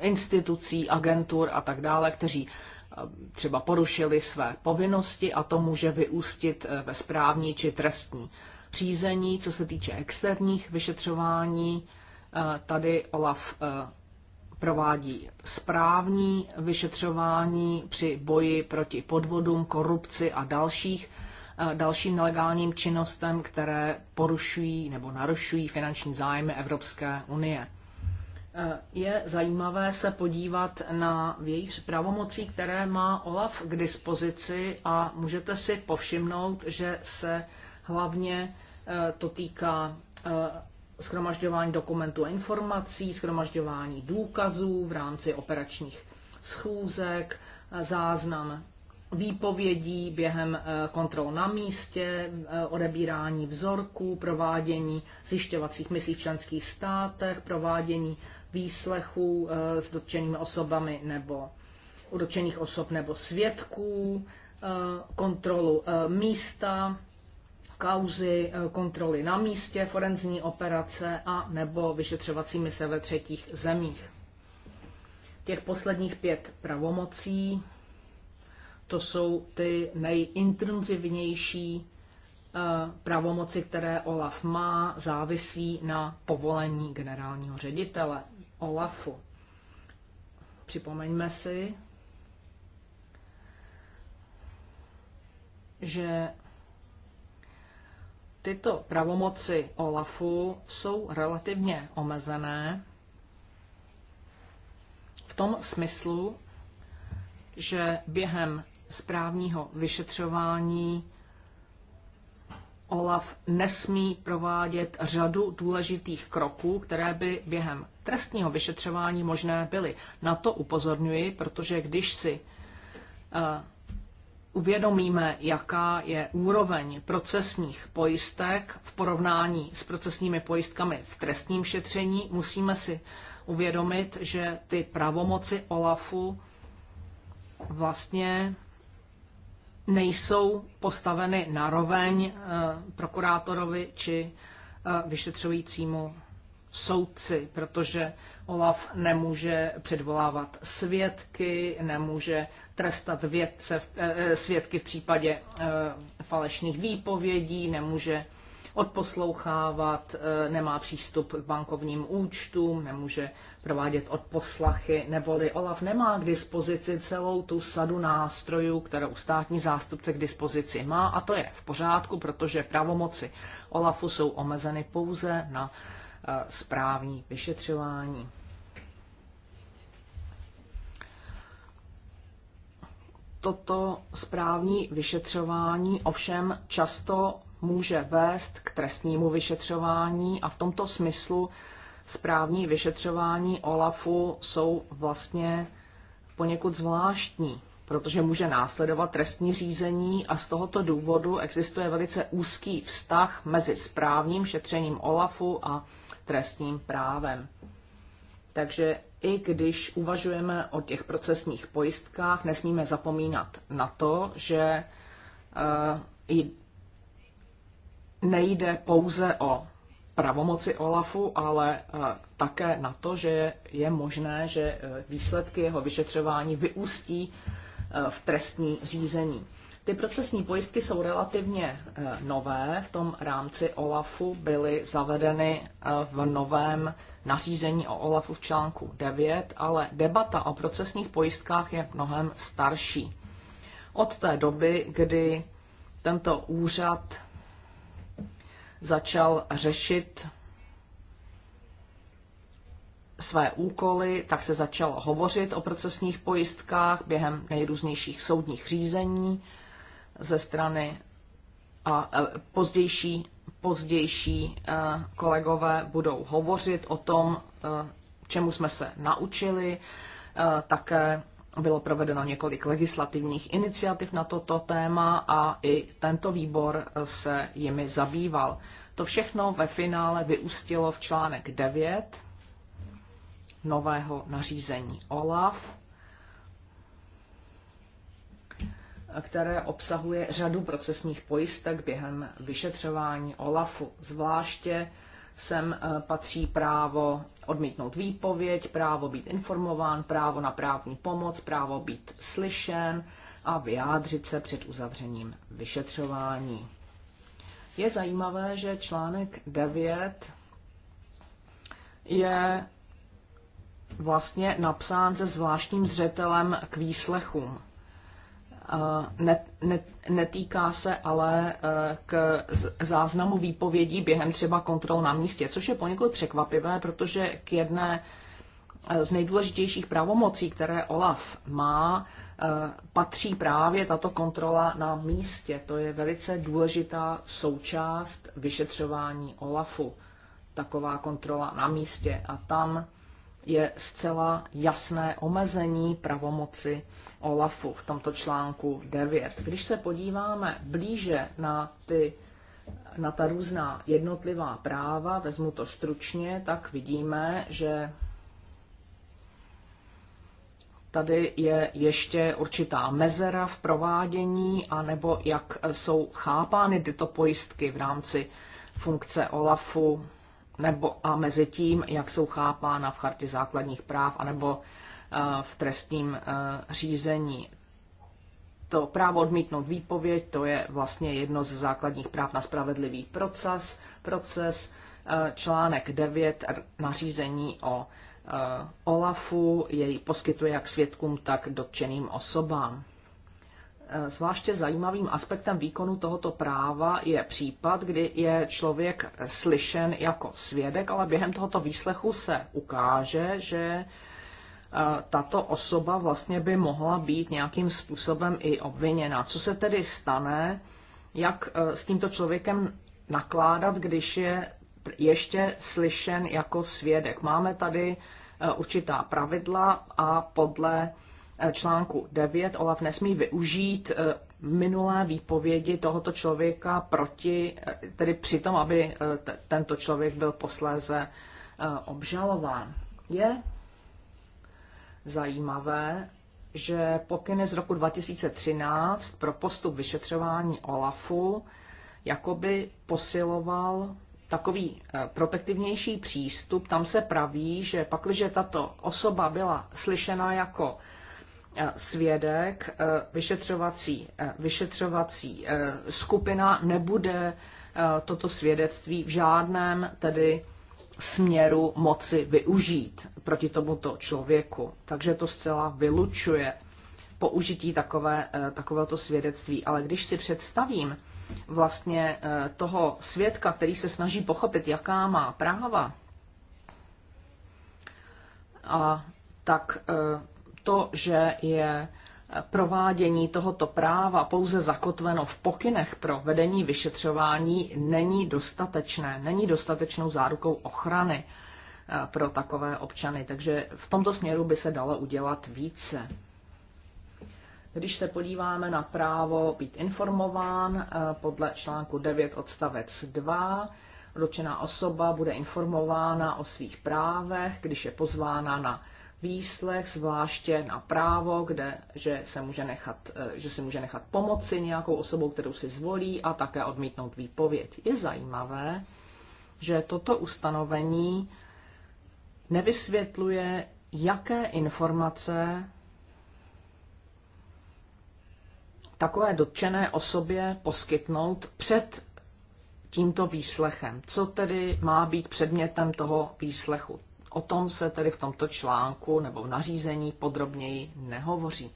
B: institucí, agentur a tak dále, kteří třeba porušili své povinnosti a to může vyústit ve správní či trestní řízení, co se týče externích vyšetřování. Eh, tady OLAF eh, provádí správní vyšetřování při boji proti podvodům, korupci a dalších eh, dalším nelegálním činnostem, které porušují nebo narušují finanční zájmy Evropské unie. Je zajímavé se podívat na vějíř pravomocí, které má OLAF k dispozici a můžete si povšimnout, že se Hlavně eh, to týká eh, schromažďování dokumentů a informací, schromažďování důkazů v rámci operačních schůzek, eh, záznam výpovědí během kontrol na místě, odebírání vzorků, provádění zjišťovacích misí v členských státech, provádění výslechů s dotčenými osobami nebo u dotčených osob nebo svědků, kontrolu místa kauzy eh, kontroly na místě, forenzní operace a nebo vyšetřovací mise ve třetích zemích. Těch posledních pět pravomocí, to jsou ty nejintenzivnější eh, pravomoci, které OLAF má, závisí na povolení generálního ředitele OLAFu. Připomeňme si, že tyto pravomoci OLAFu jsou relativně omezené v tom smyslu, že během správního vyšetřování OLAF nesmí provádět řadu důležitých kroků, které by během trestního vyšetřování možné byly. Na to upozorňuji, protože když si uh, uvědomíme, jaká je úroveň procesních pojistek v porovnání s procesními pojistkami v trestním šetření, musíme si uvědomit, že ty pravomoci OLAFu vlastně nejsou postaveny na roveň eh, prokurátorovi či eh, vyšetřujícímu soudci, protože Olaf nemůže předvolávat svědky, nemůže trestat vědce, eh, svědky v případě eh, falešných výpovědí, nemůže odposlouchávat, eh, nemá přístup k bankovním účtům, nemůže provádět odposlachy, neboli Olaf nemá k dispozici celou tu sadu nástrojů, kterou státní zástupce k dispozici má a to je v pořádku, protože pravomoci Olafu jsou omezeny pouze na E, správní vyšetřování. Toto správní vyšetřování ovšem často může vést k trestnímu vyšetřování a v tomto smyslu správní vyšetřování OLAFu jsou vlastně poněkud zvláštní, protože může následovat trestní řízení a z tohoto důvodu existuje velice úzký vztah mezi správním šetřením OLAFu a trestním právem. Takže i když uvažujeme o těch procesních pojistkách, nesmíme zapomínat na to, že eh, nejde pouze o pravomoci OLAFu, ale eh, také na to, že je možné, že eh, výsledky jeho vyšetřování vyústí v trestní řízení. Ty procesní pojistky jsou relativně eh, nové. V tom rámci OLAFu byly zavedeny eh, v novém nařízení o OLAFu v článku 9, ale debata o procesních pojistkách je mnohem starší. Od té doby, kdy tento úřad začal řešit své úkoly, tak se začalo hovořit o procesních pojistkách během nejrůznějších soudních řízení ze strany a pozdější, pozdější e, kolegové budou hovořit o tom, e, čemu jsme se naučili. E, také bylo provedeno několik legislativních iniciativ na toto téma a i tento výbor se jimi zabýval. To všechno ve finále vyústilo v článek 9 nového nařízení OLAF, které obsahuje řadu procesních pojistek během vyšetřování OLAFu. Zvláště sem eh, patří právo odmítnout výpověď, právo být informován, právo na právní pomoc, právo být slyšen a vyjádřit se před uzavřením vyšetřování. Je zajímavé, že článek 9 je vlastně napsán se zvláštním zřetelem k výslechům. Eh, netýká se ale eh, k záznamu výpovědí během třeba kontrol na místě, což je poněkud překvapivé, protože k jedné eh, z nejdůležitějších pravomocí, které OLAF má, patří právě tato kontrola na místě. To je velice důležitá součást vyšetřování OLAFu, taková kontrola na místě. A tam je zcela jasné omezení pravomoci OLAFu v tomto článku 9. Když se podíváme blíže na ty na ta různá jednotlivá práva, vezmu to stručně, tak vidíme, že tady je ještě určitá mezera v provádění, anebo jak jsou chápány tyto pojistky v rámci funkce OLAFu nebo a mezi tím, jak jsou chápána v chartě základních práv anebo eh, v trestním eh, řízení. To právo odmítnout výpověď, to je vlastně jedno ze základních práv na spravedlivý proces, proces eh, článek 9 nařízení o OLAFu jej poskytuje jak svědkům, tak dotčeným osobám. Eh, zvláště zajímavým aspektem výkonu tohoto práva je případ, kdy je člověk slyšen jako svědek, ale během tohoto výslechu se ukáže, že eh, tato osoba vlastně by mohla být nějakým způsobem i obviněna. Co se tedy stane, jak eh, s tímto člověkem nakládat, když je ještě slyšen jako svědek? Máme tady určitá pravidla a podle Eh, článku 9 Olaf nesmí využít eh, minulé výpovědi tohoto člověka proti, eh, tedy přitom, aby tento člověk byl posléze obžalován. Je zajímavé, že pokyny z roku 2013 pro postup vyšetřování OLAFu jakoby posiloval takový protektivnější přístup. Tam se praví, že pakliže tato osoba byla slyšena jako Eh, svědek, eh, vyšetřovací, eh, vyšetřovací skupina nebude toto svědectví v žádném tedy směru moci využít proti tomuto člověku. Takže to zcela vylučuje použití takové, takovéto svědectví. Ale když si představím vlastně toho svědka, který se snaží pochopit, jaká má práva, a tak to, že je provádění tohoto práva pouze zakotveno v pokynech pro vedení vyšetřování, není dostatečné, není dostatečnou zárukou ochrany eh, pro takové občany. Takže v tomto směru by se dalo udělat více. Když se podíváme na právo být informován eh, podle článku 9 odstavec 2, Dočená osoba bude informována o svých právech, když je pozvána na výslech, zvláště na právo, kde že se může nechat, eh, že si může nechat pomoci nějakou osobou, kterou si zvolí a také odmítnout výpověď. Je zajímavé, že toto ustanovení nevysvětluje, jaké informace takové dotčené osobě poskytnout před tímto výslechem. Co tedy má být předmětem toho výslechu? O tom se tedy v tomto článku nebo v nařízení podrobněji nehovoří.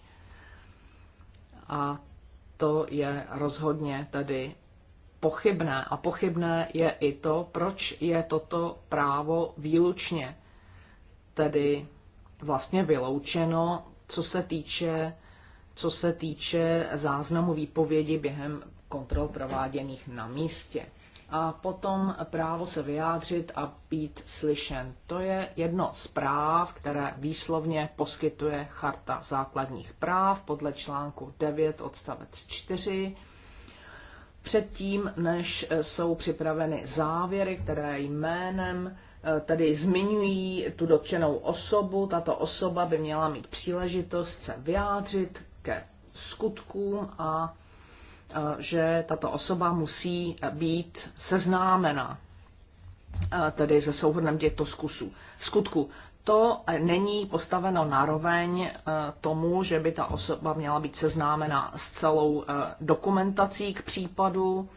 B: A to je rozhodně tedy pochybné. A pochybné je i to, proč je toto právo výlučně tedy vlastně vyloučeno, co se týče, co se týče záznamu výpovědi během kontrol prováděných na místě a potom právo se vyjádřit a být slyšen. To je jedno z práv, které výslovně poskytuje Charta základních práv podle článku 9 odstavec 4. Předtím, než jsou připraveny závěry, které jménem eh, tedy zmiňují tu dotčenou osobu, tato osoba by měla mít příležitost se vyjádřit ke skutkům a Eh, že tato osoba musí být seznámena eh, tedy se souhrnem těchto zkusů, Skutku, To není postaveno naroveň eh, tomu, že by ta osoba měla být seznámena s celou dokumentací k případu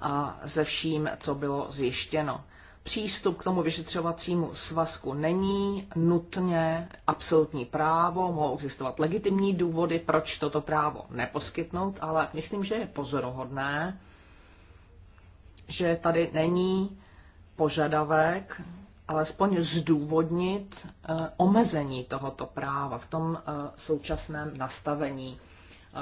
B: a ze vším, co bylo zjištěno. Přístup k tomu vyšetřovacímu svazku není nutně absolutní právo, mohou existovat legitimní důvody, proč toto právo neposkytnout, ale myslím, že je pozoruhodné, že tady není požadavek alespoň zdůvodnit eh, omezení tohoto práva v tom eh, současném nastavení eh,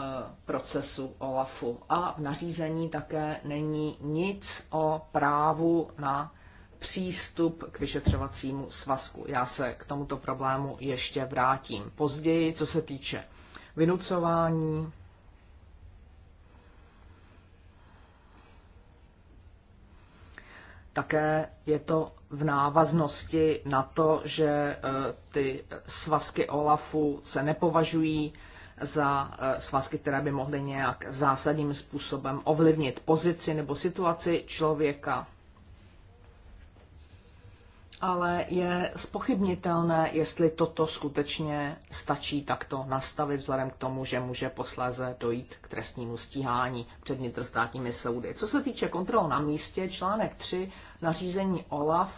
B: procesu OLAFu. A v nařízení také není nic o právu na přístup k vyšetřovacímu svazku. Já se k tomuto problému ještě vrátím později, co se týče vynucování. Také je to v návaznosti na to, že e, ty svazky OLAFu se nepovažují za e, svazky, které by mohly nějak zásadním způsobem ovlivnit pozici nebo situaci člověka ale je spochybnitelné, jestli toto skutečně stačí takto nastavit vzhledem k tomu, že může posléze dojít k trestnímu stíhání před vnitrostátními soudy. Co se týče kontrol na místě, článek 3 nařízení OLAF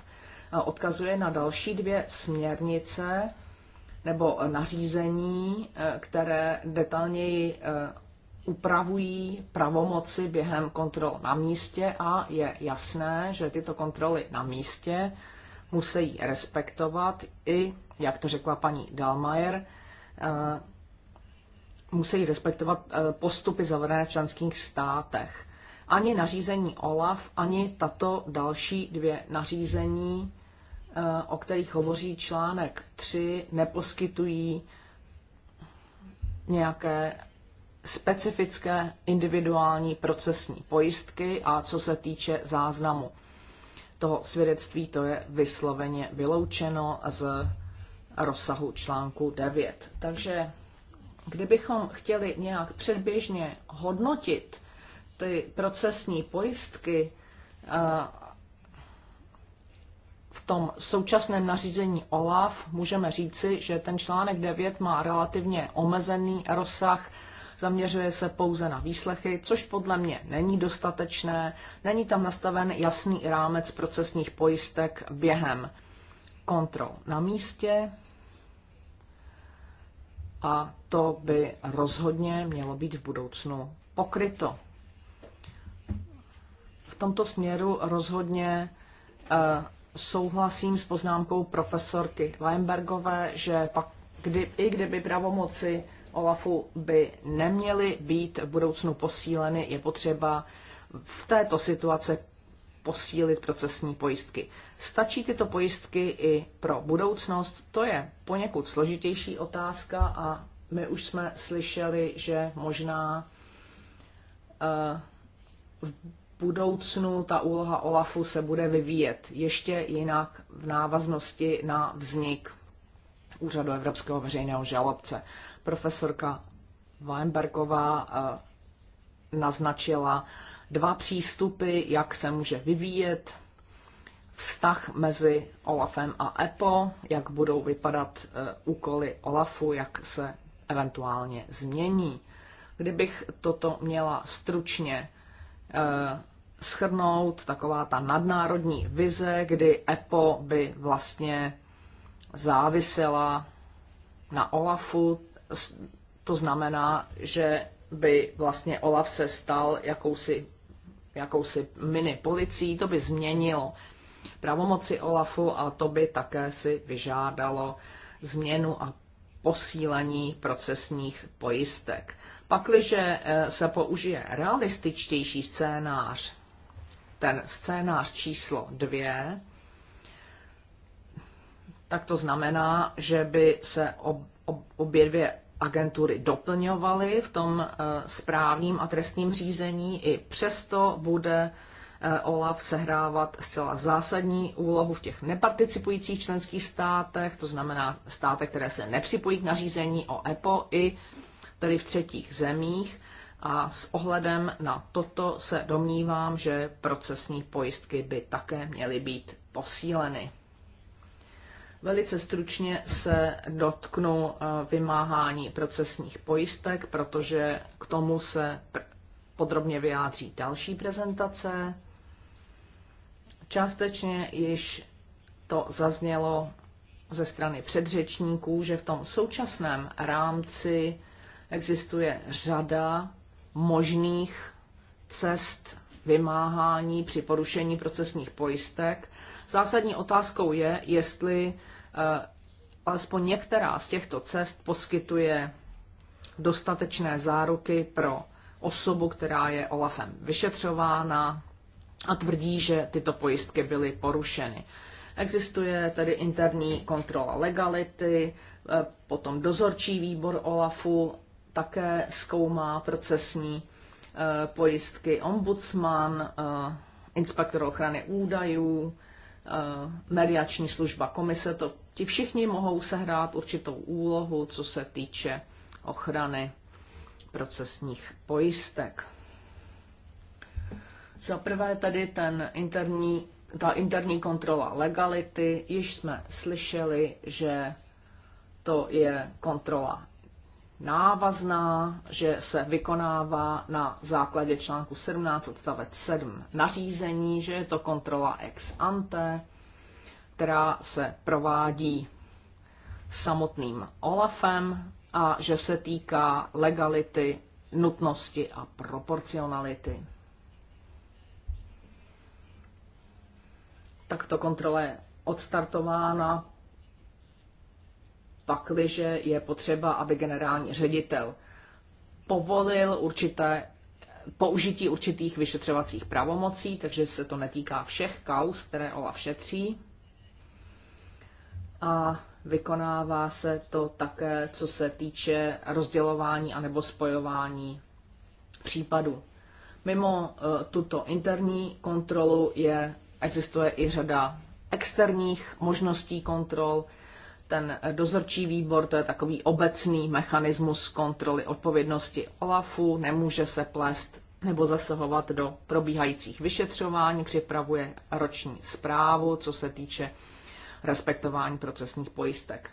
B: eh, odkazuje na další dvě směrnice nebo nařízení, eh, které detailněji eh, upravují pravomoci během kontrol na místě a je jasné, že tyto kontroly na místě musí respektovat i, jak to řekla paní Dalmajer, eh, musí respektovat eh, postupy zavedené v členských státech. Ani nařízení OLAF, ani tato další dvě nařízení, eh, o kterých hovoří článek 3, neposkytují nějaké specifické individuální procesní pojistky a co se týče záznamu toho svědectví, to je vysloveně vyloučeno z rozsahu článku 9. Takže kdybychom chtěli nějak předběžně hodnotit ty procesní pojistky eh, v tom současném nařízení OLAF, můžeme říci, že ten článek 9 má relativně omezený rozsah zaměřuje se pouze na výslechy, což podle mě není dostatečné. Není tam nastaven jasný rámec procesních pojistek během kontrol na místě a to by rozhodně mělo být v budoucnu pokryto. V tomto směru rozhodně eh, souhlasím s poznámkou profesorky Weinbergové, že pak, kdy, i kdyby pravomoci OLAFu by neměly být v budoucnu posíleny. Je potřeba v této situaci posílit procesní pojistky. Stačí tyto pojistky i pro budoucnost? To je poněkud složitější otázka a my už jsme slyšeli, že možná eh, v budoucnu ta úloha OLAFu se bude vyvíjet ještě jinak v návaznosti na vznik Úřadu Evropského veřejného žalobce profesorka Weinbergová eh, naznačila dva přístupy, jak se může vyvíjet vztah mezi OLAFem a EPO, jak budou vypadat eh, úkoly OLAFu, jak se eventuálně změní. Kdybych toto měla stručně eh, schrnout, taková ta nadnárodní vize, kdy EPO by vlastně závisela na OLAFu, to znamená, že by vlastně Olaf se stal jakousi, jakousi mini policií, to by změnilo pravomoci Olafu a to by také si vyžádalo změnu a posílení procesních pojistek. Pakliže eh, se použije realističtější scénář, ten scénář číslo dvě, tak to znamená, že by se obě dvě agentury doplňovaly v tom eh, správním a trestním řízení. I přesto bude eh, OLAF sehrávat zcela zásadní úlohu v těch neparticipujících členských státech, to znamená státech, které se nepřipojí k nařízení o EPO, i tedy v třetích zemích. A s ohledem na toto se domnívám, že procesní pojistky by také měly být posíleny. Velice stručně se dotknu eh, vymáhání procesních pojistek, protože k tomu se podrobně vyjádří další prezentace. Částečně již to zaznělo ze strany předřečníků, že v tom současném rámci existuje řada možných cest vymáhání při porušení procesních pojistek. Zásadní otázkou je, jestli eh, alespoň některá z těchto cest poskytuje dostatečné záruky pro osobu, která je Olafem vyšetřována a tvrdí, že tyto pojistky byly porušeny. Existuje tedy interní kontrola legality, eh, potom dozorčí výbor OLAFu také zkoumá procesní Eh, pojistky ombudsman, eh, inspektor ochrany údajů, eh, mediační služba komise, to ti všichni mohou sehrát určitou úlohu, co se týče ochrany procesních pojistek. Za prvé tedy ten interní, ta interní kontrola legality. Již jsme slyšeli, že to je kontrola návazná, že se vykonává na základě článku 17 odstavec 7 nařízení, že je to kontrola ex ante, která se provádí samotným OLAFem a že se týká legality, nutnosti a proporcionality. Takto kontrola je odstartována pakliže je potřeba, aby generální ředitel povolil určité použití určitých vyšetřovacích pravomocí, takže se to netýká všech kaus, které OLAF šetří. A vykonává se to také, co se týče rozdělování anebo spojování případů. Mimo e, tuto interní kontrolu je, existuje i řada externích možností kontrol, ten dozorčí výbor, to je takový obecný mechanismus kontroly odpovědnosti OLAFu, nemůže se plést nebo zasahovat do probíhajících vyšetřování, připravuje roční zprávu, co se týče respektování procesních pojistek.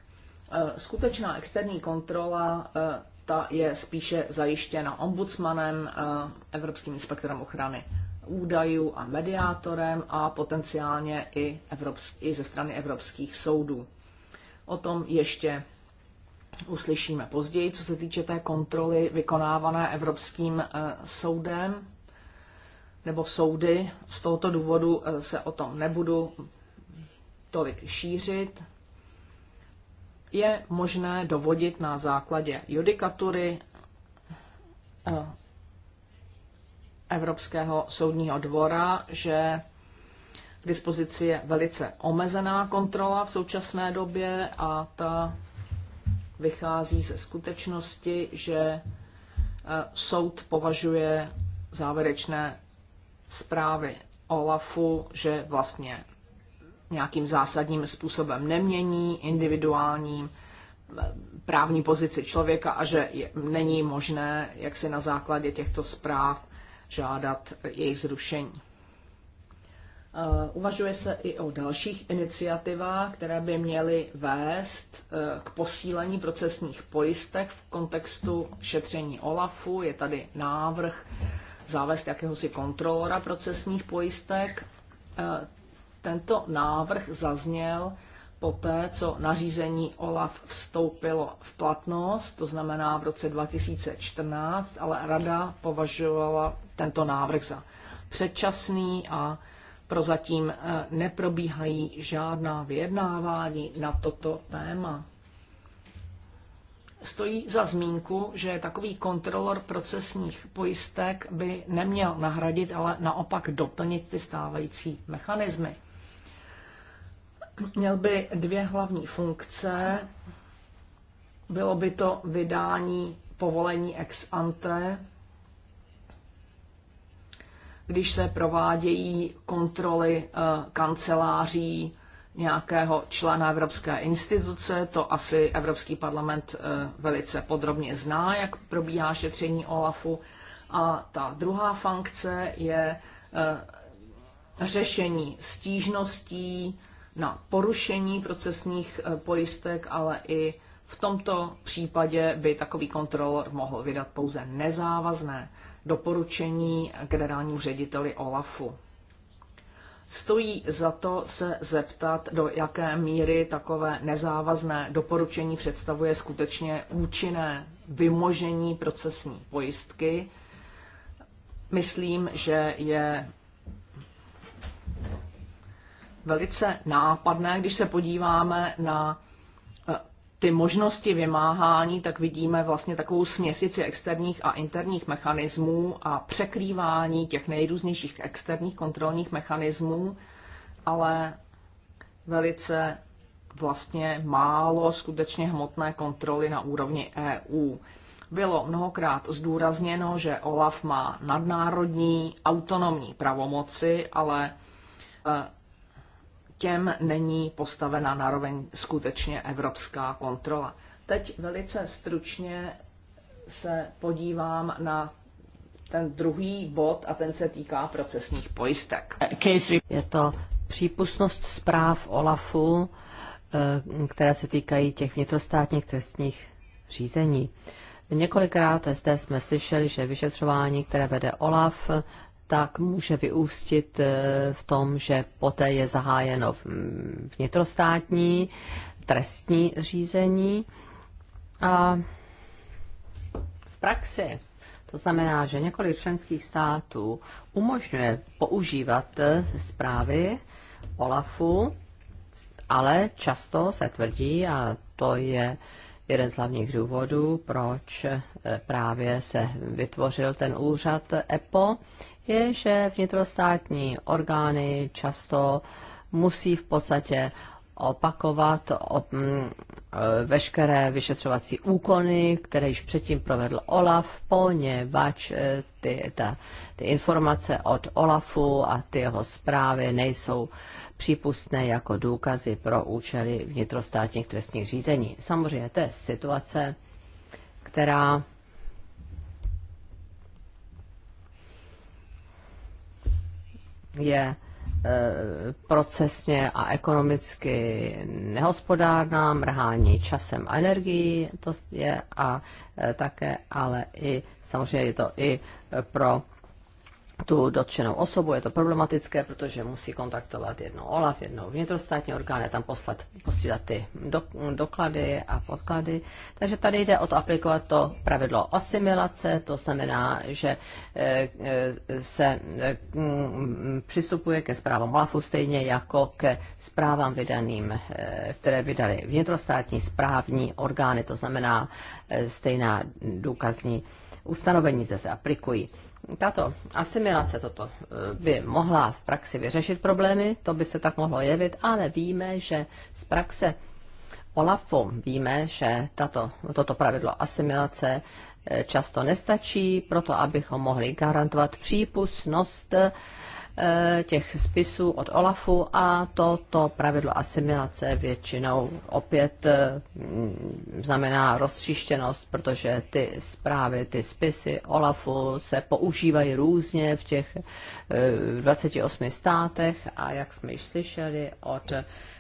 B: E, skutečná externí kontrola e, ta je spíše zajištěna ombudsmanem, e, Evropským inspektorem ochrany údajů a mediátorem a potenciálně i, Evropsk- i ze strany evropských soudů. O tom ještě uslyšíme později, co se týče té kontroly vykonávané Evropským eh, soudem nebo soudy. Z tohoto důvodu eh, se o tom nebudu tolik šířit. Je možné dovodit na základě judikatury eh, Evropského soudního dvora, že k dispozici je velice omezená kontrola v současné době a ta vychází ze skutečnosti, že e, soud považuje závěrečné zprávy OLAFu, že vlastně nějakým zásadním způsobem nemění individuální e, právní pozici člověka a že je, není možné, jak si na základě těchto zpráv žádat jejich zrušení. Eh, uvažuje se i o dalších iniciativách, které by měly vést eh, k posílení procesních pojistek v kontextu šetření OLAFu. Je tady návrh zavést jakéhosi kontrolora procesních pojistek. Eh, tento návrh zazněl poté, co nařízení OLAF vstoupilo v platnost, to znamená v roce 2014, ale rada považovala tento návrh za předčasný a Prozatím eh, neprobíhají žádná vyjednávání na toto téma. Stojí za zmínku, že takový kontrolor procesních pojistek by neměl nahradit, ale naopak doplnit ty stávající mechanismy. Měl by dvě hlavní funkce. Bylo by to vydání povolení ex ante když se provádějí kontroly eh, kanceláří nějakého člena Evropské instituce. To asi Evropský parlament eh, velice podrobně zná, jak probíhá šetření OLAFu. A ta druhá funkce je eh, řešení stížností na porušení procesních pojistek, ale i v tomto případě by takový kontrolor mohl vydat pouze nezávazné doporučení generálnímu řediteli OLAFu. Stojí za to se zeptat, do jaké míry takové nezávazné doporučení představuje skutečně účinné vymožení procesní pojistky. Myslím, že je velice nápadné, když se podíváme na ty možnosti vymáhání, tak vidíme vlastně takovou směsici externích a interních mechanismů a překrývání těch nejrůznějších externích kontrolních mechanismů, ale velice vlastně málo skutečně hmotné kontroly na úrovni EU. Bylo mnohokrát zdůrazněno, že OLAF má nadnárodní autonomní pravomoci, ale eh, těm není postavena naroveň skutečně evropská kontrola. Teď velice stručně se podívám na ten druhý bod a ten se týká procesních
A: pojistek. Je to přípustnost zpráv OLAFu, eh, které se týkají těch vnitrostátních trestních řízení. Několikrát zde jsme slyšeli, že vyšetřování, které vede OLAF, tak může vyústit eh, v tom, že poté je zahájeno mm, vnitrostátní trestní řízení. A v praxi to znamená, že několik členských států umožňuje používat eh, zprávy OLAFu, ale často se tvrdí, a to je jeden z hlavních důvodů, proč eh, právě se vytvořil ten úřad EPO, je, že vnitrostátní orgány často musí v podstatě opakovat mm, eh, veškeré vyšetřovací úkony, které již předtím provedl OLAF, poněvadž eh, ty, ta, ty informace od OLAFu a ty jeho zprávy nejsou přípustné jako důkazy pro účely vnitrostátních trestních řízení. Samozřejmě to je situace, která je e, procesně a ekonomicky nehospodárná, mrhání časem a energií, to je a e, také, ale i samozřejmě je to i pro tu dotčenou osobu, je to problematické, protože musí kontaktovat jednou OLAF, jednou vnitrostátní orgán, je tam poslat, posílat ty do, doklady a podklady. Takže tady jde o to aplikovat to pravidlo asimilace, to znamená, že eh, eh, se eh, mm, přistupuje ke zprávám OLAFu stejně jako ke zprávám vydaným, které vydali vnitrostátní správní orgány, to znamená stejná důkazní ustanovení se aplikují tato asimilace toto eh, by mohla v praxi vyřešit problémy, to by se tak mohlo jevit, ale víme, že z praxe OLAFu víme, že tato, toto pravidlo asimilace eh, často nestačí, proto abychom mohli garantovat přípustnost Eh, těch spisů od OLAFu a toto pravidlo asimilace většinou opět eh, mm, znamená roztříštěnost, protože ty zprávy, ty spisy OLAFu se používají různě v těch 28 eh, státech a jak jsme již slyšeli od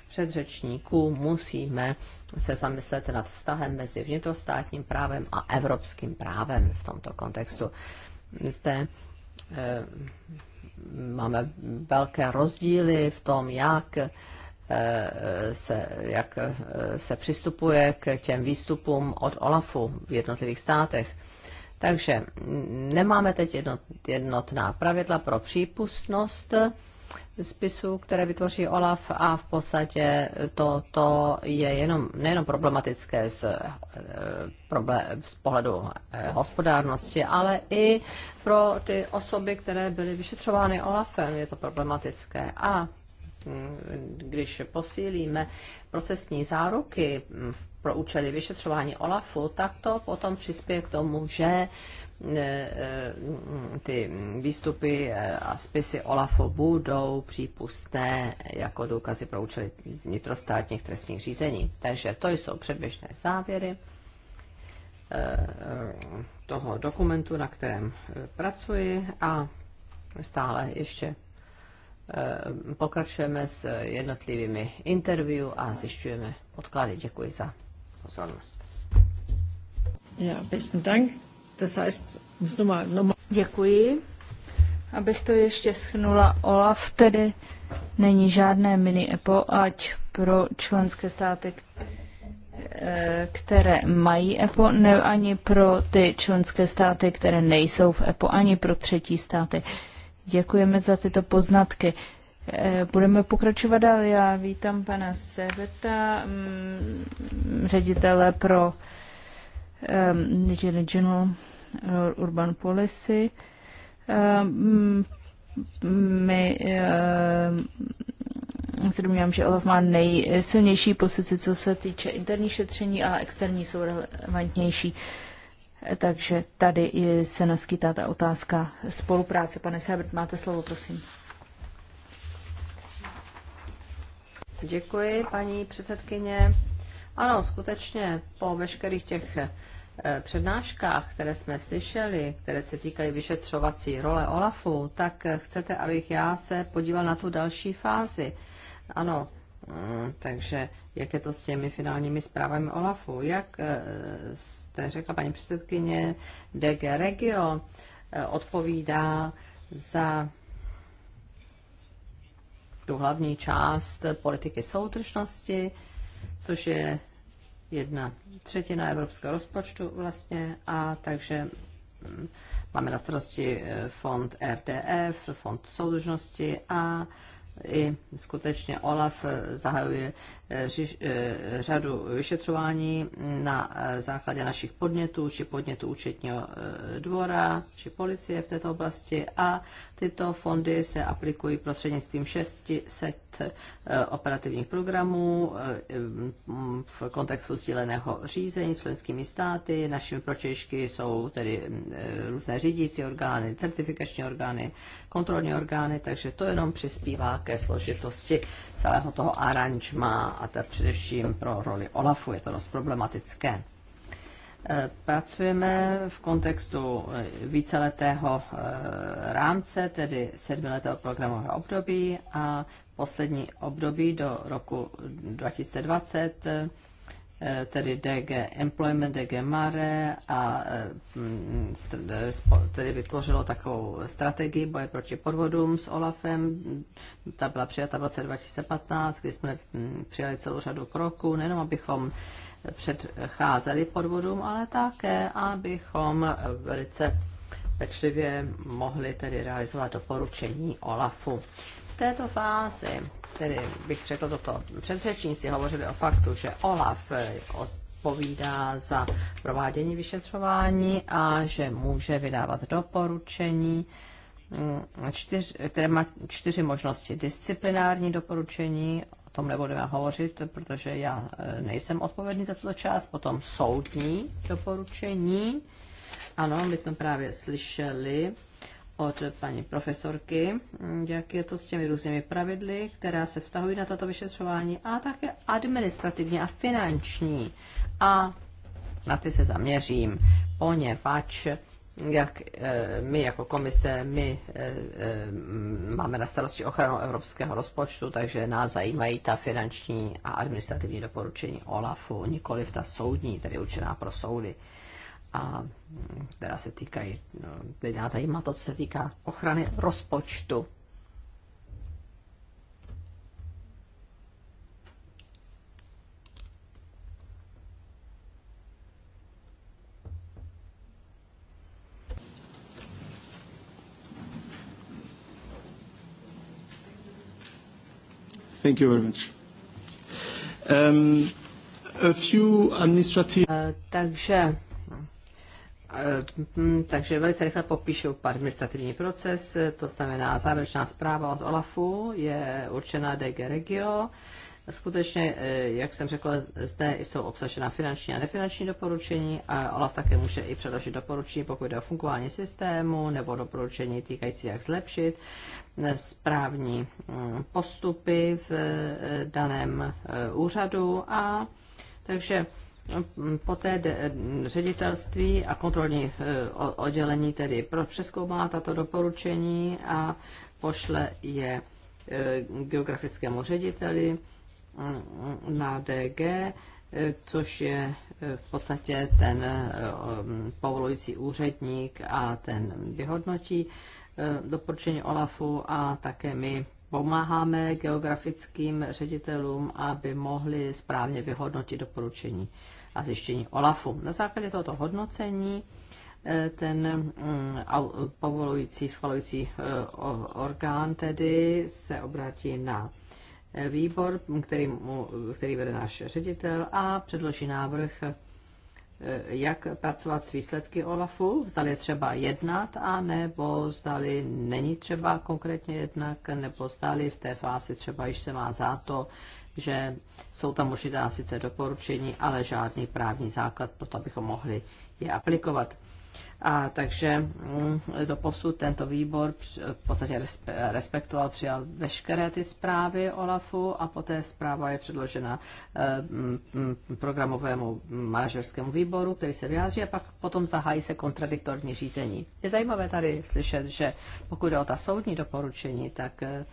A: předřečníků, musíme se zamyslet nad vztahem mezi vnitrostátním právem a evropským právem v tomto kontextu. Zde máme velké rozdíly v tom, jak eh, se, jak eh, se přistupuje k těm výstupům od OLAFu v jednotlivých státech. Takže nemáme teď jednotná pravidla pro přípustnost spisů, které vytvoří OLAF a v podstatě to, to je jenom, nejenom problematické z, eh, z pohledu eh, hospodárnosti, ale i pro ty osoby, které byly vyšetřovány OLAFem, je to problematické. A mm, když posílíme procesní záruky mm, pro účely vyšetřování OLAFu, tak to potom přispěje k tomu, že e, e, ty výstupy e, a spisy OLAFu budou přípustné jako důkazy pro účely vnitrostátních trestních řízení. Takže to jsou předběžné závěry toho dokumentu, na kterém pracuji a stále ještě Eh, pokračujeme s jednotlivými interview a zjišťujeme podklady. Děkuji za pozornost.
C: Ja, besten Dank. Das heißt, muss noch mal, noch mal. Děkuji. Abych to ještě schnula, Olaf tedy není žádné mini EPO, ať pro členské státy, eh, které mají EPO, ne ani pro ty členské státy, které nejsou v EPO, ani pro třetí státy. Děkujeme za tyto poznatky. Eh, budeme pokračovat dál. Já vítám pana Seveta, mm, ředitele pro Regional ehm, eh, Urban Policy. Ehm, mm, my ehm, se domnívám, že Olaf má nejsilnější pozici, co se týče interní šetření a externí jsou relevantnější. Takže tady se naskytá ta otázka spolupráce. Pane Sebert, máte slovo, prosím.
A: Děkuji, paní předsedkyně. Ano, skutečně po veškerých těch eh, přednáškách, které jsme slyšeli, které se týkají vyšetřovací role OLAFu, tak eh, chcete, abych já se podíval na tu další fázi. Ano, takže jak je to s těmi finálními zprávami OLAFu? Jak eh, jste řekla, paní předsedkyně, DG Regio eh, odpovídá za tu hlavní část politiky soudržnosti, což je jedna třetina evropského rozpočtu vlastně, a takže hm, máme na starosti eh, fond RDF, fond soudržnosti a i skutečně OLAF zahajuje Eh, řadu vyšetřování na eh, základě našich podnětů či podnětů účetního eh, dvora či policie v této oblasti a tyto fondy se aplikují prostřednictvím 600 operativních programů v kontextu sdíleného řízení s členskými státy. Našimi protěžky jsou tedy různé řídící orgány, certifikační orgány, kontrolní orgány, takže to jenom přispívá ke složitosti celého toho aranžma a to především pro roli OLAFu je to dost problematické. E, pracujeme v kontextu e, víceletého e, rámce, tedy sedmiletého programového období a poslední období do roku 2020 Eh, tedy DG Employment, DG Mare a eh, mm, eh, tedy vytvořilo takovou strategii boje proti podvodům s OLAFem. Ta byla přijata v roce 2015, kdy jsme mm, přijali celou řadu kroků, nejenom abychom předcházeli podvodům, ale také abychom velice pečlivě mohli tedy realizovat doporučení OLAFu této fázi, tedy bych řekl toto, předřečníci hovořili o faktu, že OLAF eh, odpovídá za provádění vyšetřování a že může vydávat doporučení, mm, čtyř, které má čtyři možnosti. Disciplinární doporučení, o tom nebudeme hovořit, protože já eh, nejsem odpovědný za tuto část, potom soudní doporučení, ano, my jsme právě slyšeli od paní profesorky, mm, jak je to s těmi různými pravidly, která se vztahují na tato vyšetřování, a také administrativní a finanční. A na ty se zaměřím, poněvadž jak eh, my jako komise, my eh, eh, máme na starosti ochranu evropského rozpočtu, takže nás zajímají ta finanční a administrativní doporučení OLAFu, nikoli ta soudní, tedy určená pro soudy a která se týkají, no, lidá zajímá to, co se týká ochrany rozpočtu. Thank you very much. Um, a few administrative... Uh, takže Eh, mm, takže velice rychle popíšu administrativní proces, to znamená závěrečná zpráva od OLAFu je určená DG Regio. Skutečně, eh, jak jsem řekl, zde jsou obsažena finanční a nefinanční doporučení a OLAF také může i předložit doporučení, pokud jde o fungování systému nebo doporučení týkající, jak zlepšit eh, správní mm, postupy v daném úřadu a takže Poté ředitelství a kontrolní eh, oddělení tedy přeskoumá tato doporučení a pošle je eh, geografickému řediteli mm, na DG, eh, což je v podstatě ten povolující úředník a ten vyhodnotí doporučení OLAFu a také my pomáháme geografickým ředitelům, aby mohli správně vyhodnotit doporučení a zjištění OLAFu. Na základě tohoto hodnocení eh, ten mm, povolující, schvalující eh, orgán tedy se obrátí na eh, výbor, který, mu, který vede náš ředitel a předloží návrh, jak pracovat s výsledky OLAFu, zdali je třeba jednat, a nebo zdali není třeba konkrétně jednat, nebo zdali v té fázi třeba již se má za to, že jsou tam určitá sice doporučení, ale žádný právní základ pro to, abychom mohli je aplikovat. A takže mm, do posud tento výbor v podstatě respektoval, přijal veškeré ty zprávy OLAFu a poté zpráva je předložena eh, mm, mm, programovému manažerskému výboru, který se vyjádří a pak potom zahájí se kontradiktorní řízení. Je zajímavé tady slyšet, že pokud jde o ta soudní doporučení, tak eh,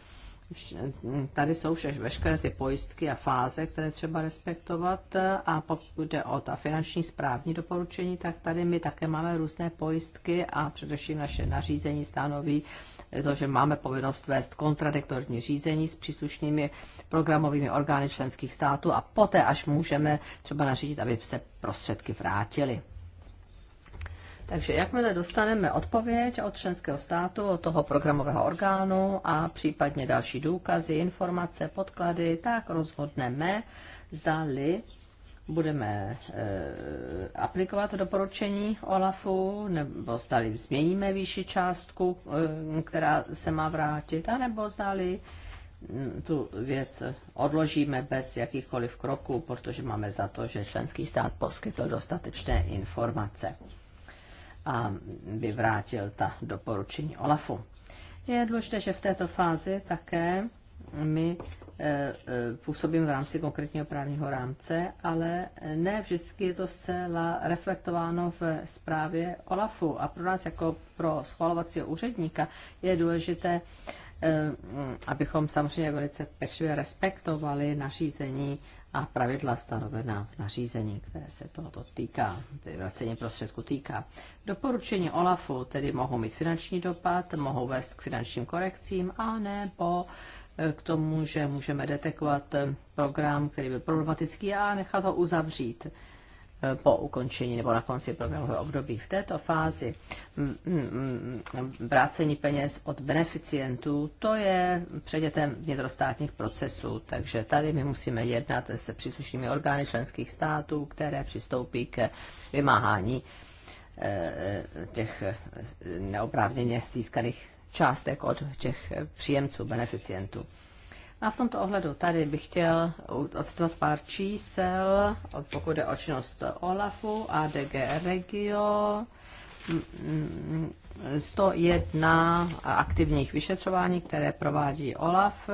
A: tady jsou vše, veškeré ty pojistky a fáze, které třeba respektovat a pokud jde o ta finanční správní doporučení, tak tady my také máme různé pojistky a především naše nařízení stanoví to, že máme povinnost vést kontradiktorní řízení s příslušnými programovými orgány členských států a poté až můžeme třeba nařídit, aby se prostředky vrátily. Takže jakmile dostaneme odpověď od členského státu, od toho programového orgánu a případně další důkazy, informace, podklady, tak rozhodneme, zdali budeme e, aplikovat doporučení OLAFu, nebo zdali změníme výši částku, e, která se má vrátit, anebo zdali hm, tu věc odložíme bez jakýchkoliv kroků, protože máme za to, že členský stát poskytl dostatečné informace a vyvrátil ta doporučení OLAFu. Je důležité, že v této fázi také my e, e, působím v rámci konkrétního právního rámce, ale ne vždycky je to zcela reflektováno v zprávě OLAFu. A pro nás jako pro schvalovacího úředníka je důležité, e, abychom samozřejmě velice pečlivě respektovali nařízení a pravidla stanovená v nařízení, které se tohoto týká, tedy vracení prostředku týká. Doporučení OLAFu tedy mohou mít finanční dopad, mohou vést k finančním korekcím, a nebo eh, k tomu, že můžeme detekovat eh, program, který byl problematický a nechat ho uzavřít. Eh, po ukončení nebo na konci programového období. V této fázi mm, mm, mm, vrácení peněz od beneficientů, to je předětem vnitrostátních procesů, takže tady my musíme jednat se příslušnými orgány členských států, které přistoupí k vymáhání eh, těch eh, neoprávněně získaných částek od těch příjemců, beneficientů. A v tomto ohledu tady bych chtěl odstavit pár čísel, pokud je o činnost OLAFu a Regio. 101 aktivních vyšetřování, které provádí OLAF,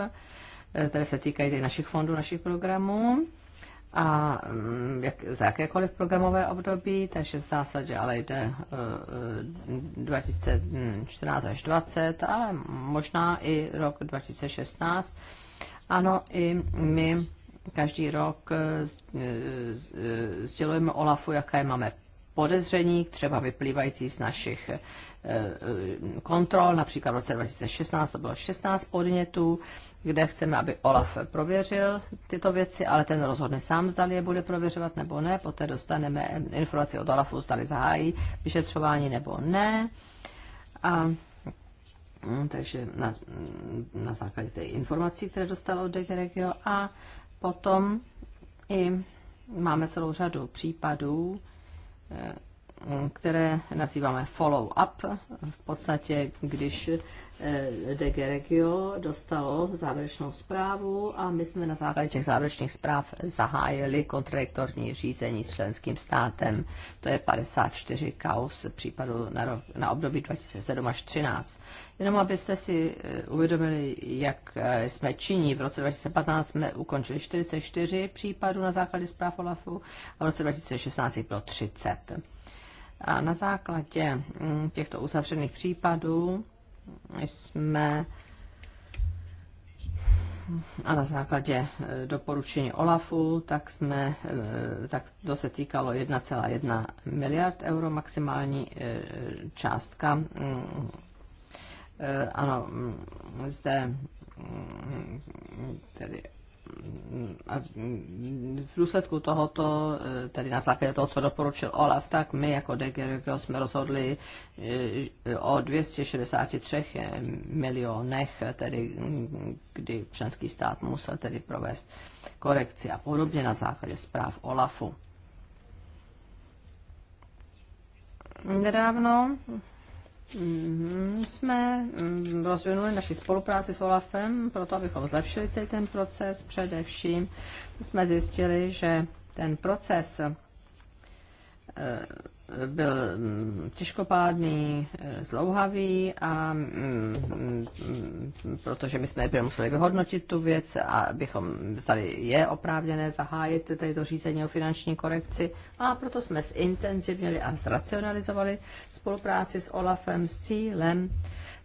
A: které se týkají našich fondů, našich programů a mm, jak, za jakékoliv programové období, takže v zásadě ale jde 2014 eh, až 2020, ale možná i rok 2016 ano, i my každý rok eh, eh, eh, sdělujeme Olafu, jaké máme podezření, třeba vyplývající z našich kontrol, například v roce 2016 to bylo 16 podnětů, kde chceme, aby Olaf prověřil tyto věci, ale ten rozhodne sám, zda je bude prověřovat nebo ne. Poté dostaneme informaci od Olafu, zda zahájí vyšetřování nebo ne. A No, takže na, na základě té informací, které dostal od Degeregio a potom i máme celou řadu případů, eh, které nazýváme follow-up, v podstatě, když Eh, DG Regio dostalo závěrečnou zprávu a my jsme na základě těch závěrečných zpráv zahájili kontradiktorní řízení s členským státem. To je 54 kaus případů na, rok, na období 2007 až 2013. Jenom abyste si eh, uvědomili, jak eh, jsme činí. V roce 2015 jsme ukončili 44 případů na základě zpráv OLAFu a v roce 2016 bylo 30. A na základě mm, těchto uzavřených případů jsme a na základě eh, doporučení OLAFu, tak jsme, eh, tak to se týkalo 1,1 miliard euro maximální eh, částka. Ano, mm, zde mm, tedy v důsledku tohoto, eh, tedy na základě toho, co doporučil Olaf, tak my jako DGRGO jsme rozhodli eh, o 263 milionech, tedy kdy členský stát musel tedy provést korekci a podobně na základě zpráv Olafu. Nedávno Mhm, jsme mm, rozvinuli naši spolupráci s OLAFem, proto abychom zlepšili celý ten proces. Především jsme zjistili, že ten proces eh, byl mm, těžkopádný, eh, zlouhavý, a, mm, mm, protože my jsme museli vyhodnotit tu věc, a bychom vzali je oprávněné zahájit tady řízení o finanční korekci a proto jsme zintenzivnili a zracionalizovali spolupráci s OLAFem s cílem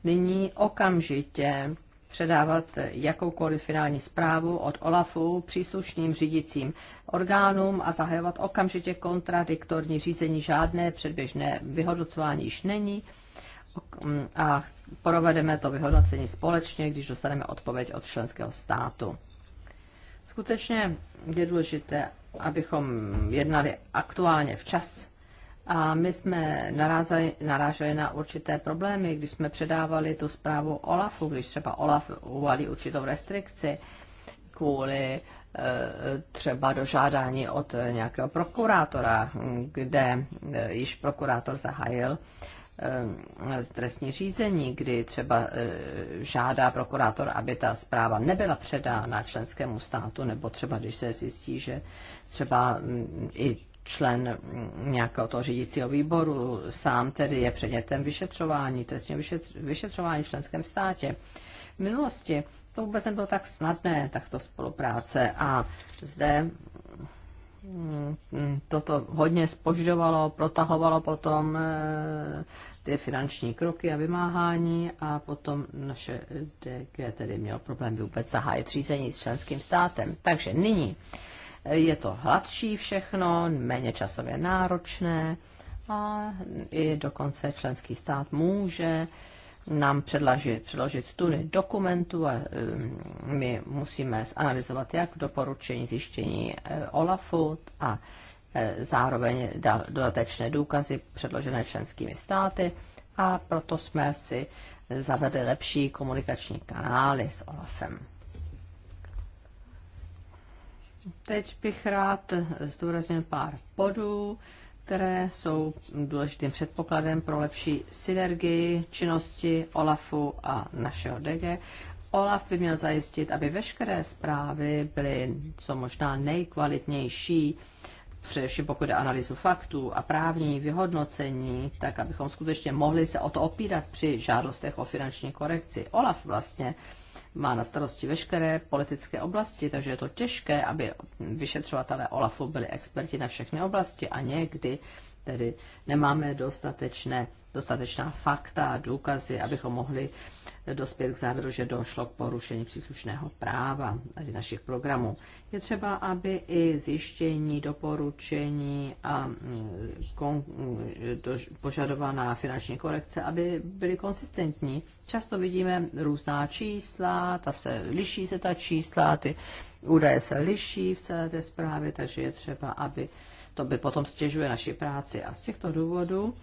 A: nyní okamžitě předávat jakoukoliv finální zprávu od OLAFu příslušným řídicím orgánům a zahajovat okamžitě kontradiktorní řízení. Žádné předběžné vyhodnocování již není a provedeme to vyhodnocení společně, když dostaneme odpověď od členského státu. Skutečně je důležité, abychom jednali aktuálně včas a my jsme narazili, naráželi na určité problémy, když jsme předávali tu zprávu Olafu, když třeba Olaf uvalí určitou restrikci kvůli e, třeba dožádání od nějakého prokurátora, kde e, již prokurátor zahájil stresní e, řízení, kdy třeba žádá prokurátor, aby ta zpráva nebyla předána členskému státu, nebo třeba když se zjistí, že třeba i člen mm, nějakého toho řídícího výboru, sám tedy je předmětem vyšetřování, trestního vyšetřování v členském státě. V minulosti to vůbec nebylo tak snadné, takto spolupráce a zde mm, mm, toto hodně spožďovalo, protahovalo potom e, ty finanční kroky a vymáhání a potom naše DG tedy mělo problém vůbec zahájit řízení s členským státem. Takže nyní je to hladší všechno, méně časově náročné a i dokonce členský stát může nám předložit, předložit tuny dokumentů a um, my musíme zanalizovat jak doporučení zjištění eh, OLAFu a eh, zároveň dodatečné důkazy předložené členskými státy a proto jsme si zavedli lepší komunikační kanály s OLAFem. Teď bych rád zdůraznil pár bodů, které jsou důležitým předpokladem pro lepší synergii činnosti OLAFu a našeho DG. OLAF by měl zajistit, aby veškeré zprávy byly co možná nejkvalitnější, především pokud je analýzu faktů a právní vyhodnocení, tak abychom skutečně mohli se o to opírat při žádostech o finanční korekci. OLAF vlastně má na starosti veškeré politické oblasti, takže je to těžké, aby vyšetřovatelé OLAFu byli experti na všechny oblasti a někdy tedy nemáme dostatečné, dostatečná fakta a důkazy, abychom mohli dospět k závěru, že došlo k porušení příslušného práva tedy našich programů. Je třeba, aby i zjištění, doporučení a mm, kon, do, požadovaná finanční korekce, aby byly konsistentní. Často vidíme různá čísla, ta se liší se ta čísla, ty údaje se liší v celé té zprávě, takže je třeba, aby to by potom stěžuje naši práci. A z těchto důvodů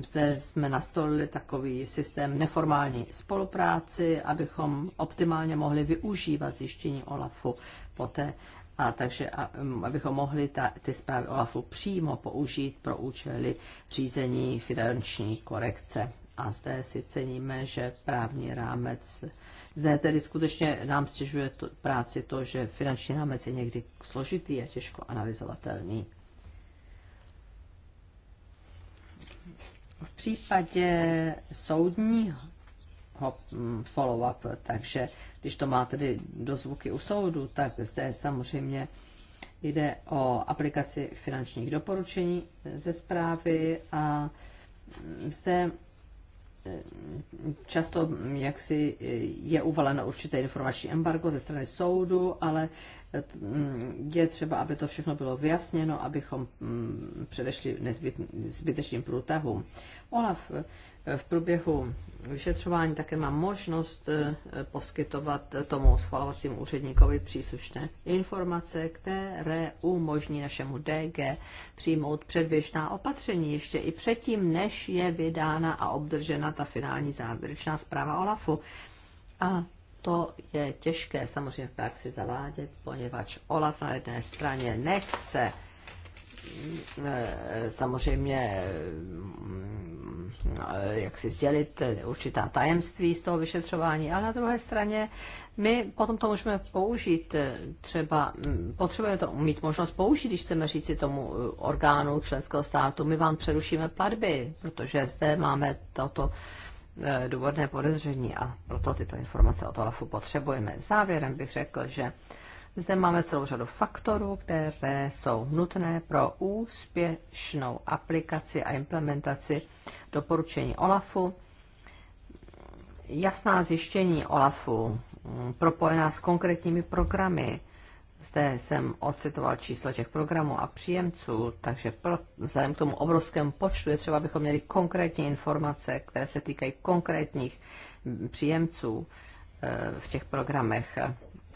A: zde jsme nastolili takový systém neformální spolupráci, abychom optimálně mohli využívat zjištění OLAFu poté, a takže mm, abychom mohli ta, ty zprávy OLAFu přímo použít pro účely řízení finanční korekce. A zde si ceníme, že právní rámec, zde tedy skutečně nám stěžuje to, práci to, že finanční rámec je někdy složitý a těžko analyzovatelný. V případě soudního hm, follow-up, takže když to má tedy do zvuky u soudu, tak zde samozřejmě jde o aplikaci finančních doporučení ze zprávy a zde Eh, často mm, jaksi eh, je uvaleno určité informační embargo ze strany soudu, ale eh, mm, je třeba, aby to všechno bylo vyjasněno, abychom mm, předešli nezbytečným průtahům. Olaf eh, v průběhu vyšetřování také má možnost eh, poskytovat tomu schvalovacímu úředníkovi příslušné informace, které umožní našemu DG přijmout předběžná opatření ještě i předtím, než je vydána a obdržena ta finální závěrečná zpráva OLAFu. A to je těžké samozřejmě v praxi zavádět, poněvadž OLAF na jedné straně nechce Eh, samozřejmě mm, eh, jak si sdělit určitá tajemství z toho vyšetřování, ale na druhé straně my potom to můžeme použít, eh, třeba mm, potřebujeme to mít možnost použít, když chceme si tomu orgánu členského státu, my vám přerušíme platby, protože zde máme toto důvodné podezření a proto tyto informace od OLAFu potřebujeme. Závěrem bych řekl, že zde máme celou řadu faktorů, které jsou nutné pro úspěšnou aplikaci a implementaci doporučení OLAFu. Jasná zjištění OLAFu, mm, propojená s konkrétními programy, zde jsem ocitoval číslo těch programů a příjemců, takže pro, vzhledem k tomu obrovskému počtu je třeba, abychom měli konkrétní informace, které se týkají konkrétních příjemců eh, v těch programech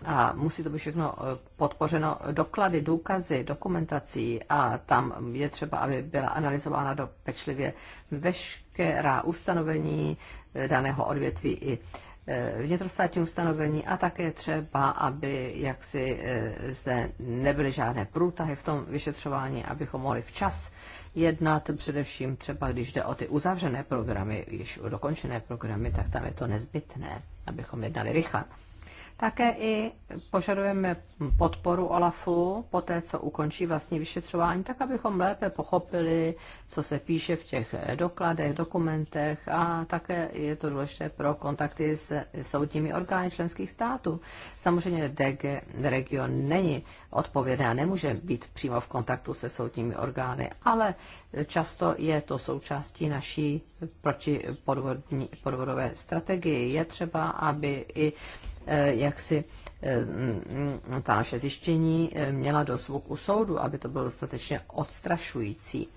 A: a musí to být všechno eh, podpořeno doklady, důkazy, dokumentací a tam je třeba, aby byla analyzována do pečlivě veškerá ustanovení eh, daného odvětví i eh, vnitrostátní ustanovení a také třeba, aby jaksi zde nebyly žádné průtahy v tom vyšetřování, abychom mohli včas jednat, především třeba, když jde o ty uzavřené programy, již dokončené programy, tak tam je to nezbytné, abychom jednali rychle. Také i požadujeme podporu OLAFu po té, co ukončí vlastní vyšetřování, tak abychom lépe pochopili, co se píše v těch dokladech, dokumentech a také je to důležité pro kontakty s soudními orgány členských států. Samozřejmě DG region není odpovědný a nemůže být přímo v kontaktu se soudními orgány, ale často je to součástí naší proti podvodové strategie, Je třeba, aby i Eh, jak si ta eh, naše zjištění eh, měla dozvuk u soudu, aby to bylo dostatečně odstrašující.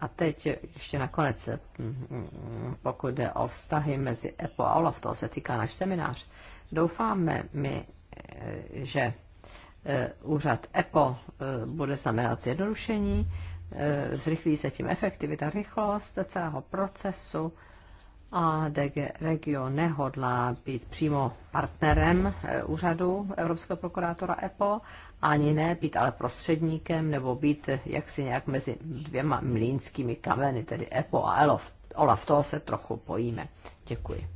A: A teď ještě nakonec, pokud jde o vztahy mezi EPO a OLAF, toho se týká náš seminář, doufáme my, že úřad EPO bude znamenat zjednodušení, zrychlí se tím efektivita, rychlost celého procesu a DG Regio nehodlá být přímo partnerem eh, úřadu Evropského prokurátora EPO, ani ne být ale prostředníkem nebo být eh, jaksi nějak mezi dvěma mlínskými kameny, tedy EPO a ELOF. Olaf, toho se trochu pojíme. Děkuji.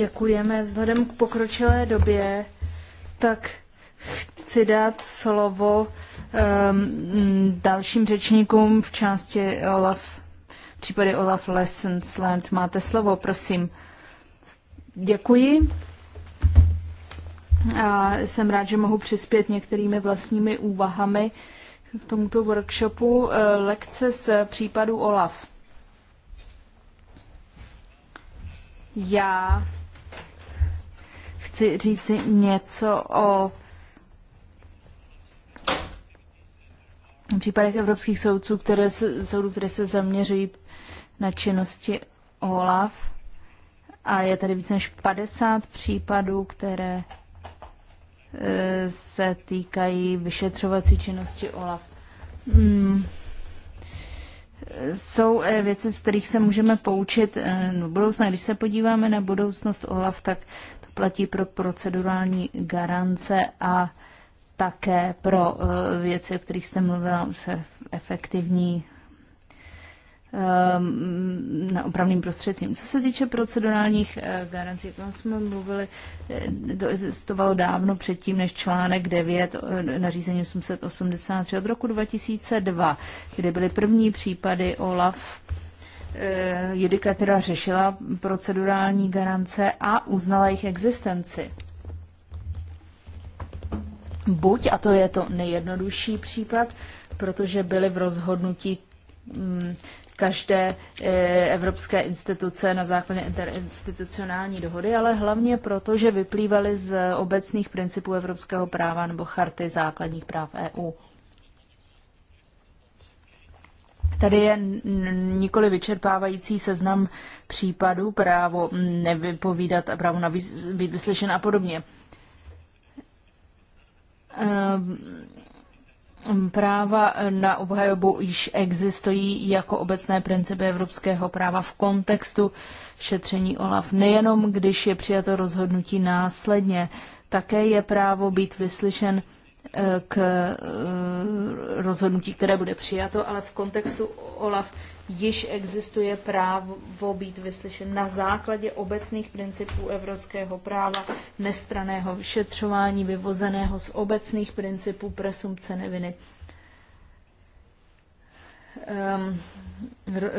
C: Děkujeme vzhledem k pokročilé době, tak chci dát slovo um, dalším řečníkům v části Olaf, v případě Olaf Lessons Learned. Máte slovo, prosím. Děkuji. A jsem rád, že mohu přispět některými vlastními úvahami k tomuto workshopu. Eh, lekce z případu OLAF. Já chci říci něco o v případech evropských soudců, které se, soudů, které se zaměřují na činnosti OLAF, a je tady více než 50 případů, které e, se týkají vyšetřovací činnosti OLAF. Hmm. Jsou e, věci, z kterých se můžeme poučit no, budoucna. Když se podíváme na budoucnost OLAF, tak to platí pro procedurální garance a také pro eh, věci, o kterých jste mluvila, je efektivní eh, na opravným prostředcím. Co se týče procedurálních eh, garancí, To jsme mluvili, to existovalo dávno předtím než článek 9 nařízení 883 od roku 2002, kdy byly první případy OLAF, judikatura řešila procedurální garance a uznala jejich existenci buď, a to je to nejjednodušší případ, protože byly v rozhodnutí mm, každé eh, evropské instituce na základě interinstitucionální dohody, ale hlavně proto, že vyplývaly z obecných principů evropského práva nebo charty základních práv EU. Tady je nikoli vyčerpávající seznam případů, právo nevypovídat, a právo na vyslyšen a podobně. Ehm, práva na obhajobu již existují jako obecné principy evropského práva v kontextu šetření OLAF, nejenom když je přijato rozhodnutí následně, také je právo být vyslyšen eh, k eh, rozhodnutí, které bude přijato, ale v kontextu OLAF již existuje právo být vyslyšen na základě obecných principů evropského práva, nestraného vyšetřování vyvozeného z obecných principů presumpce neviny. Um,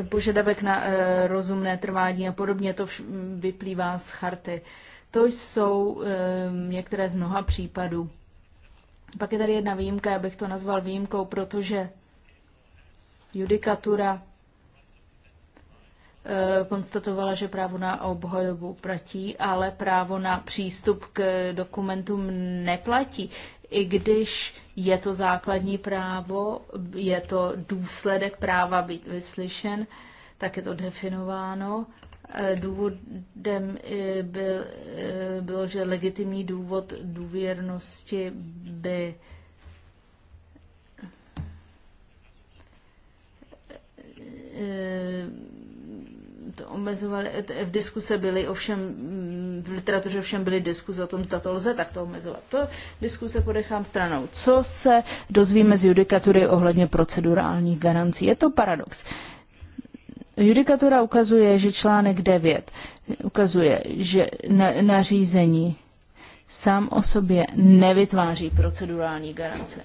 C: požadavek na uh, rozumné trvání a podobně, to vyplývá z charty. To jsou um, některé z mnoha případů. Pak je tady jedna výjimka, já bych to nazval výjimkou, protože judikatura Eh, konstatovala, že právo na obhajobu platí, ale právo na přístup k dokumentům neplatí. I když je to základní právo, je to důsledek práva být vyslyšen, tak je to definováno. Eh, důvodem eh, byl, bylo, že legitimní důvod důvěrnosti by to omezovali, v diskuse byly ovšem, mm, v literatuře ovšem byly diskuse o tom, zda to lze tak to omezovat. To diskuse podechám stranou. Co se dozvíme z judikatury ohledně procedurálních garancí? Je to paradox. Judikatura ukazuje, že článek 9 ukazuje, že na, nařízení sám o sobě nevytváří procedurální garance.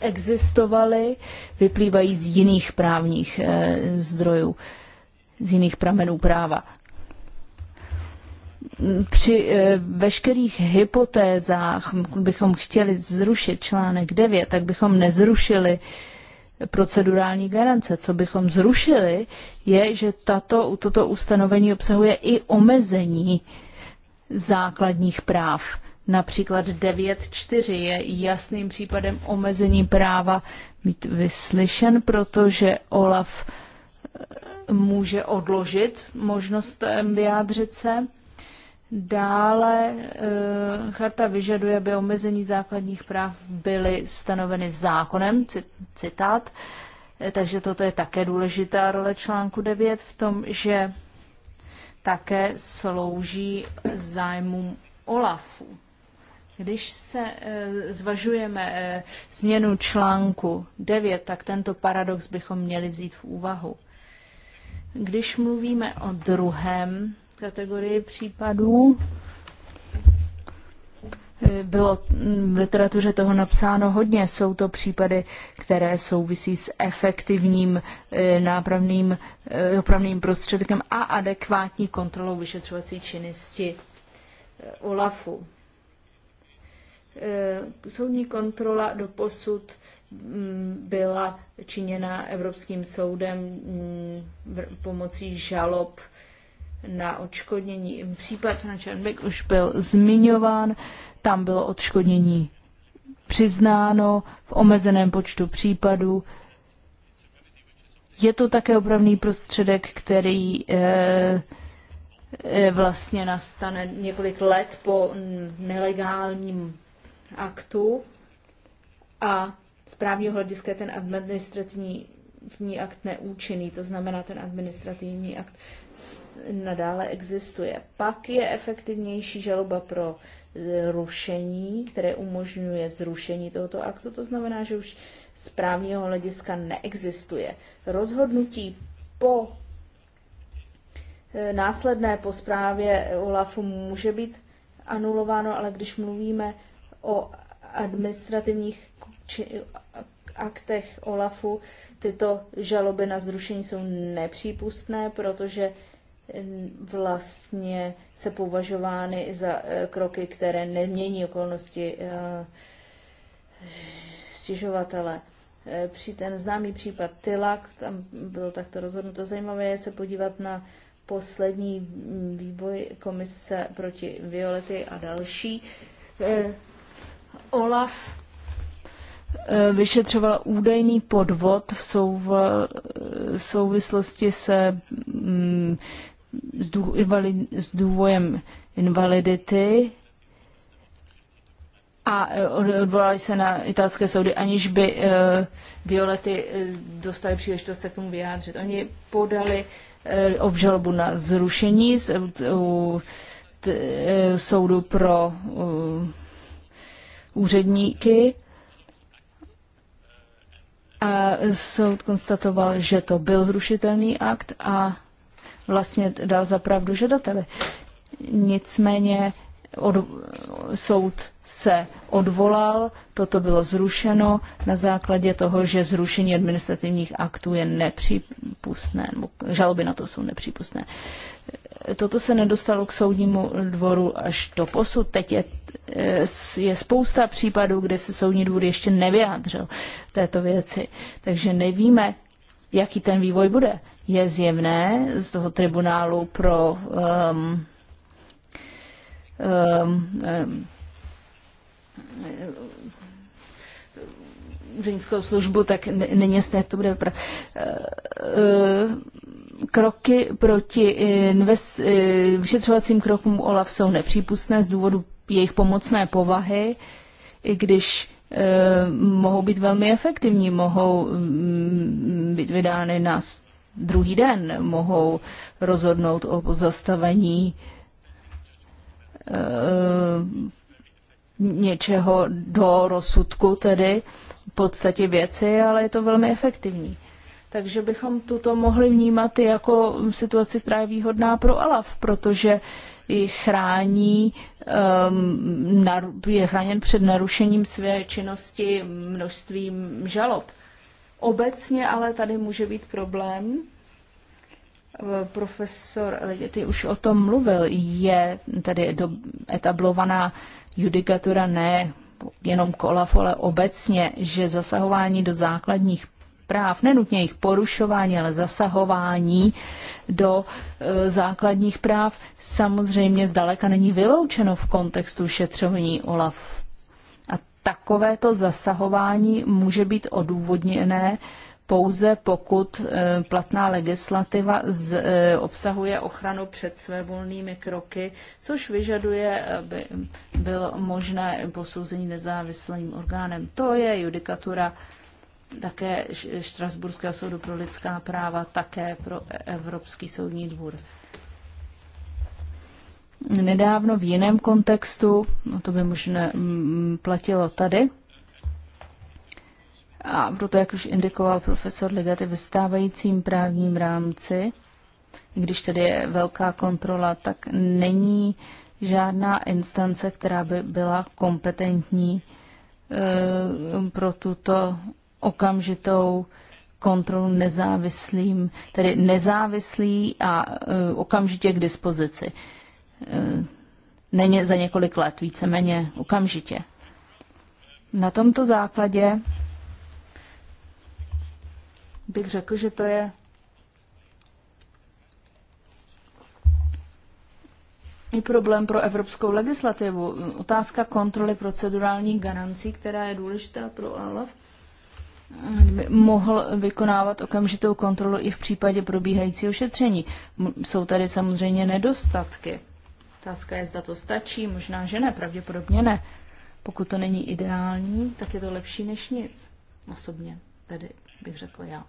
C: Existovaly, vyplývají z jiných právních e, zdrojů. E, z jiných pramenů práva. Při eh, veškerých hypotézách bychom chtěli zrušit článek 9, tak bychom nezrušili procedurální garance. Co bychom zrušili, je, že tato, toto ustanovení obsahuje i omezení základních práv. Například 9.4 je jasným případem omezení práva být vyslyšen, protože Olaf může odložit možnost eh, vyjádřit se. Dále eh, charta vyžaduje, aby omezení základních práv byly stanoveny zákonem, citát, eh, takže toto je také důležitá role článku 9 v tom, že také slouží zájmům OLAFu. Když se zvažujeme změnu článku 9, tak tento paradox bychom měli vzít v úvahu. Když mluvíme o druhém kategorii případů, bylo v literatuře toho napsáno hodně. Jsou to případy, které souvisí s efektivním eh, nápravným eh, opravným prostředkem a adekvátní kontrolou vyšetřovací činnosti eh, OLAFu. Soudní kontrola do posud Mm, byla činěna Evropským soudem mm, pomocí žalob na odškodnění. Případ na Černbek už byl zmiňován, tam bylo odškodnění přiznáno v omezeném počtu případů. Je to také opravný prostředek, který e, vlastně nastane několik let po nelegálním aktu a z právního hlediska je ten administrativní akt neúčinný, to znamená, ten administrativní akt nadále existuje. Pak je efektivnější žaloba pro e, rušení, které umožňuje zrušení tohoto aktu, to znamená, že už z právního hlediska neexistuje. Rozhodnutí po e, následné po zprávě OLAFu může být anulováno, ale když mluvíme o administrativních či, aktech OLAFu tyto žaloby na zrušení jsou nepřípustné, protože mm, vlastně se považovány za e, kroky, které nemění okolnosti e, stěžovatele. E, při ten známý případ Tylak, tam bylo takto rozhodnuto. Zajímavé je se podívat na poslední výboj komise proti Violety a další. Olaf E, vyšetřovala údajný podvod v, souva, v souvislosti se mm, s, s důvojem invalidity a e, odvolali se na italské soudy, aniž by uh, Violety dostali příležitost se k tomu vyjádřit. Oni podali uh, obžalobu na zrušení z, uh, t, uh, soudu pro uh, úředníky a soud konstatoval, že to byl zrušitelný akt a vlastně dal zapravdu žadateli. Nicméně od, soud se odvolal, toto bylo zrušeno na základě toho, že zrušení administrativních aktů je nepřípustné, nebo žaloby na to jsou nepřípustné. Toto se nedostalo k soudnímu dvoru až do posud. Teď je, je spousta případů, kde se soudní dvůr ještě nevyjádřil této věci. Takže nevíme, jaký ten vývoj bude. Je zjevné z toho tribunálu pro um, um, um, ženskou službu, tak není jasné, jak to bude vypadat. Uh, uh, kroky proti invest, eh, vyšetřovacím krokům OLAF jsou nepřípustné z důvodu jejich pomocné povahy, i když eh, mohou být velmi efektivní, mohou mm, být vydány na druhý den, mohou rozhodnout o pozastavení eh, něčeho do rozsudku, tedy v podstatě věci, ale je to velmi efektivní. Takže bychom tuto mohli vnímat i jako situaci, která je výhodná pro Alaf, protože je, chrání, um, je chráněn před narušením své činnosti množstvím žalob. Obecně ale tady může být problém, uh, profesor, eh, ty už o tom mluvil, je tady do, etablovaná judikatura ne jenom kolaf, ale obecně, že zasahování do základních práv, nenutně jejich porušování, ale zasahování do e, základních práv, samozřejmě zdaleka není vyloučeno v kontextu šetřování OLAF. A takovéto zasahování může být odůvodněné pouze pokud e, platná legislativa z, e, obsahuje ochranu před svévolnými kroky, což vyžaduje, aby bylo možné posouzení nezávislým orgánem. To je judikatura také Štrasburského soudu pro lidská práva, také pro e- Evropský soudní dvůr. Nedávno v jiném kontextu, no to by možná mm, platilo tady, a proto, jak už indikoval profesor Ligaty, ve stávajícím právním rámci, když tady je velká kontrola, tak není žádná instance, která by byla kompetentní e, pro tuto okamžitou kontrolu nezávislým, tedy nezávislý a uh, okamžitě k dispozici. Uh, není za několik let, víceméně okamžitě. Na tomto základě bych řekl, že to je i problém pro evropskou legislativu. Otázka kontroly procedurálních garancí, která je důležitá pro ALAV, mohl vykonávat okamžitou kontrolu i v případě probíhajícího šetření. Jsou tady samozřejmě nedostatky. Otázka je, zda to stačí, možná, že ne, pravděpodobně ne. Pokud to není ideální, tak je to lepší než nic. Osobně tedy bych řekla já.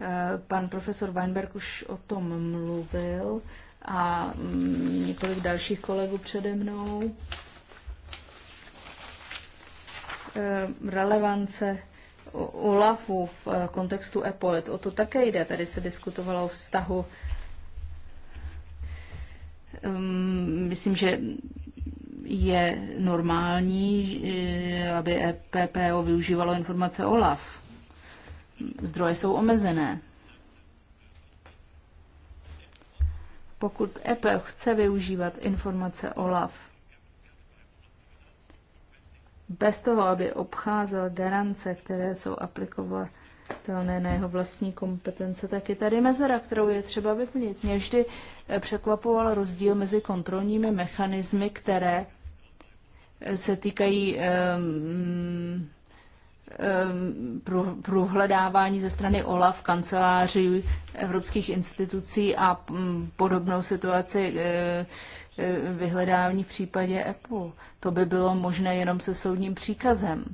C: Eh, pan profesor Weinberg už o tom mluvil a mm, několik dalších kolegů přede mnou. Eh, relevance OLAFu v eh, kontextu EPOET. O to také jde. Tady se diskutovalo o vztahu. Ehm, myslím, že je normální, eh, aby EPPO využívalo informace OLAF. Zdroje jsou omezené. Pokud EPO chce využívat informace OLAF, bez toho, aby obcházel garance, které jsou aplikovatelné na jeho vlastní kompetence, tak je tady mezera, kterou je třeba vyplnit. Mě vždy eh, překvapoval rozdíl mezi kontrolními mechanismy, které eh, se týkají um, ehm, ehm, prohledávání ze strany OLAF, kanceláří evropských institucí a mm, podobnou situaci eh, E, vyhledávání v případě Apple. To by bylo možné jenom se soudním příkazem.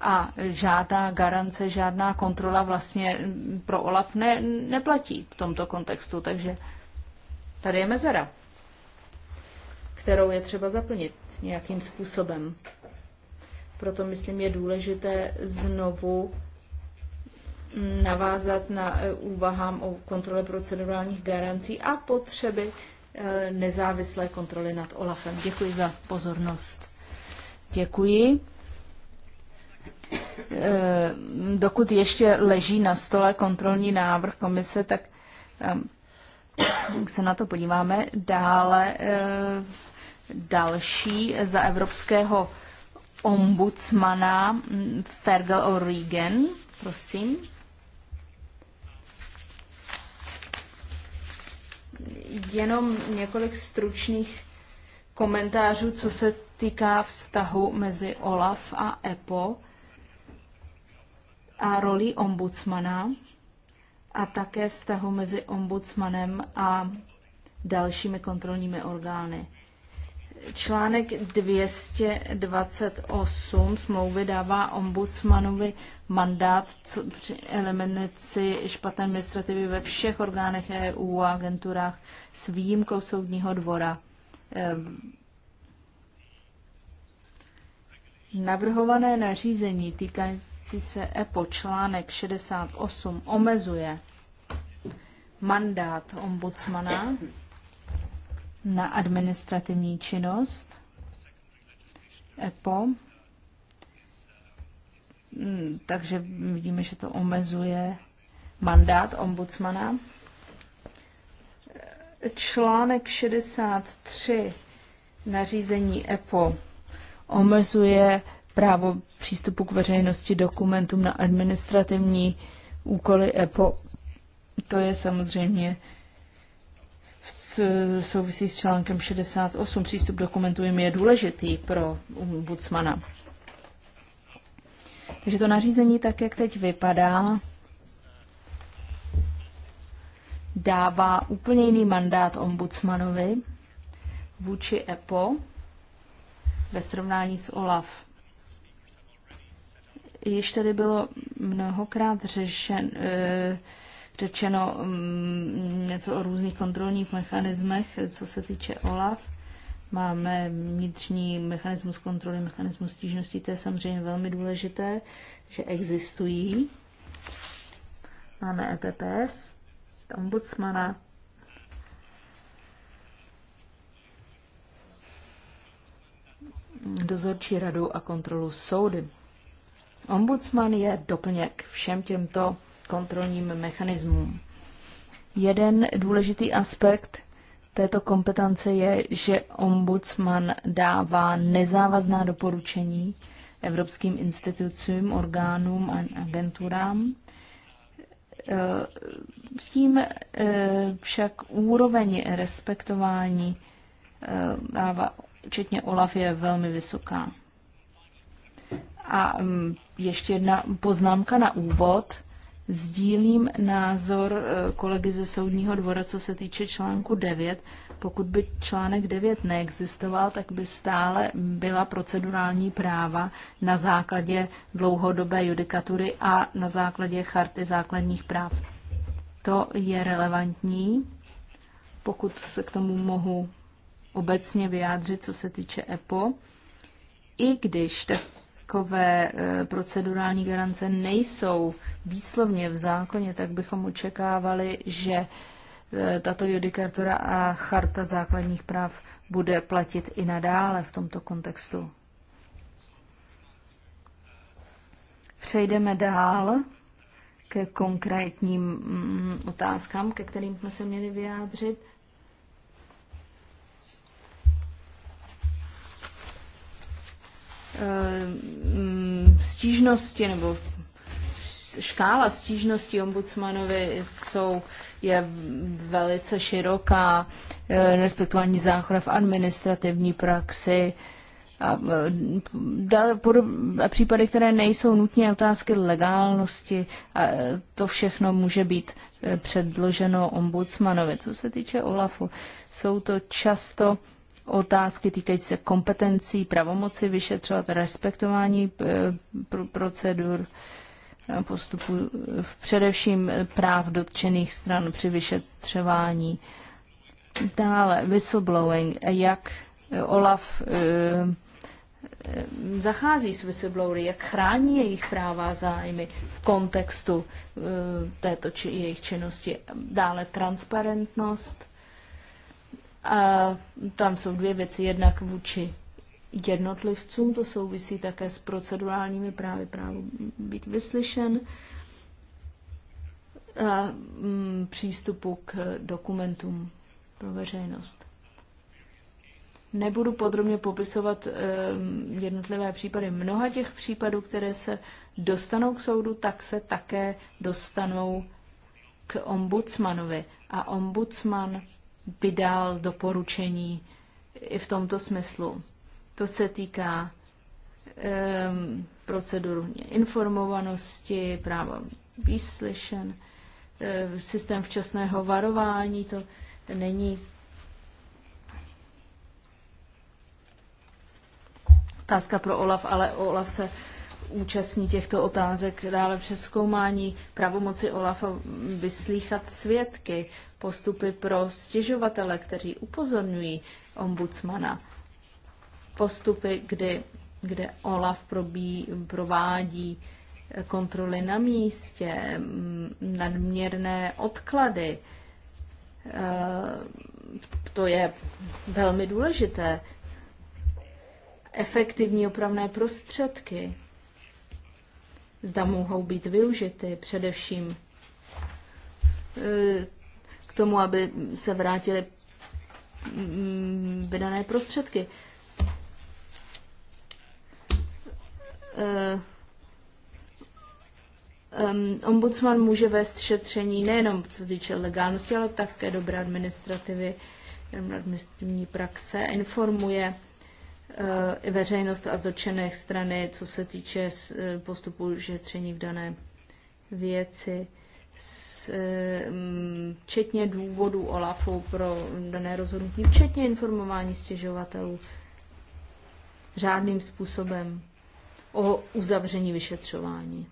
C: A žádná garance, žádná kontrola vlastně pro OLAF ne, neplatí v tomto kontextu, takže tady je mezera, kterou je třeba zaplnit nějakým způsobem. Proto myslím, je důležité znovu navázat na e, úvahám o kontrole procedurálních garancí a potřeby Eh, nezávislé kontroly nad OLAFem. Děkuji za pozornost. Děkuji. Eh, dokud ještě leží na stole kontrolní návrh komise, tak eh, se na to podíváme. Dále další za evropského ombudsmana mm, Fergal O'Regan, prosím. jenom několik stručných komentářů, co se týká vztahu mezi OLAF a EPO a roli ombudsmana a také vztahu mezi ombudsmanem a dalšími kontrolními orgány. Článek 228 smlouvy dává ombudsmanovi mandát co při eliminaci špatné administrativy ve všech orgánech EU a agenturách s výjimkou soudního dvora. Ehm, navrhované nařízení týkající se EPO článek 68 omezuje mandát ombudsmana na administrativní činnost EPO. Mm, takže vidíme, že to omezuje mandát ombudsmana. Článek 63 nařízení EPO omezuje právo přístupu k veřejnosti dokumentům na administrativní úkoly EPO. To je samozřejmě souvisí s článkem 68. Přístup dokumentům je důležitý pro ombudsmana. Takže to nařízení, tak jak teď vypadá, dává úplně jiný mandát ombudsmanovi vůči EPO ve srovnání s OLAF. Již tady bylo mnohokrát řešen, eh, řečeno mm, něco o různých kontrolních mechanismech, co se týče OLAF. Máme vnitřní mechanismus kontroly, mechanismus stížnosti, to je samozřejmě velmi důležité, že existují. Máme EPPS, ombudsmana, dozorčí radu a kontrolu soudy. Ombudsman je doplněk všem těmto kontrolním mechanismům. Jeden důležitý aspekt této kompetence je, že ombudsman dává nezávazná doporučení evropským institucím, orgánům a agenturám. Eh, s tím eh, však úroveň respektování eh, práva, včetně OLAF, je velmi vysoká. A mm, ještě jedna poznámka na úvod. Sdílím názor eh, kolegy ze Soudního dvora, co se týče článku 9. Pokud by článek 9 neexistoval, tak by stále byla procedurální práva na základě dlouhodobé judikatury a na základě charty základních práv. To je relevantní, pokud se k tomu mohu obecně vyjádřit, co se týče EPO. I když takové eh, procedurální garance nejsou výslovně v zákoně, tak bychom očekávali, že e, tato judikatura a charta základních práv bude platit i nadále v tomto kontextu. Přejdeme dál ke konkrétním mm, otázkám, ke kterým jsme se měli vyjádřit. E, mm, stížnosti nebo škála stížností ombudsmanovi jsou, je velice široká, eh, respektování záchrana v administrativní praxi, a, eh, a případy, které nejsou nutně otázky legálnosti, a eh, to všechno může být předloženo ombudsmanovi. Co se týče OLAFu, jsou to často otázky týkající se kompetencí, pravomoci vyšetřovat, respektování procedur, postupu v především práv dotčených stran při vyšetřování. Dále whistleblowing, jak eh, Olaf eh, zachází s whistleblowery, jak chrání jejich práva a zájmy v kontextu eh, této či jejich činnosti. Dále transparentnost. A tam jsou dvě věci. Jednak vůči jednotlivcům, to souvisí také s procedurálními právy právo být vyslyšen, a mm, přístupu k dokumentům pro veřejnost. Nebudu podrobně popisovat e, jednotlivé případy. Mnoha těch případů, které se dostanou k soudu, tak se také dostanou k ombudsmanovi. A ombudsman vydal doporučení i v tomto smyslu. To se týká um, ehm, procedur informovanosti, práva být um, systém včasného varování, to není otázka pro OLAF, ale OLAF se účastní těchto otázek dále přeskoumání pravomoci OLAFa vyslýchat svědky, postupy pro stěžovatele, kteří upozorňují ombudsmana postupy, kdy, kde OLAF probí, provádí kontroly na místě, mm, nadměrné odklady. Eh, to je velmi důležité. Efektivní opravné prostředky, zda mohou být využity především eh, k tomu, aby se vrátily mm, vydané prostředky. um, ombudsman může vést šetření nejenom co se týče legálnosti, ale také dobré administrativy, administrativní praxe, informuje uh, i veřejnost a dotčené strany, co se týče eh, postupu šetření v dané věci, s, um, včetně důvodu OLAFu pro dané rozhodnutí, včetně informování stěžovatelů řádným způsobem o uzavření vyšetřování.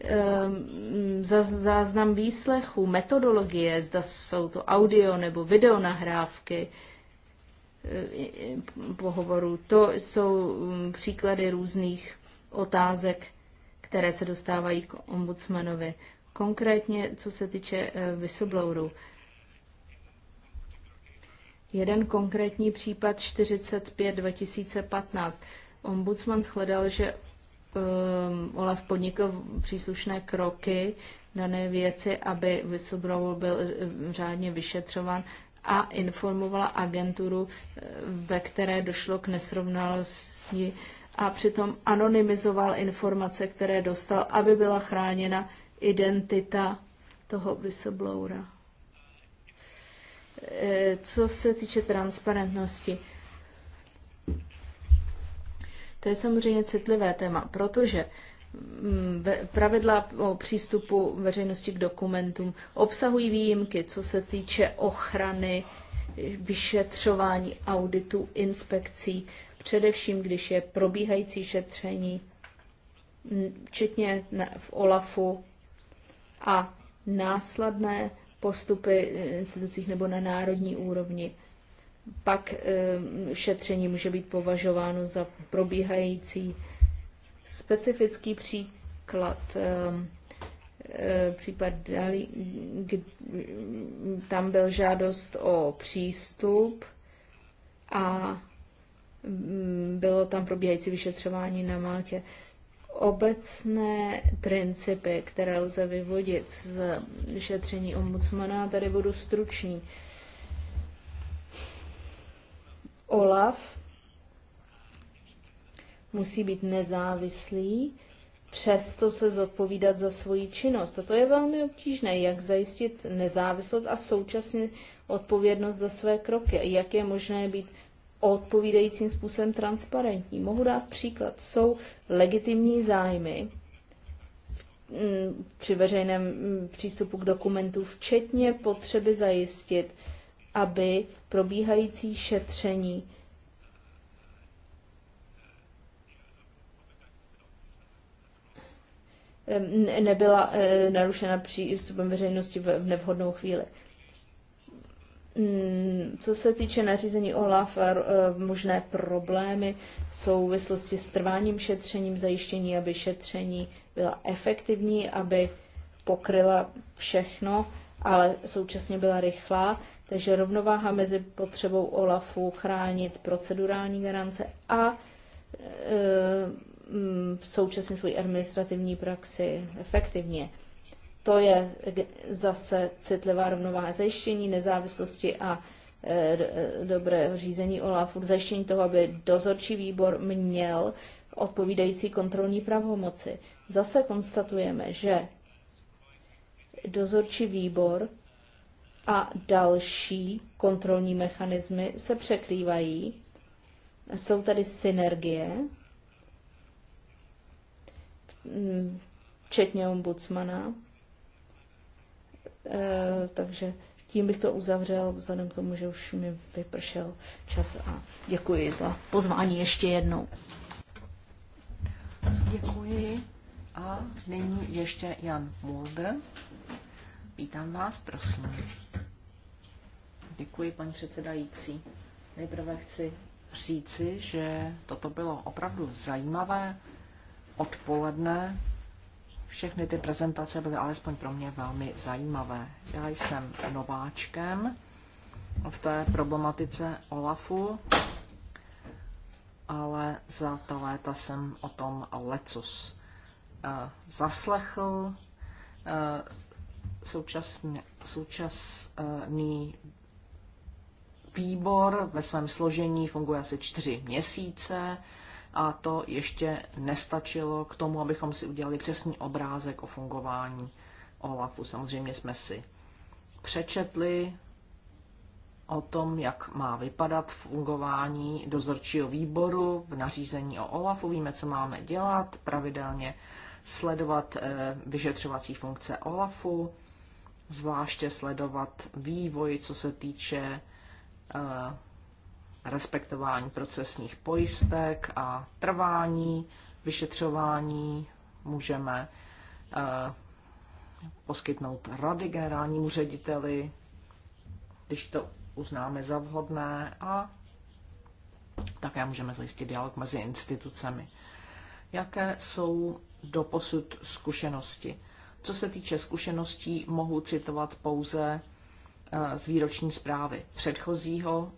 C: Ehm, za Záznam výslechu, metodologie, zda jsou to audio nebo videonahrávky ehm, pohovoru, to jsou ehm, příklady různých otázek, které se dostávají k ombudsmanovi. Konkrétně, co se týče eh, whistleblowerů, Jeden konkrétní případ 45 2015. Ombudsman shledal, že um, Olaf podnikl příslušné kroky dané věci, aby whistleblower byl um, řádně vyšetřován a informovala agenturu, uh, ve které došlo k nesrovnalosti a přitom anonymizoval informace, které dostal, aby byla chráněna identita toho whistleblowera. Eh, co se týče transparentnosti, to je samozřejmě citlivé téma, protože mm, pravidla o přístupu veřejnosti k dokumentům obsahují výjimky, co se týče ochrany, vyšetřování auditu, inspekcí, především když je probíhající šetření, mm, včetně v OLAFu a následné postupy eh, institucích nebo na národní úrovni. Pak eh, šetření může být považováno za probíhající. Specifický příklad ehm, eh, případ dali, tam byl žádost o přístup a mm, bylo tam probíhající vyšetřování na Maltě obecné principy, které lze vyvodit z šetření ombudsmana, tady budu stručný. OLAF musí být nezávislý, přesto se zodpovídat za svoji činnost. A to je velmi obtížné, jak zajistit nezávislost a současně odpovědnost za své kroky. Jak je možné být odpovídajícím způsobem transparentní. Mohu dát příklad. Jsou legitimní zájmy mm, při veřejném mm, přístupu k dokumentu, včetně potřeby zajistit, aby probíhající šetření mm, nebyla eh, narušena přístupem veřejnosti v nevhodnou chvíli. Mm, co se týče nařízení OLAF, eh, možné problémy v souvislosti s trváním šetřením, zajištění, aby šetření byla efektivní, aby pokryla všechno, ale současně byla rychlá, takže rovnováha mezi potřebou OLAFu chránit procedurální garance a e, současně svoji administrativní praxi efektivně. To je zase citlivá rovnováha zajištění nezávislosti a e, e, dobré řízení OLAFu, zajištění toho, aby dozorčí výbor měl odpovídající kontrolní pravomoci. Zase konstatujeme, že dozorčí výbor a další kontrolní mechanismy se překrývají. Jsou tady synergie, včetně ombudsmana, Eh, takže tím bych to uzavřel, vzhledem k tomu, že už mi vypršel čas a děkuji za pozvání ještě jednou. Děkuji. A nyní ještě Jan
B: Mulder. Vítám vás, prosím. Děkuji, paní předsedající. Nejprve chci říci, že toto bylo opravdu zajímavé odpoledne všechny ty prezentace byly alespoň pro mě velmi zajímavé. Já jsem nováčkem v té problematice OLAFu, ale za ta léta jsem o tom lecos eh, zaslechl. Eh, současný, současný výbor ve svém složení funguje asi čtyři měsíce a to ještě nestačilo k tomu, abychom si udělali přesný obrázek o fungování OLAFu. Samozřejmě jsme si přečetli o tom, jak má vypadat fungování dozorčího výboru v nařízení o OLAFu. Víme, co máme dělat, pravidelně sledovat eh, vyšetřovací funkce OLAFu, zvláště sledovat vývoj, co se týče eh, respektování procesních pojistek a trvání vyšetřování. Můžeme eh, poskytnout rady generálnímu řediteli, když to uznáme za vhodné a také můžeme zajistit dialog mezi institucemi. Jaké jsou doposud zkušenosti? Co se týče zkušeností, mohu citovat pouze eh, z výroční zprávy předchozího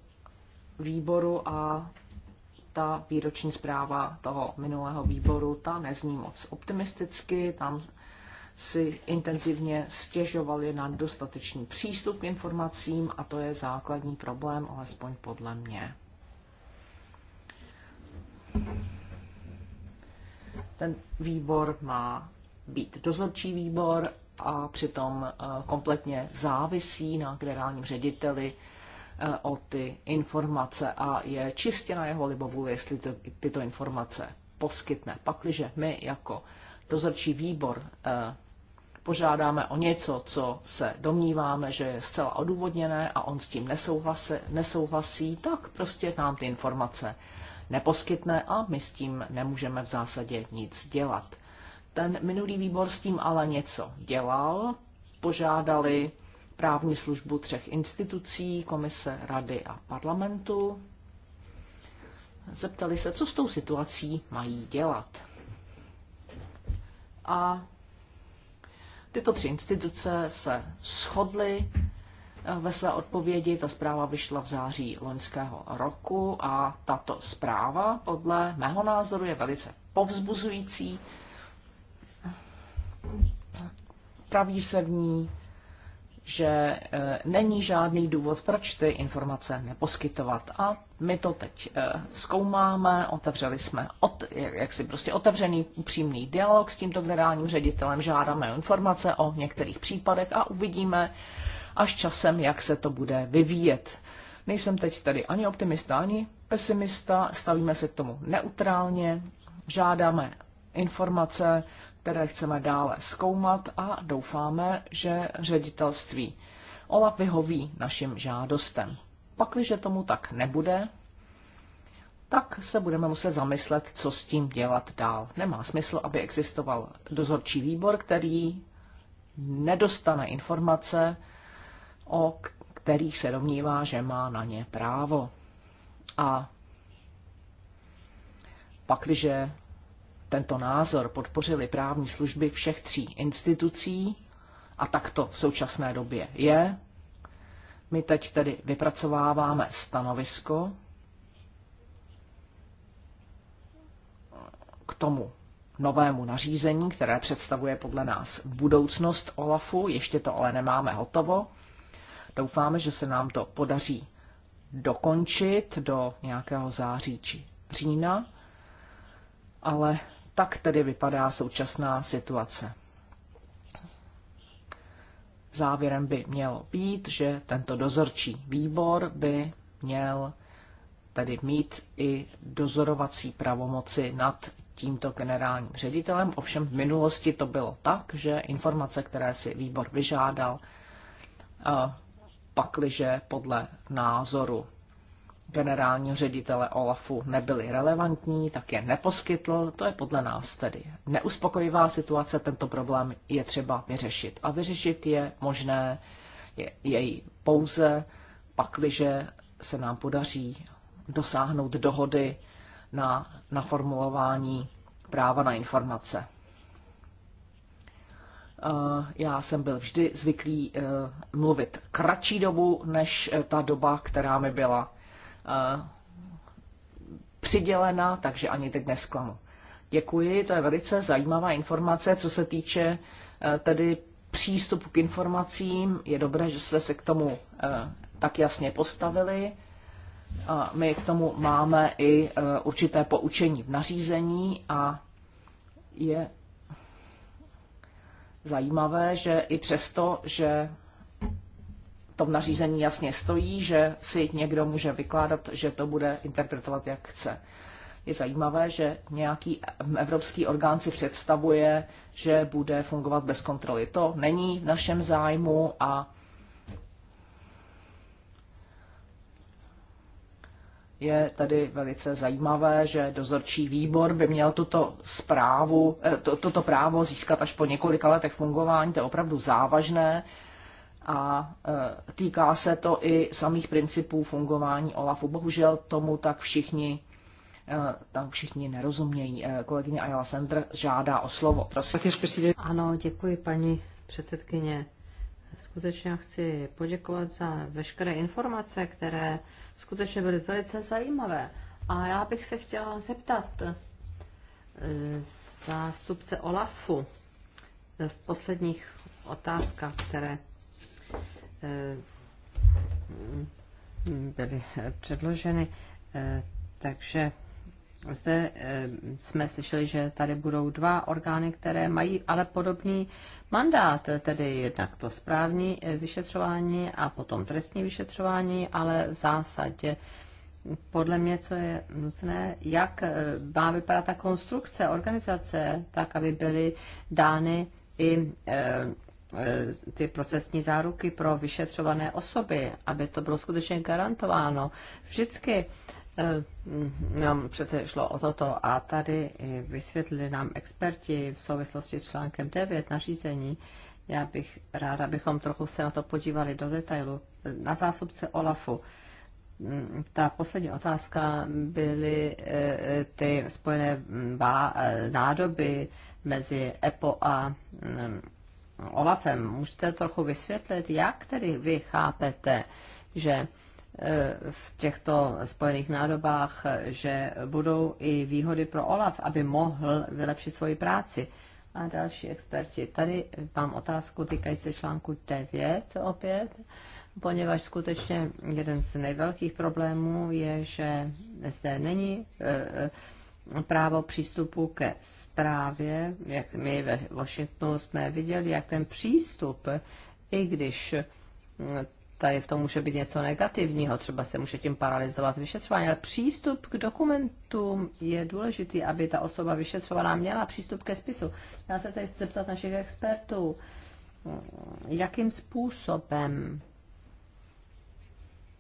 B: výboru a ta výroční zpráva toho minulého výboru, ta nezní moc optimisticky, tam si intenzivně stěžovali na dostatečný přístup k informacím a to je základní problém, alespoň podle mě. Ten výbor má být dozorčí výbor a přitom eh, kompletně závisí na generálním řediteli o ty informace a je čistě na jeho libovůli, jestli to, tyto informace poskytne. Pakliže my jako dozorčí výbor eh, požádáme o něco, co se domníváme, že je zcela odůvodněné a on s tím nesouhlasí, nesouhlasí, tak prostě nám ty informace neposkytne a my s tím nemůžeme v zásadě nic dělat. Ten minulý výbor s tím ale něco dělal, požádali právní službu třech institucí, komise, rady a parlamentu. Zeptali se, co s tou situací mají dělat. A tyto tři instituce se shodly eh, ve své odpovědi. Ta zpráva vyšla v září loňského roku a tato zpráva podle mého názoru je velice povzbuzující. Praví se v ní, že e, není žádný důvod, proč ty informace neposkytovat. A my to teď e, zkoumáme, otevřeli jsme, od, jak si prostě otevřený upřímný dialog s tímto generálním ředitelem, žádáme informace o některých případech a uvidíme až časem, jak se to bude vyvíjet. Nejsem teď tady ani optimista, ani pesimista, stavíme se k tomu neutrálně, žádáme informace které chceme dále zkoumat a doufáme, že ředitelství OLAP vyhoví našim žádostem. Pakliže tomu tak nebude, tak se budeme muset zamyslet, co s tím dělat dál. Nemá smysl, aby existoval dozorčí výbor, který nedostane informace, o kterých se domnívá, že má na ně právo. A pak, když tento názor podpořili právní služby všech tří institucí a takto v současné době je. My teď tedy vypracováváme stanovisko k tomu novému nařízení, které představuje podle nás budoucnost OLAFu. Ještě to ale nemáme hotovo. Doufáme, že se nám to podaří dokončit do nějakého září či října, ale tak tedy vypadá současná situace. Závěrem by mělo být, že tento dozorčí výbor by měl tedy mít i dozorovací pravomoci nad tímto generálním ředitelem. Ovšem v minulosti to bylo tak, že informace, které si výbor vyžádal, eh, pakliže podle názoru generálního ředitele OLAFu nebyly relevantní, tak je neposkytl. To je podle nás tedy neuspokojivá situace. Tento problém je třeba vyřešit. A vyřešit je možné je, jej pouze, pakliže se nám podaří dosáhnout dohody na, na formulování práva na informace. Eh, já jsem byl vždy zvyklý eh, mluvit kratší dobu než eh, ta doba, která mi byla Eh, přidělena, takže ani teď nesklamu. Děkuji, to je velice zajímavá informace, co se týče eh, tedy přístupu k informacím. Je dobré, že jste se k tomu eh, tak jasně postavili. A my k tomu máme i určité poučení v nařízení a je zajímavé, že i přesto, že tom nařízení jasně stojí, že si někdo může vykládat, že to bude interpretovat, jak chce. Je zajímavé, že nějaký evropský orgán si představuje, že bude fungovat bez kontroly. To není v našem zájmu a je tady velice zajímavé, že dozorčí výbor by měl tuto zprávu, eh, to, toto právo získat až po několika letech fungování. To je opravdu závažné a e, týká se to i samých principů fungování OLAFu. Bohužel tomu tak všichni e, tam všichni nerozumějí. E, kolegyně Ayala Sender žádá o slovo. Prosím. Ano, děkuji paní
A: předsedkyně. Skutečně chci poděkovat za veškeré informace, které skutečně byly velice zajímavé. A já bych se chtěla zeptat zástupce OLAFu v posledních otázkách, které Eh, byly předloženy. Eh, takže zde eh, jsme slyšeli, že tady budou dva orgány, které mají ale podobný mandát, tedy jednak to správní vyšetřování a potom trestní vyšetřování, ale v zásadě podle mě, co je nutné, jak má vypadat ta konstrukce organizace, tak aby byly dány i E, ty procesní záruky pro vyšetřované osoby, aby to bylo skutečně garantováno. Vždycky e, nám přece šlo o toto a tady vysvětlili nám experti v souvislosti s článkem 9 nařízení. Já bych ráda, abychom trochu se na to podívali do detailu. Na zásobce Olafu ta poslední otázka byly e, ty spojené nádoby mezi EPO a No, Olafem. Můžete trochu vysvětlit, jak tedy vy chápete, že e, v těchto spojených nádobách, že budou i výhody pro Olaf, aby mohl vylepšit svoji práci. A další experti. Tady mám otázku týkající se článku 9 opět, poněvadž skutečně jeden z nejvelkých problémů je, že zde není e, e právo přístupu ke zprávě, jak my ve Washingtonu jsme viděli, jak ten přístup, i když mm, tady v tom může být něco negativního, třeba se může tím paralizovat vyšetřování, ale přístup k dokumentům je důležitý, aby ta osoba vyšetřovaná měla přístup ke spisu. Já se teď zeptat našich expertů, mm, jakým způsobem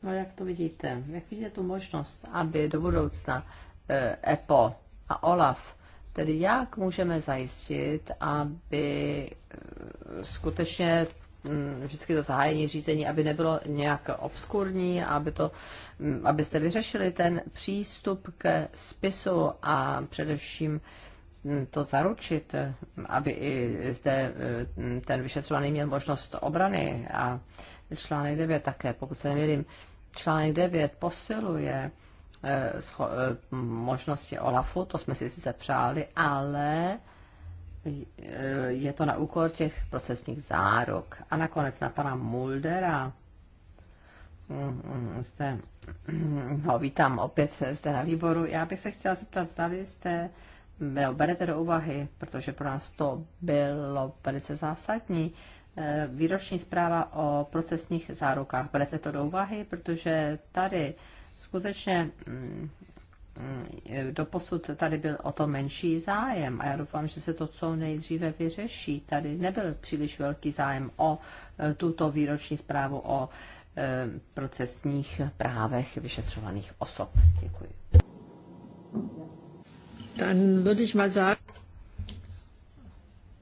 A: No jak to vidíte? Jak vidíte tu možnost, aby do budoucna Eh, EPO a OLAF, tedy jak můžeme zajistit, aby eh, skutečně mm, vždycky to zahájení řízení, aby nebylo nějak obskurní, aby to, mm, abyste vyřešili ten přístup ke spisu a především mm, to zaručit, aby i zde ten vyšetřovaný měl možnost obrany a článek 9 také, pokud se nemělím, článek 9 posiluje Eh, eh, možnosti OLAFu, to jsme si sice přáli, ale eh, je to na úkor těch procesních záruk. A nakonec na pana Muldera. Mm, jste, ho no, vítám opět zde na výboru. Já bych se chtěla zeptat, zda jste berete do úvahy, protože pro nás to bylo velice zásadní, výroční zpráva o procesních zárukách. Berete to do úvahy, protože tady skutečně mm, mm, doposud tady byl o to menší zájem a já doufám, že se to co nejdříve vyřeší. Tady nebyl příliš velký zájem o e, tuto výroční zprávu o e, procesních právech vyšetřovaných osob. Děkuji. Dann würde ich mal sagen.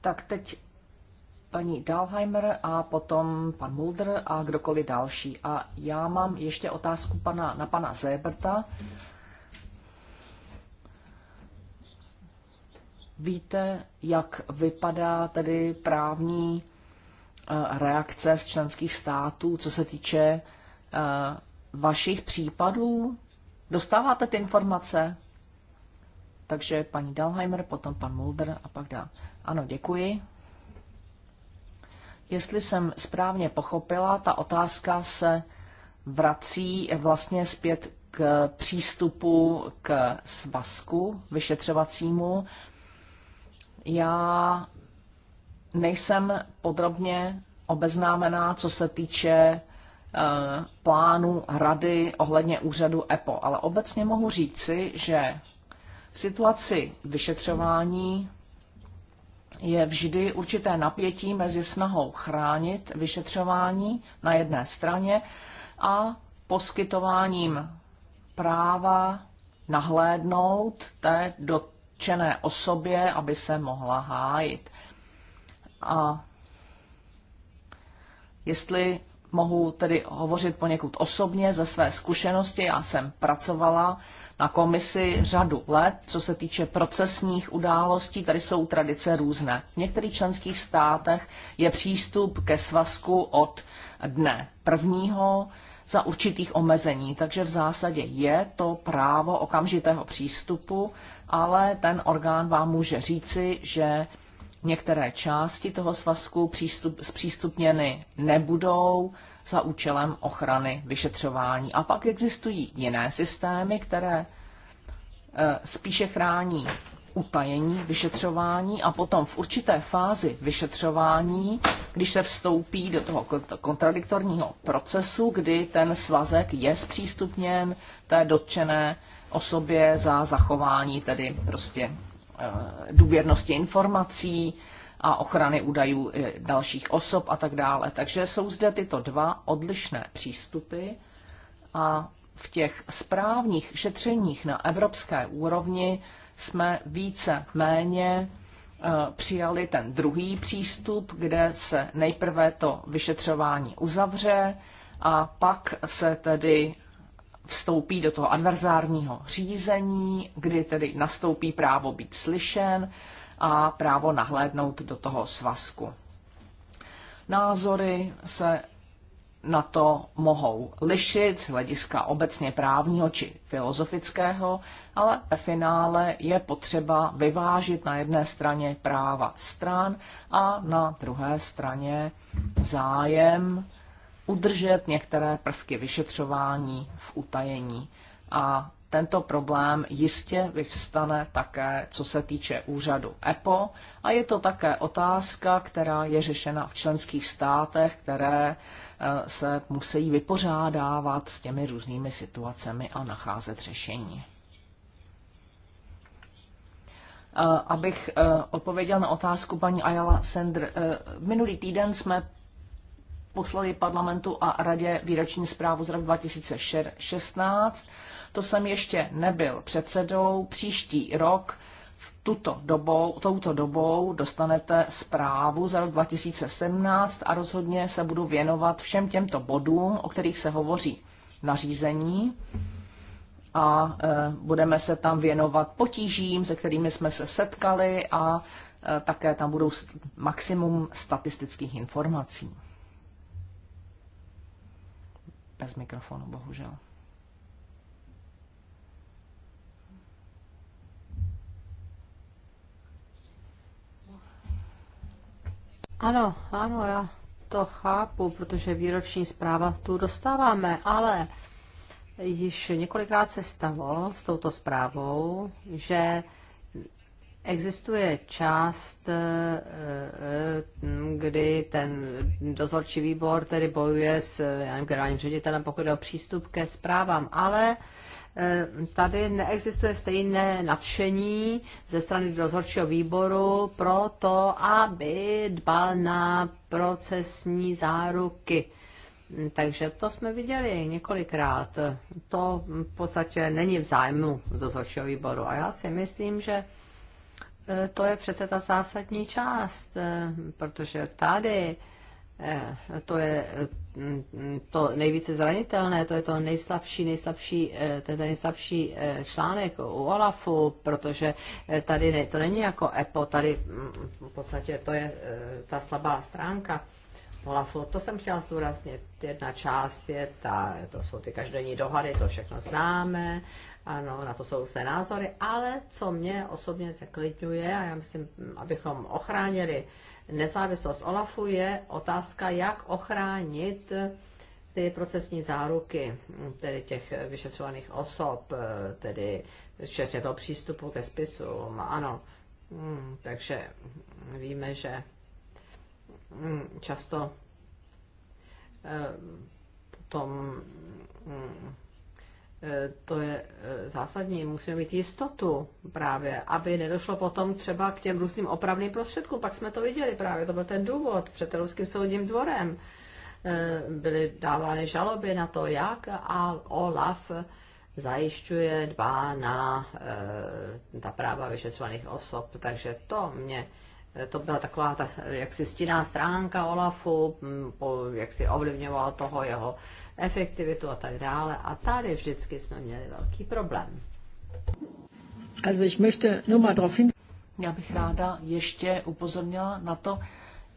A: Tak teď paní
B: Dalheimer a potom pan Mulder a kdokoliv další. A já mám ještě otázku pana, na pana Zéberta. Víte, jak vypadá tedy právní eh, reakce z členských států, co se týče eh, vašich případů? Dostáváte ty informace? Takže paní Dalheimer, potom pan Mulder a pak dá. Ano, děkuji. Jestli jsem správně pochopila, ta otázka se vrací vlastně zpět k přístupu k svazku vyšetřovacímu. Já nejsem podrobně obeznámená, co se týče eh, plánu rady ohledně úřadu EPO, ale obecně mohu říci, že v situaci vyšetřování je vždy určité napětí mezi snahou chránit vyšetřování na jedné straně a poskytováním práva nahlédnout té dotčené osobě, aby se mohla hájit. A jestli mohu tedy hovořit poněkud osobně ze své zkušenosti, já jsem pracovala na komisi řadu let, co se týče procesních událostí. Tady jsou tradice různé. V některých členských státech je přístup ke svazku od dne prvního za určitých omezení, takže v zásadě je to právo okamžitého přístupu, ale ten orgán vám může říci, že některé části toho svazku přístup, zpřístupněny nebudou, za účelem ochrany vyšetřování. A pak existují jiné systémy, které e, spíše chrání utajení vyšetřování a potom v určité fázi vyšetřování, když se vstoupí do toho kontradiktorního procesu, kdy ten svazek je zpřístupněn té dotčené osobě za zachování tedy prostě e, důvěrnosti informací, a ochrany údajů dalších osob a tak dále. Takže jsou zde tyto dva odlišné přístupy a v těch správních šetřeních na evropské úrovni jsme více méně e, přijali ten druhý přístup, kde se nejprve to vyšetřování uzavře a pak se tedy vstoupí do toho adverzárního řízení, kdy tedy nastoupí právo být slyšen a právo nahlédnout do toho svazku. Názory se na to mohou lišit z hlediska obecně právního či filozofického, ale ve finále je potřeba vyvážit na jedné straně práva stran a na druhé straně zájem udržet některé prvky vyšetřování v utajení. A tento problém jistě vyvstane také, co se týče úřadu EPO a je to také otázka, která je řešena v členských státech, které eh, se musí vypořádávat s těmi různými situacemi a nacházet řešení. Eh, abych eh, odpověděl na otázku paní Ayala Sender, minulý týden jsme poslali parlamentu a radě výroční zprávu z roku 2016 to jsem ještě nebyl předsedou. Příští rok v tuto dobou, touto dobou dostanete zprávu za rok 2017 a rozhodně se budu věnovat všem těmto bodům, o kterých se hovoří nařízení a e, budeme se tam věnovat potížím, se kterými jsme se setkali a e, také tam budou maximum statistických informací. Bez mikrofonu, bohužel.
A: Ano, ano, já to chápu, protože výroční zpráva tu dostáváme, ale již několikrát se stalo s touto zprávou, že Existuje část, eh, kdy ten dozorčí výbor tedy bojuje s eh, generálním ředitelem, pokud je o přístup ke zprávám, ale Eh, tady neexistuje stejné nadšení ze strany dozorčího výboru pro to, aby dbal na procesní záruky. Takže to jsme viděli několikrát. To v podstatě není v zájmu dozorčího výboru. A já si myslím, že eh, to je přece ta zásadní část, eh, protože tady Eh, to je mm, to nejvíce zranitelné, to je to nejslabší, nejslabší, eh, to je ten nejslabší eh, článek u OLAFu, protože tady ne, to není jako EPO, tady mm, v podstatě to je ta slabá stránka. Olafu, to jsem chtěla zdůraznit. Jedna část je ta, to jsou ty každodenní dohady, to všechno známe, ano, na to jsou své názory, ale co mě osobně zaklidňuje, a já myslím, mm, abychom ochránili nezávislost OLAFu je otázka, jak ochránit ty procesní záruky, tedy těch vyšetřovaných osob, tedy včetně toho přístupu ke spisu. Ano, mm, takže víme, že mm, často eh, potom mm, Eh, to je eh, zásadní, musíme mít jistotu právě, aby nedošlo potom třeba k těm různým opravným prostředkům. Pak jsme to viděli právě, to byl ten důvod před Ruským soudním dvorem. Eh, byly dávány žaloby na to, jak a OLAF zajišťuje, dbá na ta práva vyšetřovaných osob. Takže to mě to byla taková ta jaksi stinná stránka Olafu, hm, jak si ovlivňovala toho jeho efektivitu a tak dále. A tady vždycky jsme měli velký problém.
B: Also ich möchte nur mal drauf hin... Já bych ráda ještě upozornila na to,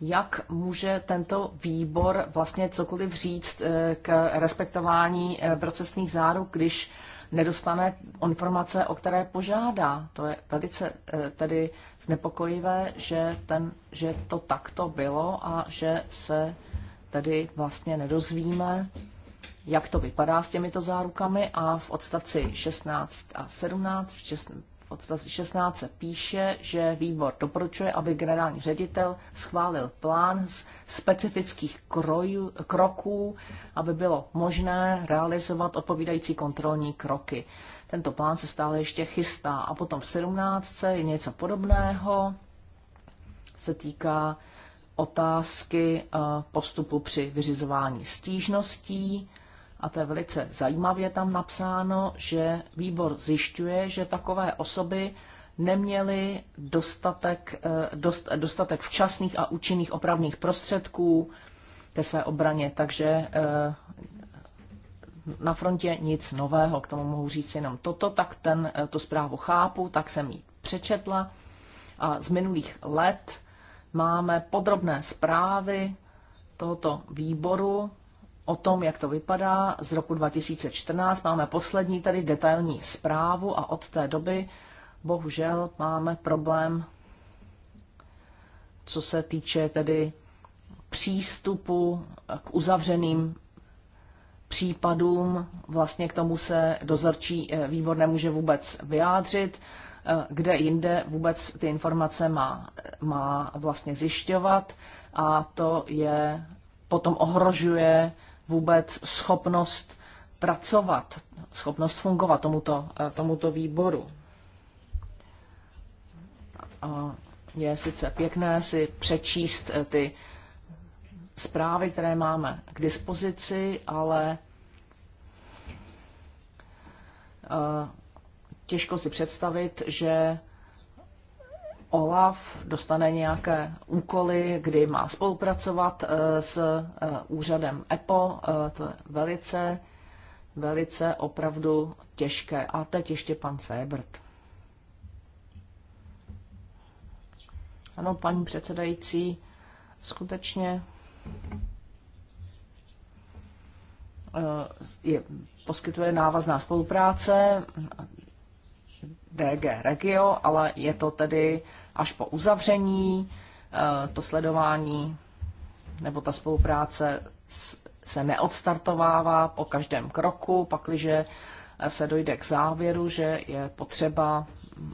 B: jak může tento výbor vlastně cokoliv říct eh, k respektování eh, procesních záruk, když nedostane informace, o které požádá. To je velice eh, tedy znepokojivé, že, ten, že to takto bylo a že se tedy vlastně nedozvíme jak to vypadá s těmito zárukami a v odstavci 16 a 17, v odstavci 16 se píše, že výbor doporučuje, aby generální ředitel schválil plán z specifických kroju, kroků, aby bylo možné realizovat odpovídající kontrolní kroky. Tento plán se stále ještě chystá. A potom v 17 je něco podobného, se týká otázky eh, postupu při vyřizování stížností a to je velice zajímavě tam napsáno, že výbor zjišťuje, že takové osoby neměly dostatek, eh, dost, dostatek včasných a účinných opravných prostředků ke své obraně, takže eh, na frontě nic nového, k tomu mohu říct jenom toto, tak ten, eh, to zprávu chápu, tak jsem ji přečetla. A z minulých let máme podrobné zprávy tohoto výboru o tom, jak to vypadá. Z roku 2014 máme poslední tady detailní zprávu a od té doby bohužel máme problém, co se týče tedy přístupu k uzavřeným případům. Vlastně k tomu se dozorčí eh, výbor nemůže vůbec vyjádřit, eh, kde jinde vůbec ty informace má, má vlastně zjišťovat a to je potom ohrožuje vůbec schopnost pracovat, schopnost fungovat tomuto, eh, tomuto výboru. A je sice pěkné si přečíst eh, ty zprávy, které máme k dispozici, ale eh, těžko si představit, že OLAF dostane nějaké úkoly, kdy má spolupracovat eh, s eh, úřadem EPO. Eh, to je velice, velice opravdu těžké. A teď ještě pan Sebert. Ano, paní předsedající, skutečně je, poskytuje návazná spolupráce, DG Regio, ale je to tedy až po uzavření eh, to sledování nebo ta spolupráce se neodstartovává po každém kroku, pakliže se dojde k závěru, že je potřeba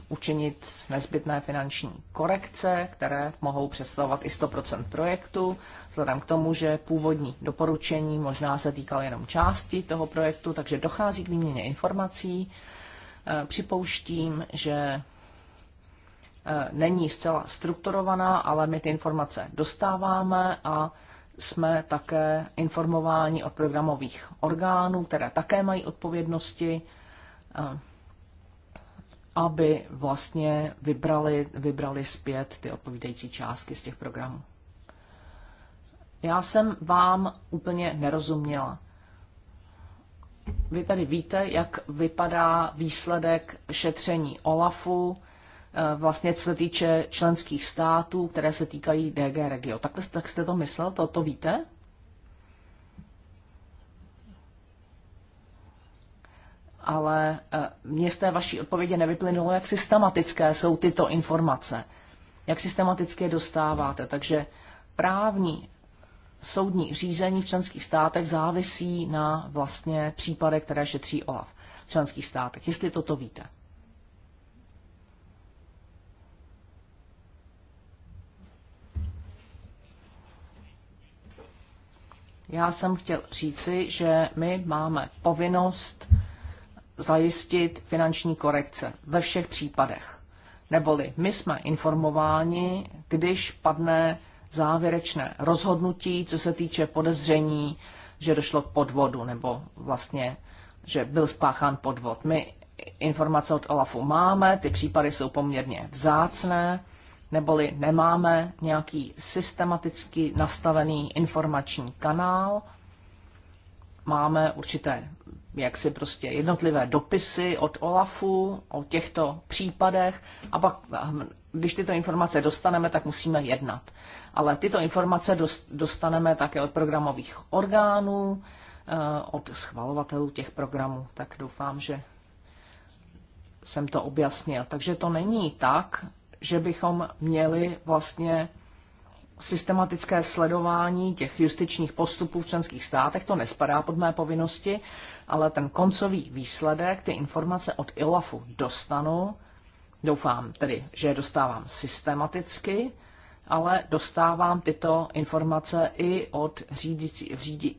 B: učinit nezbytné finanční korekce, které mohou představovat i 100% projektu. Vzhledem k tomu, že původní doporučení možná se týkal jenom části toho projektu, takže dochází k výměně informací Eh, připouštím, že eh, není zcela strukturovaná, ale my ty informace dostáváme a jsme také informováni od programových orgánů, které také mají odpovědnosti, eh, aby vlastně vybrali, vybrali zpět ty odpovídající částky z těch programů. Já jsem vám úplně nerozuměla. Vy tady víte, jak vypadá výsledek šetření OLAFu, eh, vlastně co se týče členských států, které se týkají DG Regio. Takhle tak jste to myslel, to, to víte? Ale eh, mě z té vaší odpovědi nevyplynulo, jak systematické jsou tyto informace, jak systematicky je dostáváte. Takže právní soudní řízení v členských státech závisí na vlastně případech, které šetří OLAF v členských státech, jestli toto víte. Já jsem chtěl říci, že my máme povinnost zajistit finanční korekce ve všech případech. Neboli my jsme informováni, když padne závěrečné rozhodnutí, co se týče podezření, že došlo k podvodu nebo vlastně, že byl spáchán podvod. My informace od OLAFu máme, ty případy jsou poměrně vzácné, neboli nemáme nějaký systematicky nastavený informační kanál, máme určité jaksi prostě jednotlivé dopisy od OLAFu o těchto případech a pak, když tyto informace dostaneme, tak musíme jednat. Ale tyto informace dostaneme také od programových orgánů, eh, od schvalovatelů těch programů. Tak doufám, že jsem to objasnil. Takže to není tak, že bychom měli vlastně systematické sledování těch justičních postupů v členských státech, to nespadá pod mé povinnosti, ale ten koncový výsledek, ty informace od ILAFu dostanu, doufám tedy, že je dostávám systematicky ale dostávám tyto informace i od řídící, řídí,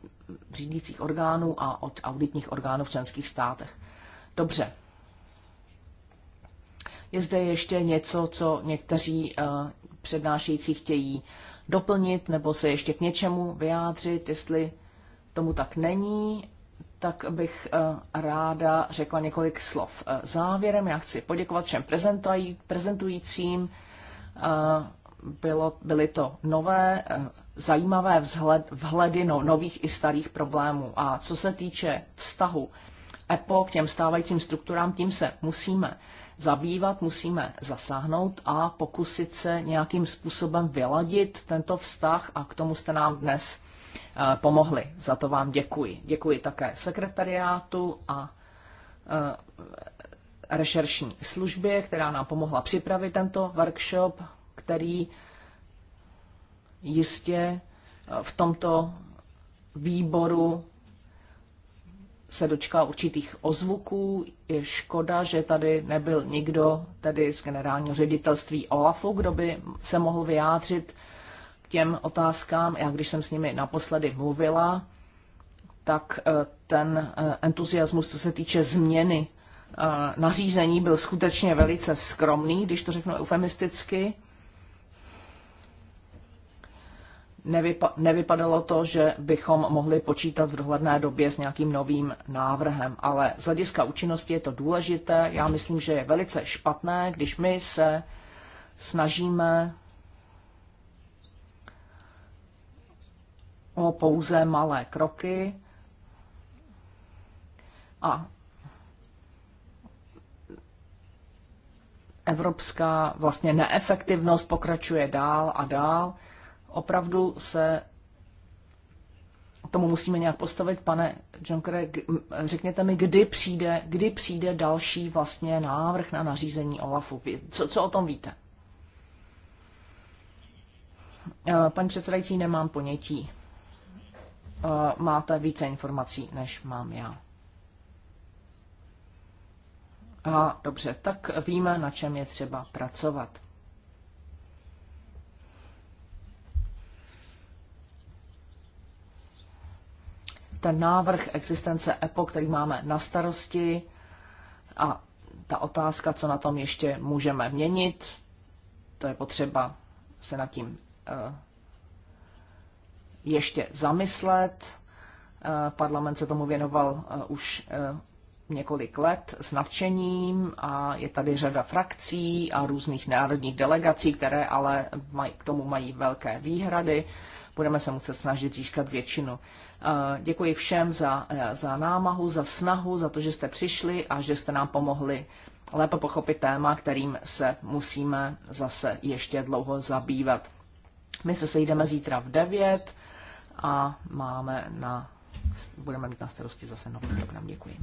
B: řídících orgánů a od auditních orgánů v členských státech. Dobře. Je zde ještě něco, co někteří uh, přednášející chtějí doplnit nebo se ještě k něčemu vyjádřit. Jestli tomu tak není, tak bych eh, ráda řekla několik slov. Eh, závěrem já chci poděkovat všem prezentujícím, bylo, byly to nové, eh, zajímavé vzhled, vhledy no, nových i starých problémů. A co se týče vztahu EPO k těm stávajícím strukturám, tím se musíme zabývat, musíme zasáhnout a pokusit se nějakým způsobem vyladit tento vztah a k tomu jste nám dnes eh, pomohli. Za to vám děkuji. Děkuji také sekretariátu a eh, rešeršní službě, která nám pomohla připravit tento workshop který jistě eh, v tomto výboru se dočká určitých ozvuků. Je škoda, že tady nebyl nikdo tedy z generálního ředitelství OLAFu, kdo by se mohl vyjádřit k těm otázkám. Já když jsem s nimi naposledy mluvila, tak eh, ten eh, entuziasmus, co se týče změny nařízení, byl skutečně velice skromný, když to řeknu eufemisticky. nevypa- nevypadalo to, že bychom mohli počítat v dohledné době s nějakým novým návrhem, ale z hlediska účinnosti je to důležité. Já myslím, že je velice špatné, když my se snažíme o pouze malé kroky a evropská vlastně neefektivnost pokračuje dál a dál opravdu se tomu musíme nějak postavit. Pane Junkere, řekněte mi, kdy přijde, kdy přijde další vlastně návrh na nařízení OLAFu? Co, co o tom víte? Eh, Pan předsedající, nemám ponětí. Eh, máte více informací, než mám já. A dobře, tak víme, na čem je třeba pracovat. ten návrh existence EPO, který máme na starosti a ta otázka, co na tom ještě můžeme měnit, to je potřeba se nad tím eh, ještě zamyslet. Eh, parlament se tomu věnoval eh, už několik let s nadšením a je tady řada frakcí a různých národních delegací, které ale k tomu mají velké výhrady budeme se muset snažit získat většinu. Eh, děkuji všem za, eh, za námahu, za snahu, za to, že jste přišli a že jste nám pomohli lépe pochopit téma, kterým se musíme zase ještě dlouho zabývat. My se sejdeme zítra v 9 a máme na, budeme mít na starosti zase nový program. Děkuji.